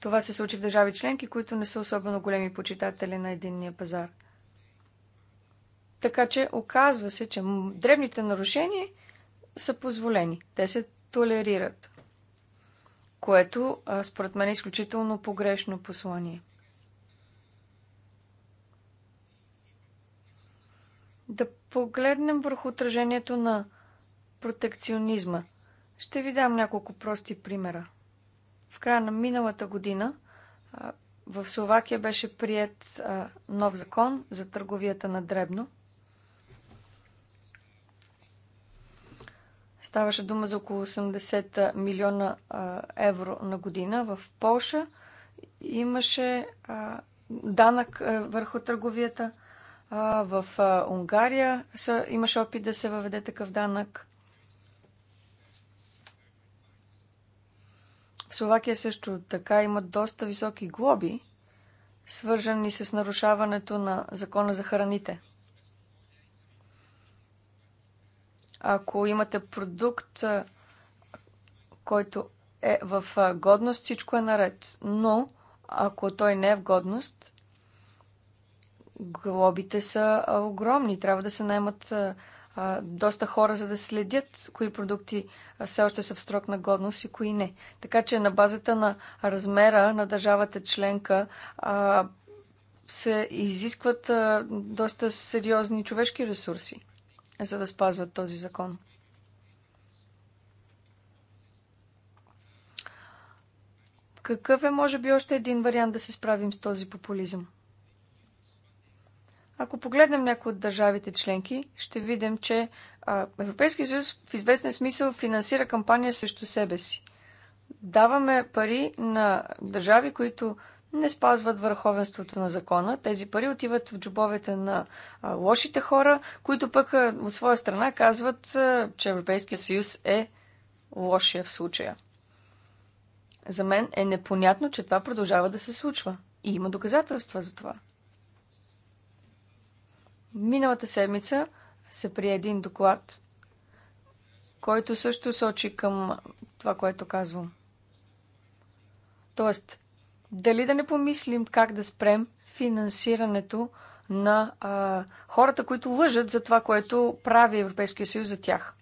Това се случи в държави членки, които не са особено големи почитатели на единния пазар. Така че оказва се, че древните нарушения са позволени. Те се толерират. Което, според мен, е изключително погрешно послание. погледнем върху отражението на протекционизма, ще ви дам няколко прости примера. В края на миналата година в Словакия беше прият нов закон за търговията на дребно. Ставаше дума за около 80 милиона евро на година. В Польша имаше данък е, върху търговията – в Унгария имаше опит да се въведе такъв данък. В Словакия също така имат доста високи глоби, свържени с нарушаването на закона за храните. Ако имате продукт, който е в годност, всичко е наред. Но ако той не е в годност, глобите са огромни. Трябва да се наймат доста хора, за да следят кои продукти все още са в строк на годност и кои не. Така че на базата на размера на държавата членка се изискват доста сериозни човешки ресурси, за да спазват този закон. Какъв е, може би, още един вариант да се справим с този популизъм? Ако погледнем някои от държавите членки, ще видим, че Европейския съюз в известен смисъл финансира кампания срещу себе си. Даваме пари на държави, които не спазват върховенството на закона. Тези пари отиват в джобовете на а, лошите хора, които пък а, от своя страна казват, а, че Европейския съюз е лошия в случая. За мен е непонятно, че това продължава да се случва. И има доказателства за това. Миналата седмица се прие един доклад, който също сочи към това, което казвам. Тоест, дали да не помислим как да спрем финансирането на а, хората, които лъжат за това, което прави Европейския съюз за тях.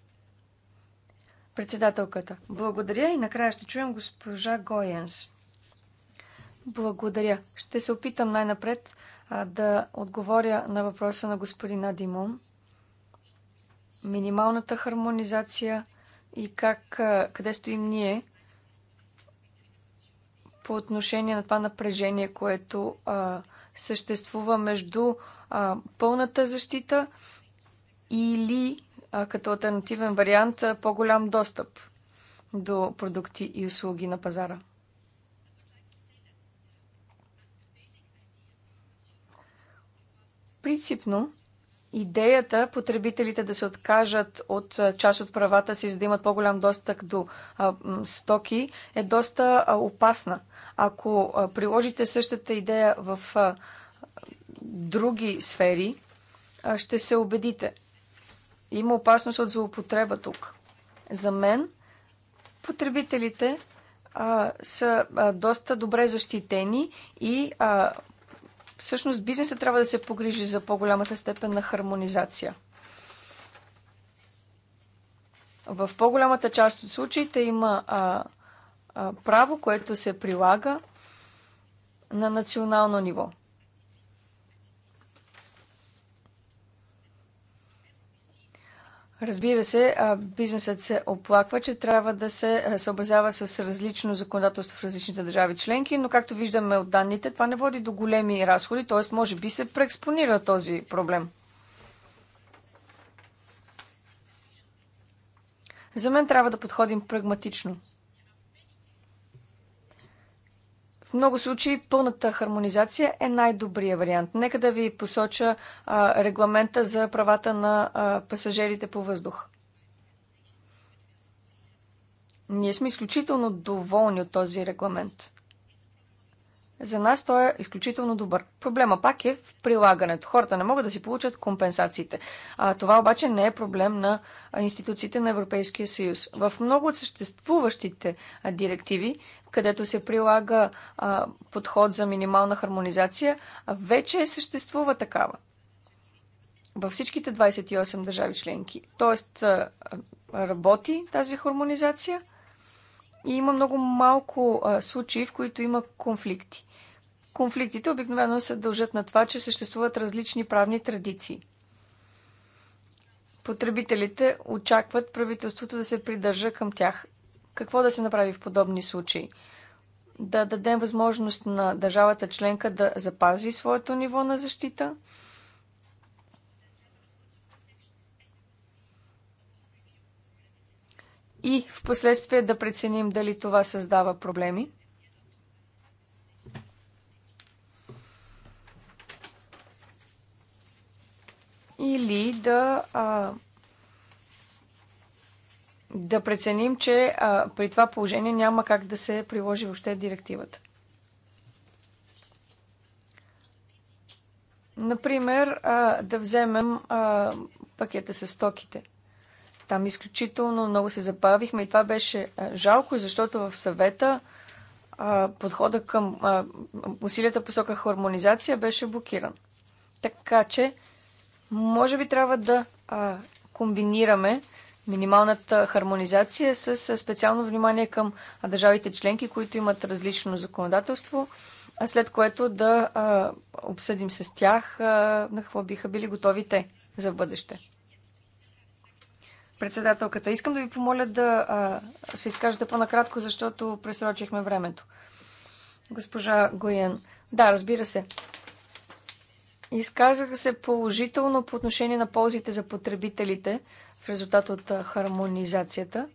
Председателката. Благодаря и накрая ще чуем госпожа Гоенс. Благодаря. Ще се опитам най-напред да отговоря на въпроса на господина Адимум. Минималната хармонизация и как, къде стоим ние по отношение на това напрежение, което а, съществува между а, пълната защита или а, като альтернативен вариант по-голям достъп до продукти и услуги на пазара. Принципно, идеята потребителите да се откажат от част от правата си, за да имат по-голям достъп до а, стоки, е доста а, опасна. Ако а, приложите същата идея в а, други сфери, а, ще се убедите. Има опасност от злоупотреба тук. За мен, потребителите а, са а, доста добре защитени и а, Всъщност бизнесът трябва да се погрижи за по-голямата степен на хармонизация. В по-голямата част от случаите има а, а, право, което се прилага на национално ниво. Разбира се, бизнесът се оплаква, че трябва да се съобразява с различно законодателство в различните държави членки, но както виждаме от данните, това не води до големи разходи, т.е. може би се преекспонира този проблем. За мен трябва да подходим прагматично – В много случаи пълната хармонизация е най-добрият вариант. Нека да ви посоча а, регламента за правата на а, пасажирите по въздух. Ние сме изключително доволни от този регламент за нас той е изключително добър. Проблема пак е в прилагането. Хората не могат да си получат компенсациите. А, това обаче не е проблем на институциите на Европейския съюз. В много от съществуващите директиви, където се прилага а, подход за минимална хармонизация, вече съществува такава. Във всичките 28 държави членки. Тоест, а, работи тази хармонизация – и има много малко а, случаи, в които има конфликти. Конфликтите обикновено се дължат на това, че съществуват различни правни традиции. Потребителите очакват правителството да се придържа към тях. Какво да се направи в подобни случаи? Да дадем възможност на държавата членка да запази своето ниво на защита – и в последствие да преценим дали това създава проблеми. Или да, а, да преценим, че а, при това положение няма как да се приложи въобще директивата. Например, а, да вземем а, пакета с стоките – там изключително много се забавихме и това беше жалко, защото в съвета подхода към усилията посока хармонизация беше блокиран. Така че, може би трябва да комбинираме минималната хармонизация с специално внимание към държавите членки, които имат различно законодателство, а след което да обсъдим с тях на какво биха били готови те за бъдеще. Председателката, искам да ви помоля да а, се изкажете по-накратко, защото пресрочихме времето. Госпожа Гоян. Да, разбира се. Изказаха се положително по отношение на ползите за потребителите в резултат от хармонизацията.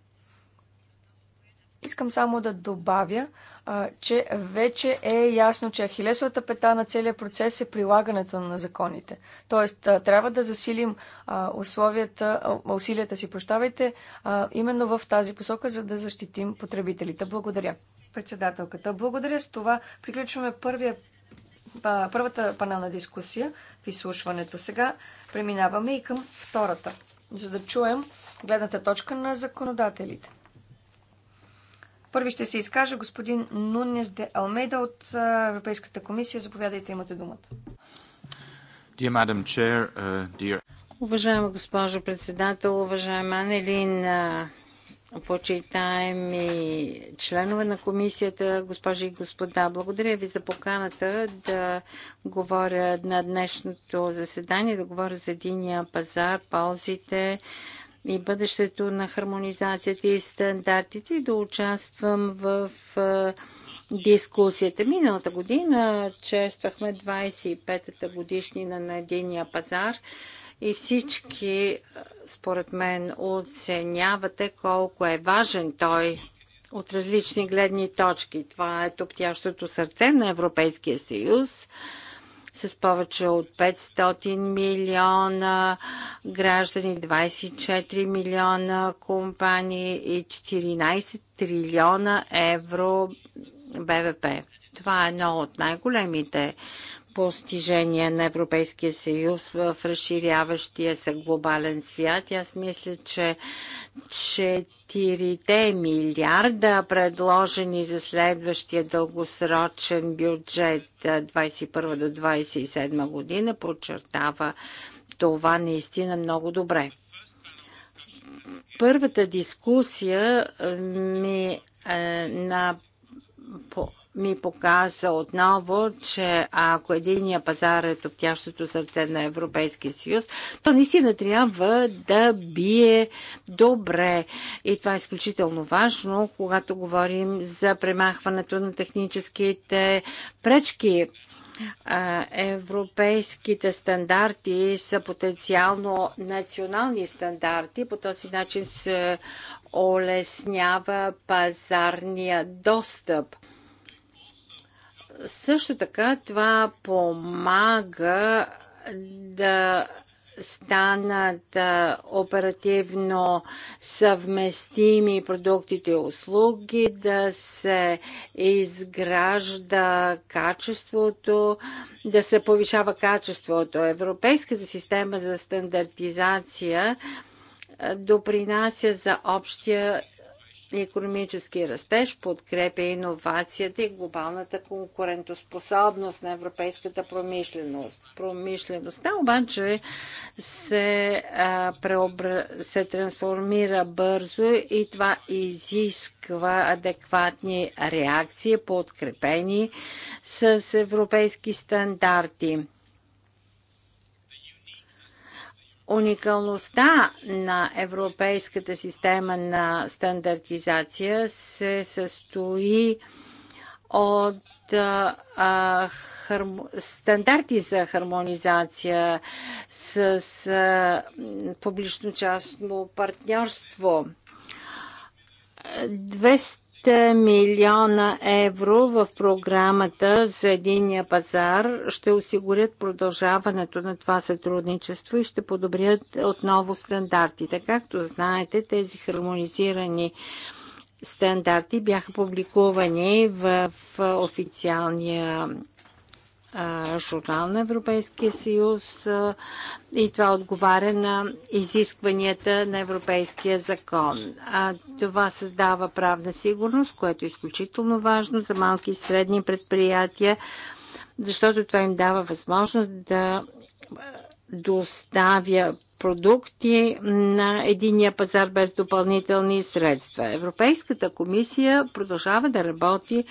Искам само да добавя, а, че вече е ясно, че ахилесовата пета на целият процес е прилагането на законите. Тоест, а, трябва да засилим а, условията, а, усилията си, прощавайте, а, именно в тази посока, за да защитим потребителите. Благодаря. Председателката, благодаря. С това приключваме първия първата панелна дискусия в изслушването. Сега преминаваме и към втората, за да чуем гледната точка на законодателите. Първи ще се изкаже господин Нунес де Алмейда от Европейската комисия. Заповядайте, имате думата. Dear Madam Chair, uh, dear... Уважаема госпожо председател, уважаема Анелин, почитаеми членове на комисията, госпожи и господа, благодаря ви за поканата да говоря на днешното заседание, да говоря за единия пазар, ползите, и бъдещето на хармонизацията и стандартите и да участвам в дискусията. Миналата година чествахме 25-та годишнина на единия пазар и всички, според мен, оценявате колко е важен той от различни гледни точки. Това е топтящото сърце на Европейския съюз с повече от 500 милиона граждани, 24 милиона компании и 14 трилиона евро БВП. Това е едно от най-големите постижения на Европейския съюз в разширяващия се глобален свят. Аз мисля, че, че 4 милиарда, предложени за следващия дългосрочен бюджет 21 до 27 година, подчертава това наистина много добре. Първата дискусия ми е на ми показа отново, че ако единия пазар е топтящото сърце на Европейския съюз, то наистина трябва да бие добре. И това е изключително важно, когато говорим за премахването на техническите пречки европейските стандарти са потенциално национални стандарти. По този начин се олеснява пазарния достъп. Също така това помага да станат оперативно съвместими продуктите и услуги, да се изгражда качеството, да се повишава качеството. Европейската система за стандартизация допринася за общия економически растеж, подкрепя иновацията и глобалната конкурентоспособност на европейската промишленост. Промишлеността обаче се, а, преобра... се трансформира бързо и това изисква адекватни реакции, подкрепени с европейски стандарти. Уникалността на европейската система на стандартизация се състои от а, харм... стандарти за хармонизация с, публично-частно партньорство милиона евро в програмата за единия пазар ще осигурят продължаването на това сътрудничество и ще подобрят отново стандартите. Както знаете, тези хармонизирани стандарти бяха публикувани в официалния журнал на Европейския съюз и това отговаря на изискванията на Европейския закон. Това създава правна сигурност, което е изключително важно за малки и средни предприятия, защото това им дава възможност да доставя продукти на единия пазар без допълнителни средства. Европейската комисия продължава да работи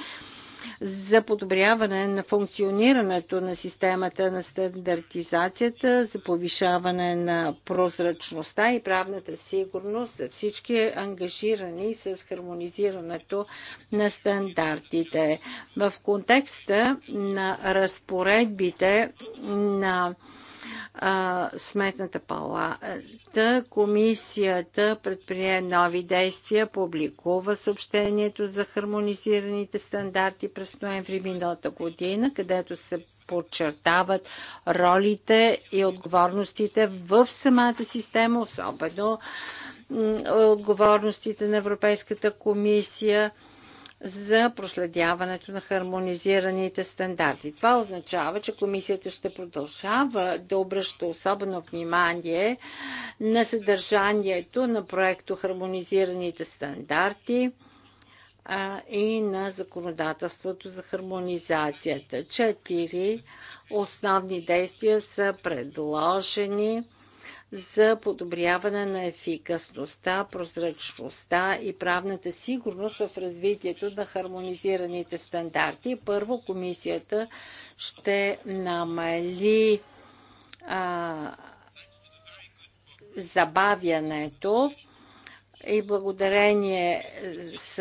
за подобряване на функционирането на системата на стандартизацията, за повишаване на прозрачността и правната сигурност за всички ангажирани с хармонизирането на стандартите. В контекста на разпоредбите на а, сметната палата. Комисията предприе нови действия, публикува съобщението за хармонизираните стандарти през ноември миналата година, където се подчертават ролите и отговорностите в самата система, особено отговорностите на Европейската комисия за проследяването на хармонизираните стандарти. Това означава, че комисията ще продължава да обръща особено внимание на съдържанието на проекто Хармонизираните стандарти а, и на законодателството за хармонизацията. Четири основни действия са предложени за подобряване на ефикасността, прозрачността и правната сигурност в развитието на хармонизираните стандарти. Първо, комисията ще намали а, забавянето и благодарение, е, с,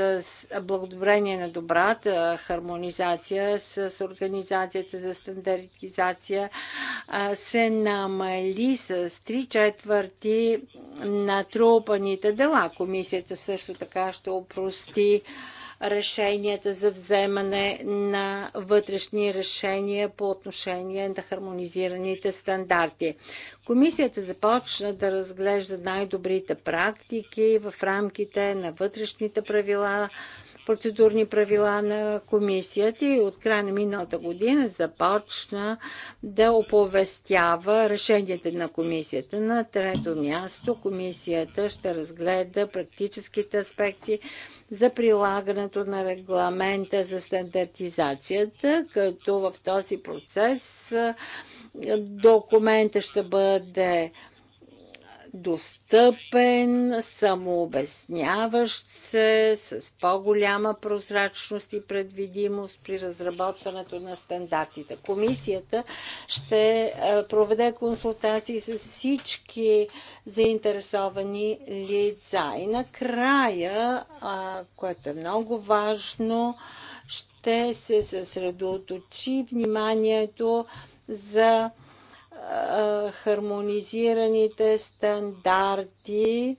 е, благодарение на добрата хармонизация с Организацията за стандартизация е, се намали с 3 четвърти натрупаните дела. Комисията също така ще опрости решенията за вземане на вътрешни решения по отношение на хармонизираните стандарти. Комисията започна да разглежда най-добрите практики в рамките на вътрешните правила процедурни правила на комисията и от края на миналата година започна да оповестява решенията на комисията. На трето място комисията ще разгледа практическите аспекти за прилагането на регламента за стандартизацията, като в този процес документа ще бъде достъпен, самообясняващ се, с по-голяма прозрачност и предвидимост при разработването на стандартите. Комисията ще е, проведе консултации с всички заинтересовани лица. И накрая, което е много важно, ще се съсредоточи вниманието за хармонизираните стандарти,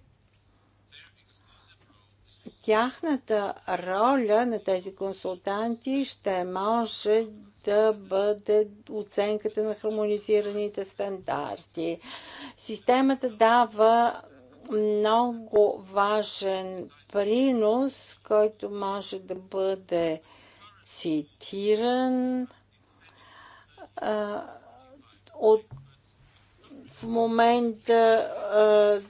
тяхната роля на тези консултанти ще може да бъде оценката на хармонизираните стандарти. Системата дава много важен принос, който може да бъде цитиран от в момента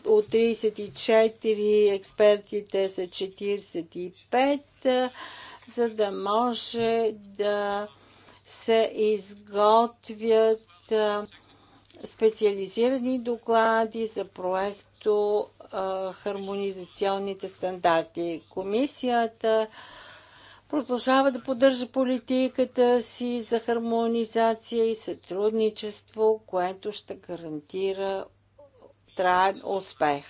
от 34 експертите са 45, за да може да се изготвят специализирани доклади за проекто хармонизационните стандарти. Комисията продължава да поддържа политиката си за хармонизация и сътрудничество, което ще гарантира траен успех.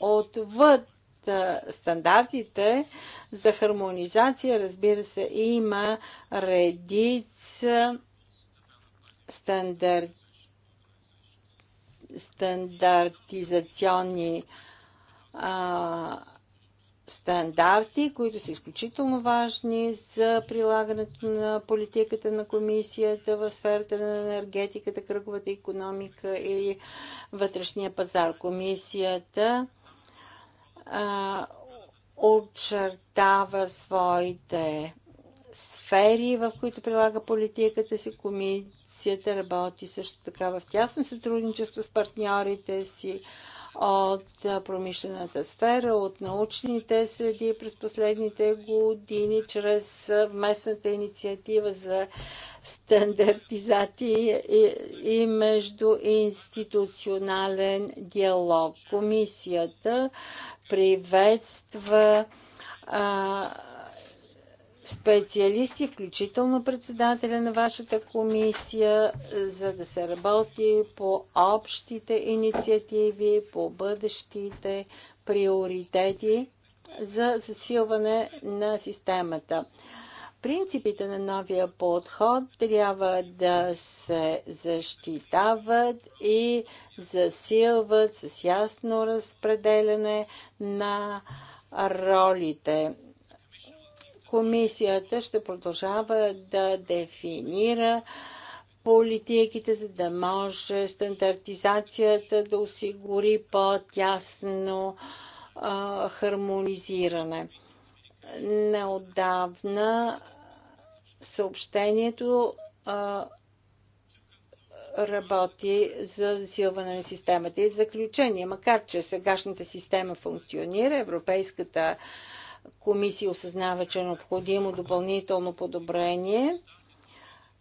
Отвъд стандартите за хармонизация, разбира се, има редица стандар... стандартизационни а, стандарти, които са изключително важни за прилагането на политиката на комисията в сферата на енергетиката, кръговата економика и вътрешния пазар. Комисията а, очертава своите сфери, в които прилага политиката си. Комисията работи също така в тясно сътрудничество с партньорите си от промишлената сфера, от научните среди през последните години, чрез местната инициатива за стандартизация и, и междуинституционален диалог. Комисията приветства а, специалисти, включително председателя на вашата комисия, за да се работи по общите инициативи, по бъдещите приоритети за засилване на системата. Принципите на новия подход трябва да се защитават и засилват с ясно разпределяне на ролите. Комисията ще продължава да дефинира политиките, за да може стандартизацията да осигури по-тясно хармонизиране. Неодавна съобщението а, работи за засилване на системата. И в заключение, макар че сегашната система функционира, Европейската комисия осъзнава, че е необходимо допълнително подобрение.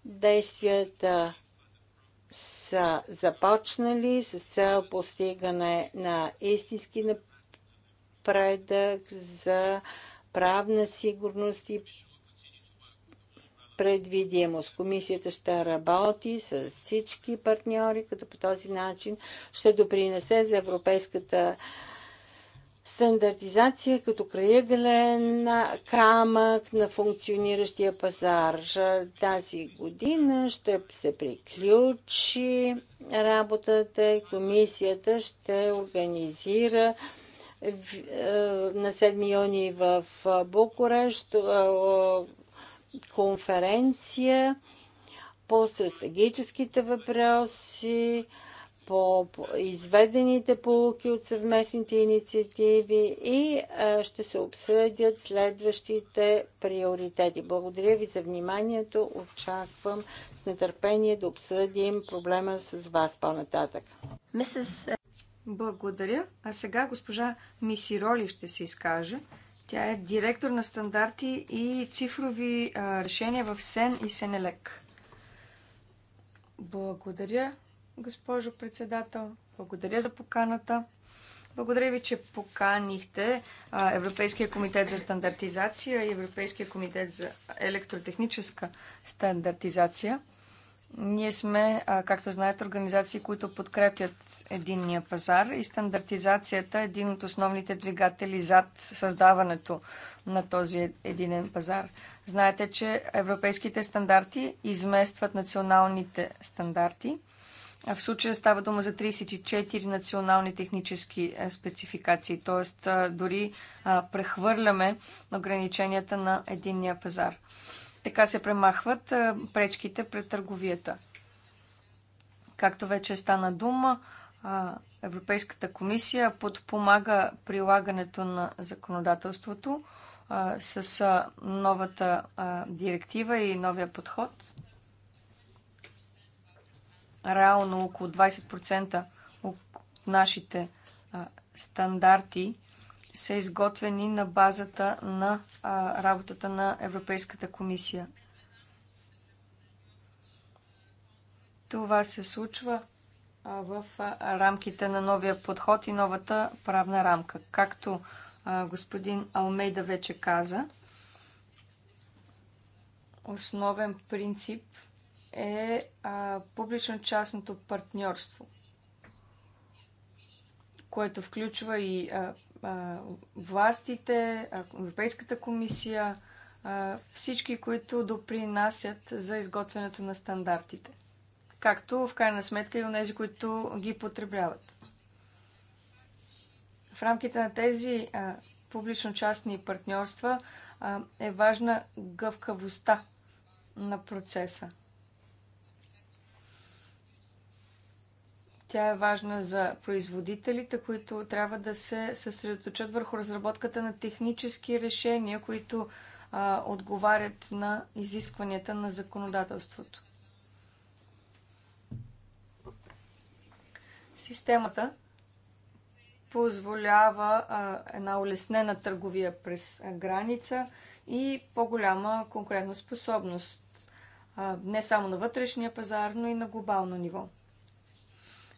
Действията са започнали с цел постигане на истински напредък за правна сигурност и предвидимост. Комисията ще работи с всички партньори, като по този начин ще допринесе за европейската стандартизация като краегален камък на функциониращия пазар. Тази година ще се приключи работата и комисията ще организира е, на 7 юни в Букурещ е, конференция по стратегическите въпроси по, по изведените полуки от съвместните инициативи и а, ще се обсъдят следващите приоритети. Благодаря ви за вниманието. Очаквам с нетърпение да обсъдим проблема с вас по-нататък. Благодаря. А сега госпожа Мисироли ще се изкаже. Тя е директор на стандарти и цифрови а, решения в СЕН и СЕНЕЛЕК. Благодаря, госпожо председател. Благодаря за поканата. Благодаря ви, че поканихте Европейския комитет за стандартизация и Европейския комитет за електротехническа стандартизация. Ние сме, както знаете, организации, които подкрепят единния пазар и стандартизацията е един от основните двигатели зад създаването на този единен пазар. Знаете, че европейските стандарти изместват националните стандарти – в случая става дума за 34 национални технически е, спецификации, т.е. дори прехвърляме ограниченията на единния пазар. Така се премахват пречките пред търговията. Както вече стана дума, Европейската комисия подпомага прилагането на законодателството с новата директива и новия подход реално около 20% от нашите а, стандарти са изготвени на базата на а, работата на Европейската комисия. Това се случва а, в а, рамките на новия подход и новата правна рамка. Както а, господин Алмейда вече каза, основен принцип – е публично-частното партньорство, което включва и а, а, властите, Европейската комисия, а, всички, които допринасят за изготвянето на стандартите. Както в крайна сметка и у нези, които ги потребляват. В рамките на тези публично-частни партньорства е важна гъвкавостта на процеса. Тя е важна за производителите, които трябва да се съсредоточат върху разработката на технически решения, които а, отговарят на изискванията на законодателството. Системата позволява а, една улеснена търговия през граница и по-голяма конкурентоспособност не само на вътрешния пазар, но и на глобално ниво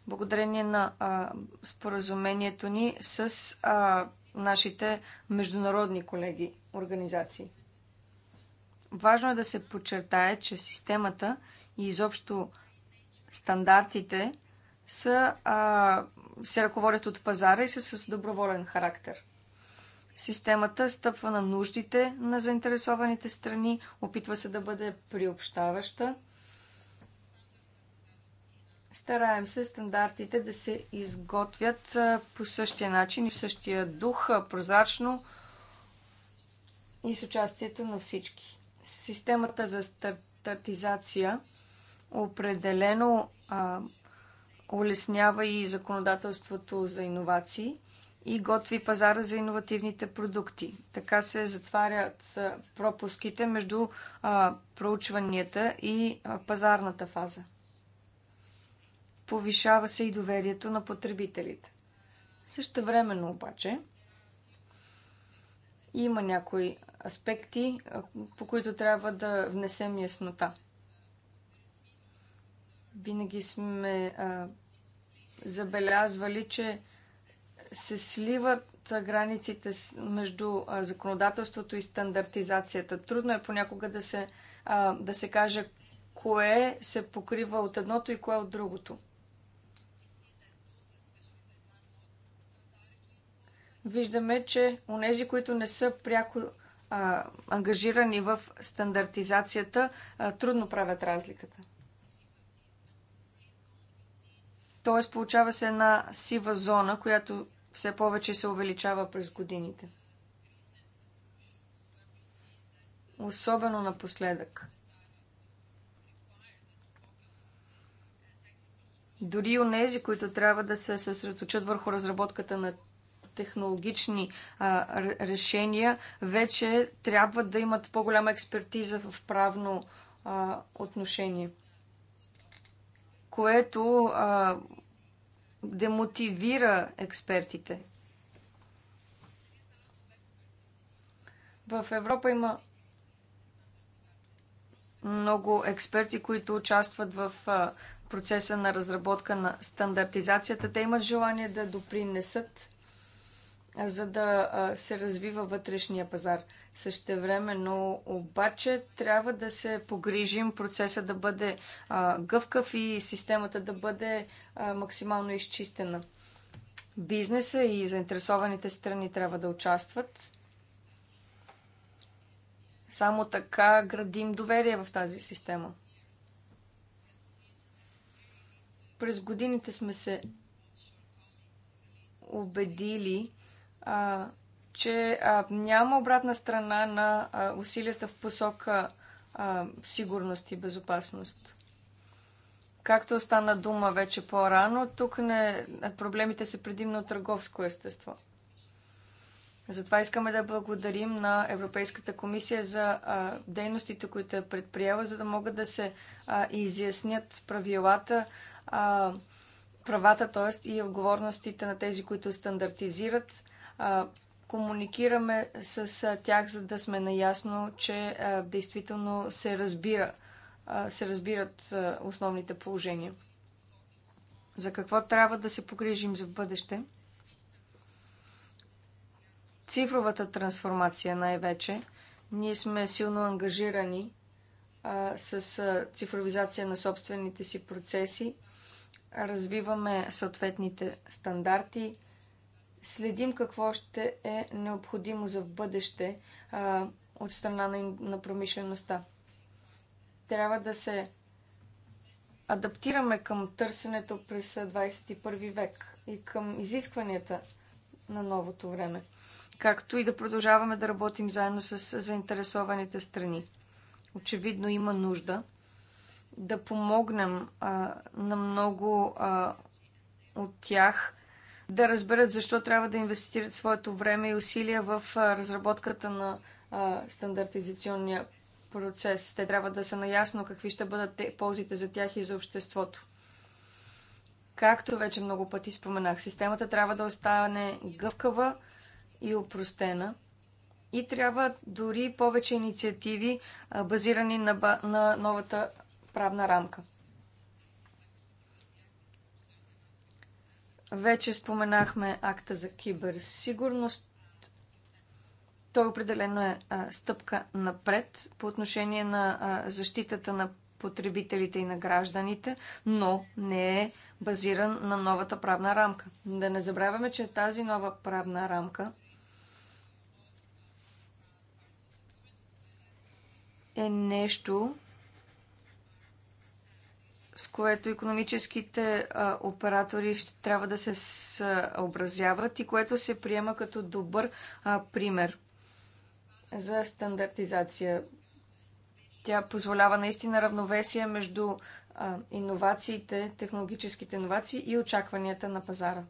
благодарение на а, споразумението ни с а, нашите международни колеги организации. Важно е да се подчертае, че системата и изобщо стандартите са, а, се ръководят от пазара и са с доброволен характер. Системата стъпва на нуждите на заинтересованите страни, опитва се да бъде приобщаваща – Стараем се стандартите да се изготвят по същия начин и в същия дух, прозрачно и с участието на всички. Системата за стартизация определено а, улеснява и законодателството за иновации и готви пазара за иновативните продукти. Така се затварят пропуските между а, проучванията и а, пазарната фаза. Повишава се и доверието на потребителите. Също времено обаче има някои аспекти, по които трябва да внесем яснота. Винаги сме а, забелязвали, че се сливат границите между законодателството и стандартизацията. Трудно е понякога да се, а, да се каже кое се покрива от едното и кое от другото. виждаме, че нези, които не са пряко а, ангажирани в стандартизацията, а, трудно правят разликата. Тоест, получава се една сива зона, която все повече се увеличава през годините. Особено напоследък. Дори и нези, които трябва да се съсредоточат върху разработката на технологични а, решения, вече трябва да имат по-голяма експертиза в правно а, отношение. Което а, демотивира експертите. В Европа има много експерти, които участват в процеса на разработка на стандартизацията. Те имат желание да допринесат за да се развива вътрешния пазар. но обаче трябва да се погрижим процеса да бъде гъвкав и системата да бъде максимално изчистена. Бизнеса и заинтересованите страни трябва да участват. Само така градим доверие в тази система. През годините сме се убедили, че няма обратна страна на усилията в посока сигурност и безопасност. Както остана дума вече по-рано, тук не, проблемите са предимно търговско естество. Затова искаме да благодарим на Европейската комисия за а, дейностите, които е предприела, за да могат да се а, изяснят правилата, а, правата, т.е. и отговорностите на тези, които стандартизират комуникираме с тях, за да сме наясно, че действително се разбира, се разбират основните положения. За какво трябва да се погрижим за бъдеще? Цифровата трансформация най-вече. Ние сме силно ангажирани а, с а, цифровизация на собствените си процеси. Развиваме съответните стандарти, следим какво ще е необходимо за в бъдеще а, от страна на, на промишлеността. Трябва да се адаптираме към търсенето през 21 век и към изискванията на новото време, както и да продължаваме да работим заедно с заинтересованите страни. Очевидно има нужда да помогнем а, на много а, от тях да разберат защо трябва да инвестират своето време и усилия в разработката на стандартизационния процес. Те трябва да са наясно какви ще бъдат ползите за тях и за обществото. Както вече много пъти споменах, системата трябва да остане гъвкава и упростена. И трябва дори повече инициативи, базирани на, на новата правна рамка. Вече споменахме акта за киберсигурност. Той определено е а, стъпка напред по отношение на а, защитата на потребителите и на гражданите, но не е базиран на новата правна рамка. Да не забравяме, че тази нова правна рамка е нещо, с което економическите а, оператори ще трябва да се съобразяват и което се приема като добър а, пример за стандартизация. Тя позволява наистина равновесие между а, иновациите, технологическите иновации и очакванията на пазара.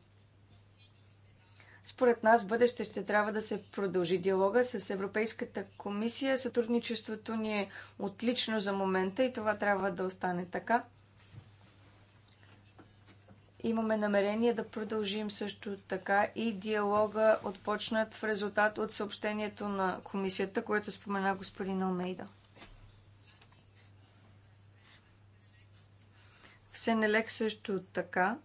Според нас бъдеще ще трябва да се продължи диалога с Европейската комисия. Сътрудничеството ни е отлично за момента и това трябва да остане така. Имаме намерение да продължим също така и диалога отпочнат в резултат от съобщението на комисията, което спомена господин Омейда. В Сенелек също така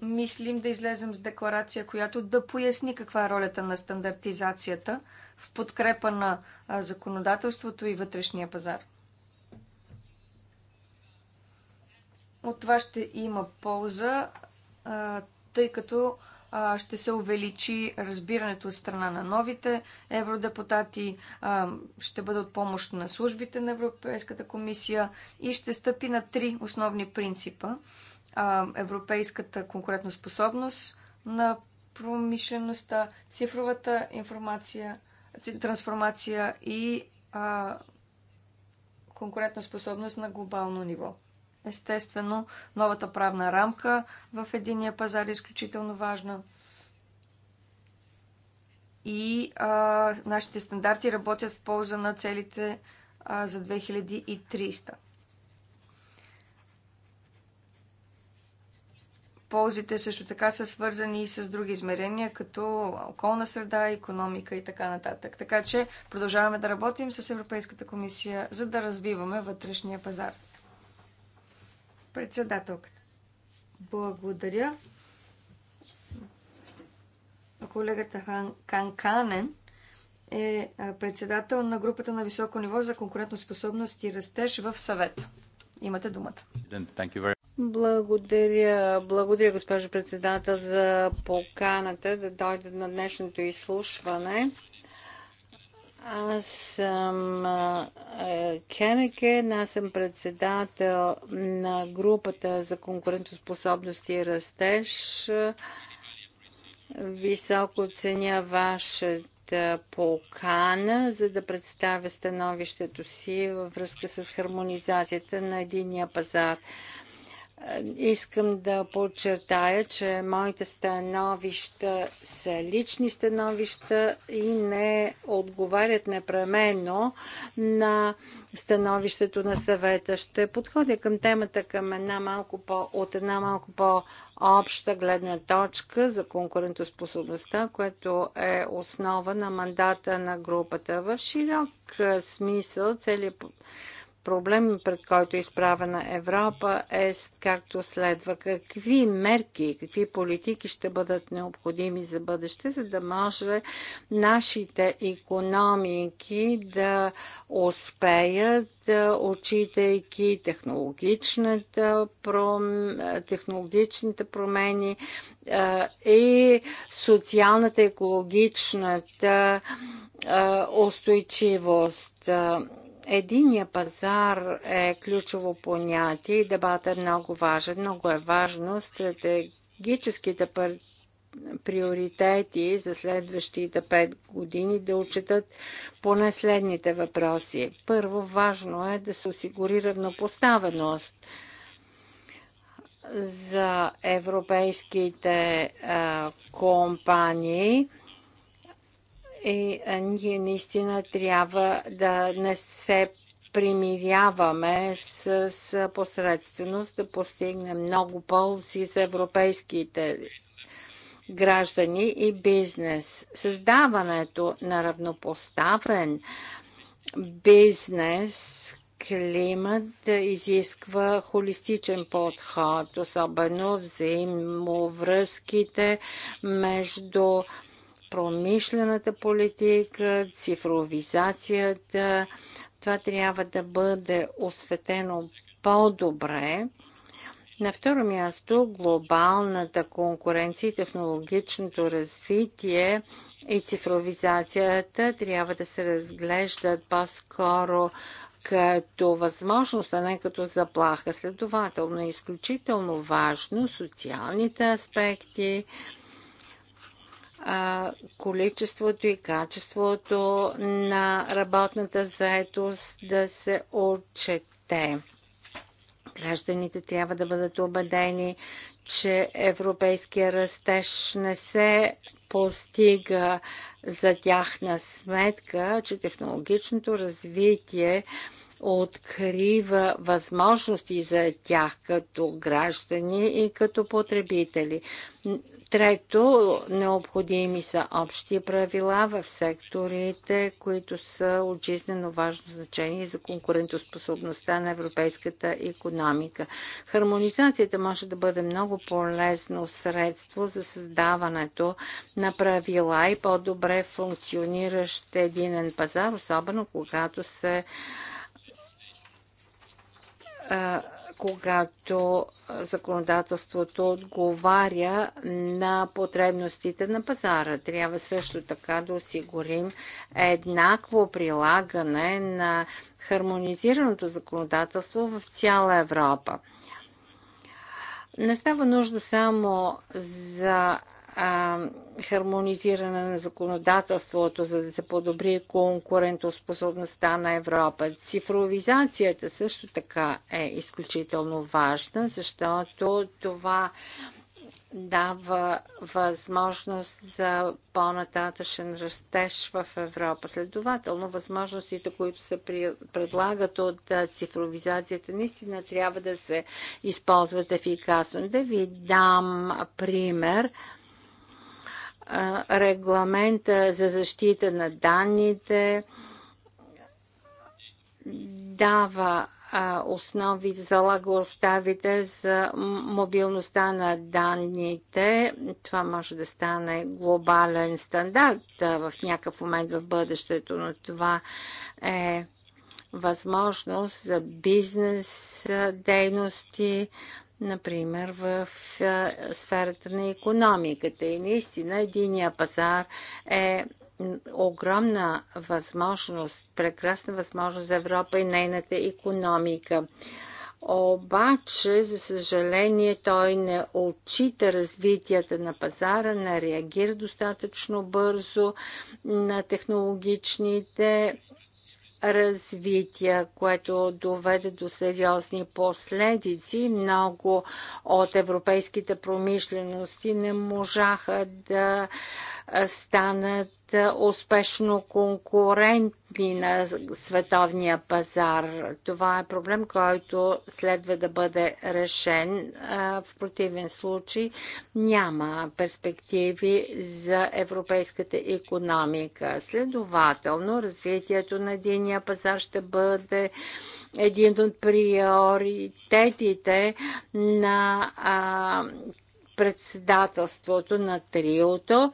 мислим да излезем с декларация, която да поясни каква е ролята на стандартизацията в подкрепа на законодателството и вътрешния пазар. От това ще има полза, тъй като ще се увеличи разбирането от страна на новите евродепутати, ще бъде от помощ на службите на Европейската комисия и ще стъпи на три основни принципа. Европейската конкурентоспособност на промишлеността, цифровата информация, трансформация и конкурентоспособност на глобално ниво. Естествено, новата правна рамка в единия пазар е изключително важна. И а, нашите стандарти работят в полза на целите а, за 2300. Ползите също така са свързани и с други измерения, като околна среда, економика и така нататък. Така че продължаваме да работим с Европейската комисия, за да развиваме вътрешния пазар. Председателката. Благодаря. Колегата Хан Канканен е, е председател на групата на високо ниво за конкурентоспособност и растеж в съвет. Имате думата. Благодаря, благодаря, госпожо председател, за поканата да дойде на днешното изслушване. Аз съм е, Кенекен, аз съм председател на групата за конкурентоспособност и растеж. Високо ценя вашата покана, за да представя становището си във връзка с хармонизацията на единия пазар. Е, искам да подчертая, че моите становища са лични становища и не отговарят непременно на становището на съвета. Ще подходя към темата към една малко по, от една малко по-обща гледна точка за конкурентоспособността, което е основа на мандата на групата. В широк е, смисъл целият проблем, пред който е изправена Европа, е както следва. Какви мерки, какви политики ще бъдат необходими за бъдеще, за да може нашите економики да успеят, технологичната, пром... технологичните промени и социалната, екологичната устойчивост Единия пазар е ключово понятие и дебатът е много важен. Много е важно стратегическите приоритети за следващите пет години да отчитат поне следните въпроси. Първо, важно е да се осигури равнопоставеност за европейските а, компании – и ние наистина трябва да не се примиряваме с, с посредственост, да постигнем много ползи за европейските граждани и бизнес. Създаването на равнопоставен бизнес климат изисква холистичен подход, особено взаимовръзките между промишлената политика, цифровизацията. Това трябва да бъде осветено по-добре. На второ място, глобалната конкуренция и технологичното развитие и цифровизацията трябва да се разглеждат по-скоро като възможност, а не като заплаха. Следователно е изключително важно социалните аспекти, а, количеството и качеството на работната заетост да се отчете. Гражданите трябва да бъдат убедени, че европейския растеж не се постига за тяхна сметка, че технологичното развитие открива възможности за тях като граждани и като потребители. Трето, необходими са общи правила в секторите, които са от жизнено важно значение за конкурентоспособността на европейската економика. Хармонизацията може да бъде много полезно средство за създаването на правила и по-добре функциониращ единен пазар, особено когато се когато законодателството отговаря на потребностите на пазара. Трябва също така да осигурим еднакво прилагане на хармонизираното законодателство в цяла Европа. Не става нужда само за а, хармонизиране на законодателството, за да се подобри конкурентоспособността на Европа. Цифровизацията също така е изключително важна, защото това дава възможност за по-нататъчен растеж в Европа. Следователно, възможностите, които се предлагат от цифровизацията, наистина трябва да се използват ефикасно. Да ви дам пример регламента за защита на данните дава основи, залага оставите за мобилността на данните. Това може да стане глобален стандарт в някакъв момент в бъдещето, но това е възможност за бизнес дейности, например, в сферата на економиката. И наистина единия пазар е огромна възможност, прекрасна възможност за Европа и нейната економика. Обаче, за съжаление, той не отчита развитията на пазара, не реагира достатъчно бързо на технологичните развитие, което доведе до сериозни последици. Много от европейските промишлености не можаха да станат успешно конкурентни на световния пазар. Това е проблем, който следва да бъде решен. В противен случай няма перспективи за европейската економика. Следователно, развитието на единия пазар ще бъде един от приоритетите на председателството на триото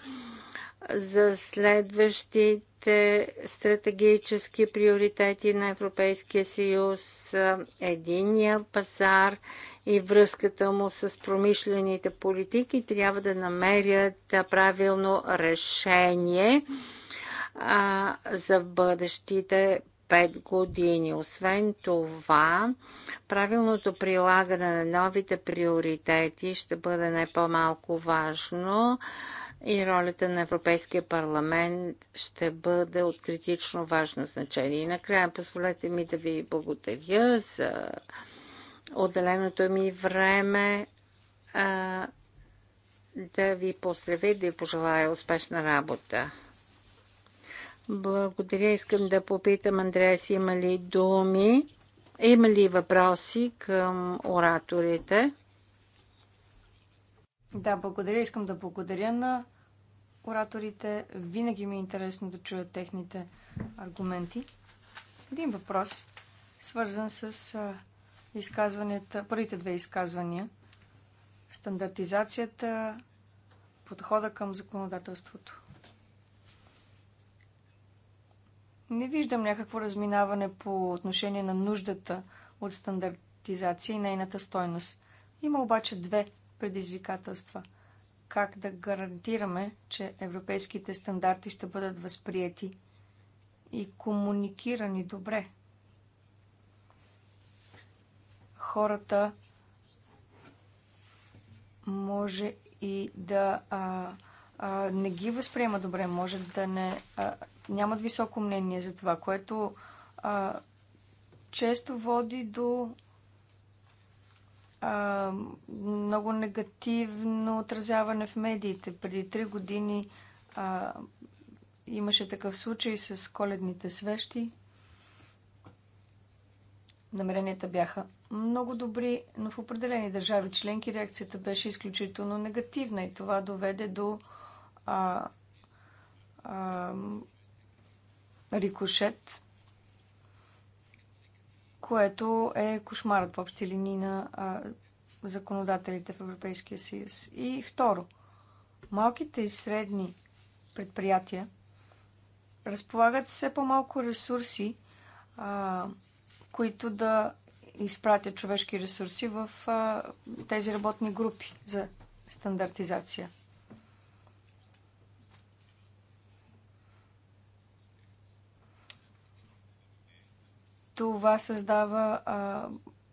за следващите стратегически приоритети на Европейския съюз, единия пазар и връзката му с промишлените политики трябва да намерят правилно решение а, за бъдещите 5 години. Освен това, правилното прилагане на новите приоритети ще бъде не по-малко важно и ролята на Европейския парламент ще бъде от критично важно значение. И накрая позволете ми да ви благодаря за отделеното ми време а, да ви поздравя и да ви пожелая успешна работа. Благодаря. Искам да попитам, Андреас, има ли думи, има ли въпроси към ораторите? Да, благодаря. Искам да благодаря на ораторите. Винаги ми е интересно да чуя техните аргументи. Един въпрос, свързан с изказванията, първите две изказвания. Стандартизацията, подхода към законодателството. Не виждам някакво разминаване по отношение на нуждата от стандартизация и нейната стойност. Има обаче две предизвикателства. Как да гарантираме, че европейските стандарти ще бъдат възприяти и комуникирани добре? Хората може и да а, а, не ги възприема добре, може да не. А, нямат високо мнение за това, което а, често води до а, много негативно отразяване в медиите. Преди три години а, имаше такъв случай с коледните свещи. Намеренията бяха много добри, но в определени държави членки реакцията беше изключително негативна и това доведе до а, а, рикошет което е кошмарът в общи линии на а, законодателите в Европейския съюз. И второ, малките и средни предприятия разполагат все по-малко ресурси, а, които да изпратят човешки ресурси в а, тези работни групи за стандартизация. това създава а,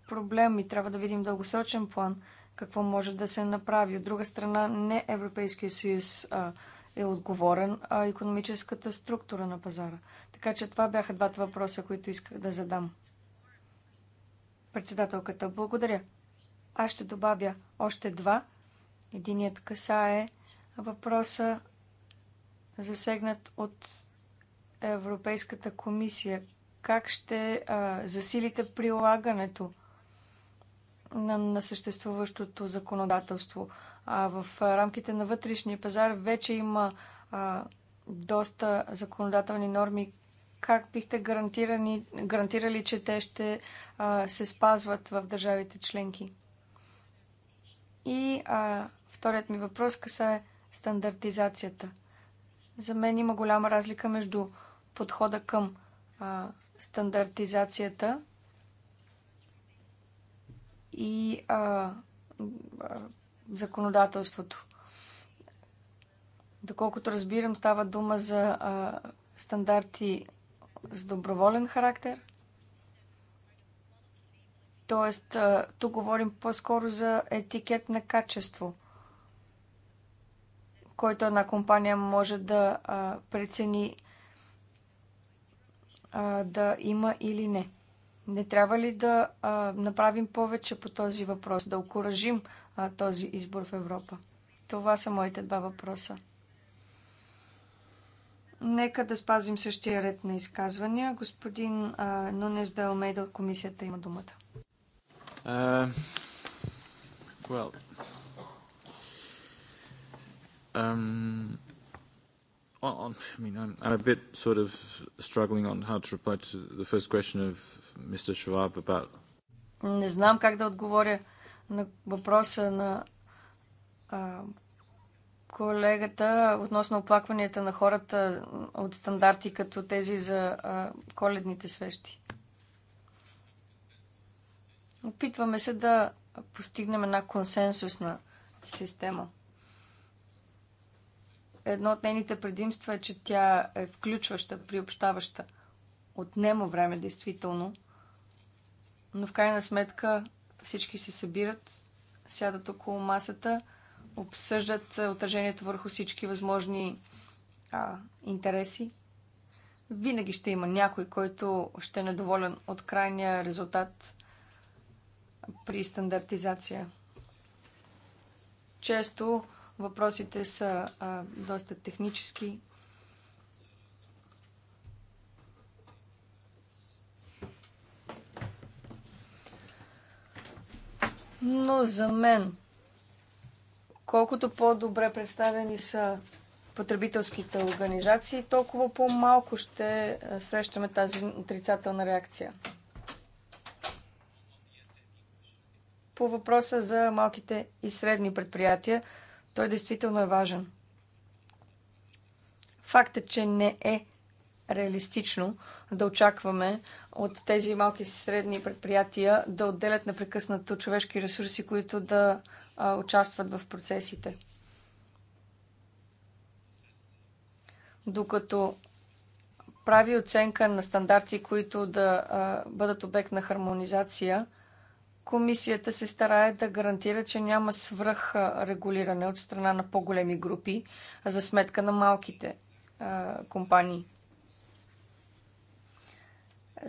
проблем и трябва да видим дългосрочен план какво може да се направи. От друга страна, не Европейския съюз а, е отговорен, а економическата структура на пазара. Така че това бяха двата въпроса, които исках да задам. Председателката, благодаря. Аз ще добавя още два. Единият касае въпроса засегнат от Европейската комисия как ще а, засилите прилагането на, на съществуващото законодателство. А в рамките на вътрешния пазар вече има а, доста законодателни норми. Как бихте гарантирани, гарантирали, че те ще а, се спазват в държавите членки? И а, вторият ми въпрос касае стандартизацията. За мен има голяма разлика между подхода към а, стандартизацията и а, законодателството. Доколкото разбирам, става дума за а, стандарти с доброволен характер. Тоест, а, тук говорим по-скоро за етикет на качество, който една компания може да а, прецени а, да има или не. Не трябва ли да а, направим повече по този въпрос, да окоръжим а, този избор в Европа? Това са моите два въпроса. Нека да спазим същия ред на изказвания. Господин а, Нунес Далмейда от комисията има думата. Uh, well, um, on, I mean, I'm, I'm a bit sort of struggling on how to reply to the first question of Mr. Schwab about... Не знам как да отговоря на въпроса на а, колегата относно оплакванията на хората от стандарти като тези за а, коледните свещи. Опитваме се да постигнем една консенсусна система. Едно от нейните предимства е, че тя е включваща, приобщаваща. Отнема време, действително. Но в крайна сметка всички се събират, сядат около масата, обсъждат е, отражението върху всички възможни а, интереси. Винаги ще има някой, който ще е недоволен от крайния резултат при стандартизация. Често Въпросите са а, доста технически. Но за мен, колкото по-добре представени са потребителските организации, толкова по-малко ще срещаме тази отрицателна реакция. По въпроса за малките и средни предприятия, той действително е важен. Факт е, че не е реалистично да очакваме от тези малки и средни предприятия да отделят непрекъснато човешки ресурси, които да а, участват в процесите. Докато прави оценка на стандарти, които да а, бъдат обект на хармонизация – Комисията се старае да гарантира, че няма свръх регулиране от страна на по-големи групи за сметка на малките а, компании.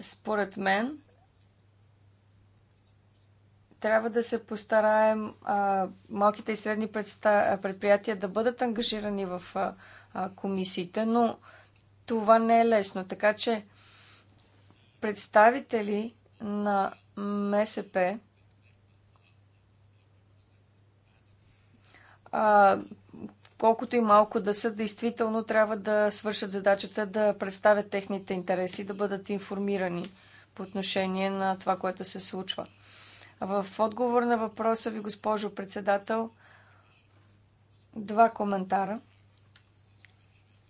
Според мен, трябва да се постараем а, малките и средни предприятия да бъдат ангажирани в а, комисиите, но това не е лесно. Така че представители на МСП а, колкото и малко да са, действително трябва да свършат задачата да представят техните интереси, да бъдат информирани по отношение на това, което се случва. В отговор на въпроса ви, госпожо председател, два коментара.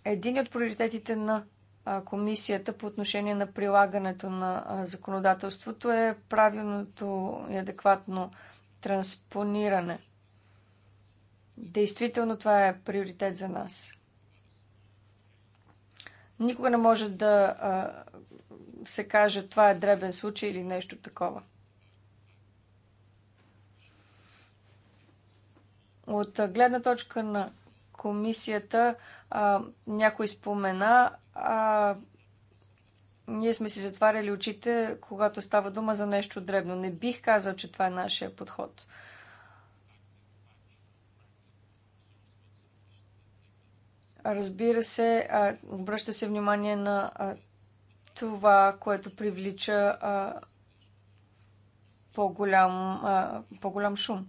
Един от приоритетите на комисията по отношение на прилагането на законодателството е правилното и адекватно транспониране – Действително това е приоритет за нас. Никога не може да а, се каже това е дребен случай или нещо такова. От гледна точка на комисията, а, някой спомена, а, ние сме си затваряли очите, когато става дума за нещо дребно. Не бих казал, че това е нашия подход. А, Разбира се, а, обръща се внимание на а, това, което привлича а, по-голям, а, по-голям шум.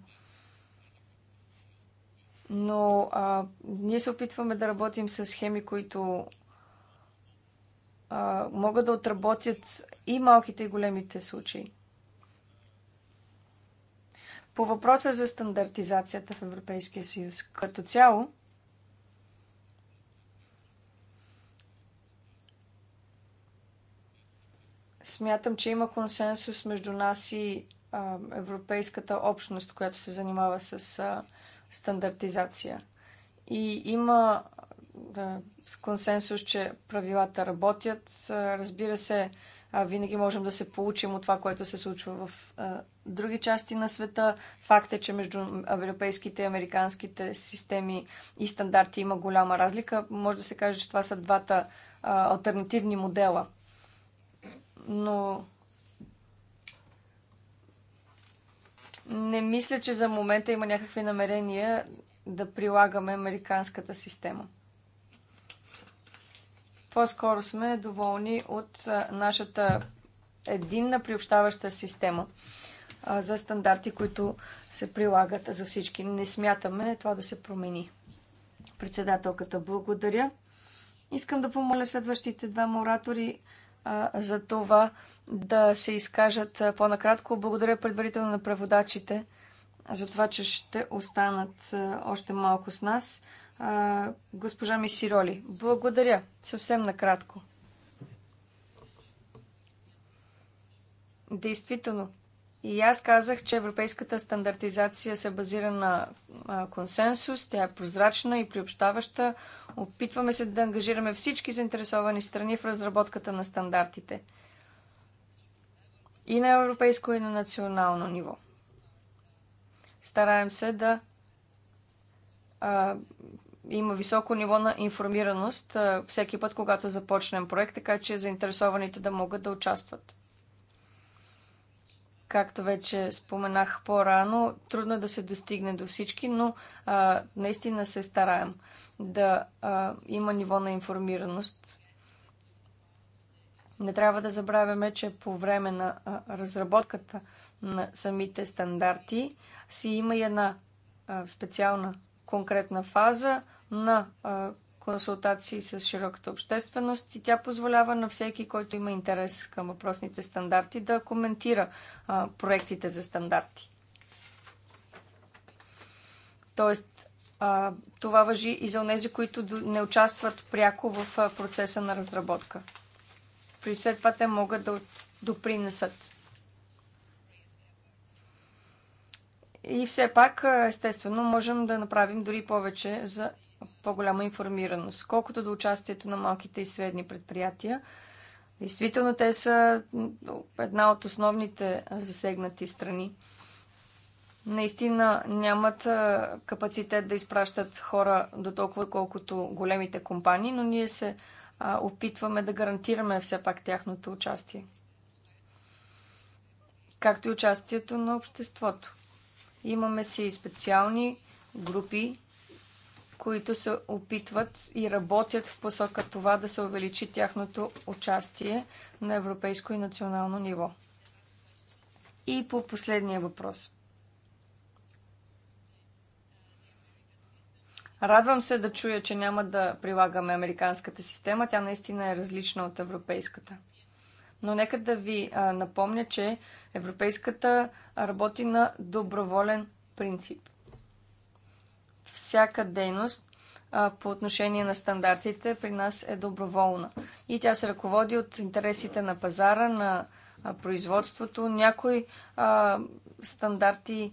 Но а, ние се опитваме да работим с схеми, които а, могат да отработят и малките и големите случаи. По въпроса за стандартизацията в Европейския съюз като цяло, Смятам, че има консенсус между нас и а, Европейската общност, която се занимава с а, стандартизация. И има да, консенсус, че правилата работят. Разбира се, винаги можем да се получим от това, което се случва в а, други части на света. Факт е, че между европейските и американските системи и стандарти има голяма разлика. Може да се каже, че това са двата а, альтернативни модела – но не мисля, че за момента има някакви намерения да прилагаме американската система. По-скоро сме доволни от нашата единна приобщаваща система за стандарти, които се прилагат за всички. Не смятаме това да се промени. Председателката, благодаря. Искам да помоля следващите два моратори за това да се изкажат по-накратко. Благодаря предварително на преводачите за това, че ще останат още малко с нас. Госпожа Мисироли, благодаря. Съвсем накратко. Действително, и аз казах, че европейската стандартизация се базира на консенсус, тя е прозрачна и приобщаваща. Опитваме се да ангажираме всички заинтересовани страни в разработката на стандартите. И на европейско, и на национално ниво. Стараем се да а, има високо ниво на информираност а, всеки път, когато започнем проект, така че заинтересованите да могат да участват. Както вече споменах по-рано, трудно е да се достигне до всички, но а, наистина се стараем да а, има ниво на информираност. Не трябва да забравяме, че по време на а, разработката на самите стандарти си има и една а, специална конкретна фаза на а, консултации с широката общественост и тя позволява на всеки, който има интерес към въпросните стандарти, да коментира а, проектите за стандарти. Тоест, а, това въжи и за тези, които не участват пряко в а, процеса на разработка. При след това те могат да допринесат. И все пак, естествено, можем да направим дори повече за по-голяма информираност. Колкото до участието на малките и средни предприятия, действително те са една от основните засегнати страни. Наистина нямат капацитет да изпращат хора до толкова, колкото големите компании, но ние се опитваме да гарантираме все пак тяхното участие. Както и участието на обществото. Имаме си специални групи които се опитват и работят в посока това да се увеличи тяхното участие на европейско и национално ниво. И по последния въпрос. Радвам се да чуя, че няма да прилагаме американската система. Тя наистина е различна от европейската. Но нека да ви а, напомня, че европейската работи на доброволен принцип всяка дейност а, по отношение на стандартите при нас е доброволна. И тя се ръководи от интересите на пазара, на а, производството. Някои а, стандарти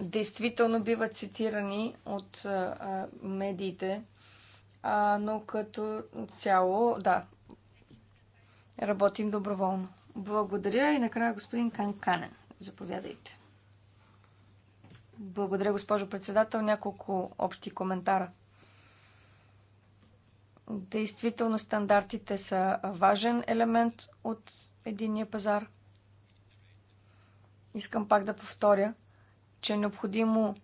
действително биват цитирани от а, медиите, а, но като цяло, да, работим доброволно. Благодаря и накрая господин Канканен. Заповядайте. Благодаря, госпожо председател. Няколко общи коментара. Действително стандартите са важен елемент от единния пазар. Искам пак да повторя, че е необходимо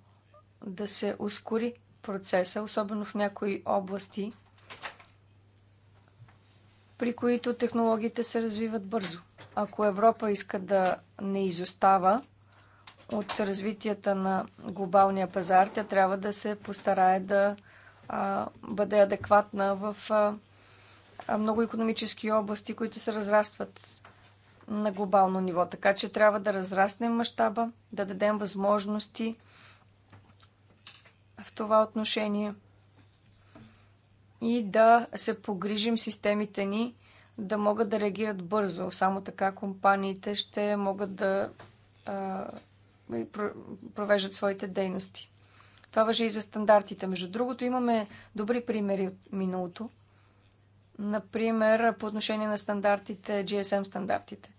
да се ускори процеса, особено в някои области, при които технологиите се развиват бързо. Ако Европа иска да не изостава, от развитията на глобалния пазар, тя трябва да се постарае да а, бъде адекватна в а, много економически области, които се разрастват на глобално ниво. Така че трябва да разраснем мащаба, да дадем възможности в това отношение и да се погрижим системите ни да могат да реагират бързо. Само така компаниите ще могат да провеждат своите дейности. Това въжи и за стандартите. Между другото, имаме добри примери от миналото. Например, по отношение на стандартите, GSM стандартите.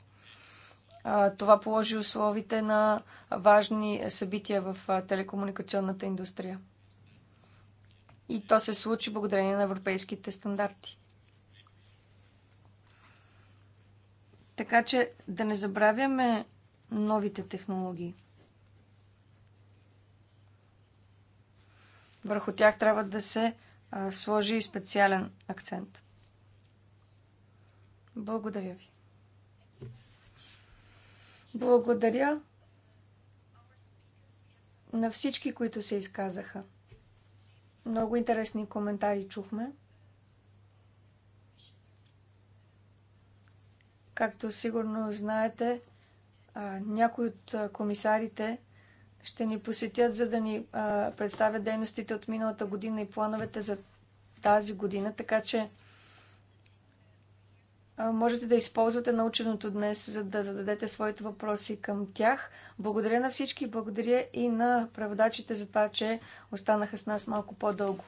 Това положи условите на важни събития в телекомуникационната индустрия. И то се случи благодарение на европейските стандарти. Така че да не забравяме новите технологии. върху тях трябва да се а, сложи и специален акцент. Благодаря ви. Благодаря на всички, които се изказаха. Много интересни коментари чухме. Както сигурно знаете, някои от комисарите ще ни посетят, за да ни а, представят дейностите от миналата година и плановете за тази година, така че а, можете да използвате наученото днес, за да зададете своите въпроси към тях. Благодаря на всички, благодаря и на преводачите за това, че останаха с нас малко по-дълго.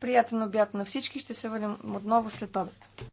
Приятен обяд на всички, ще се върнем отново след обед.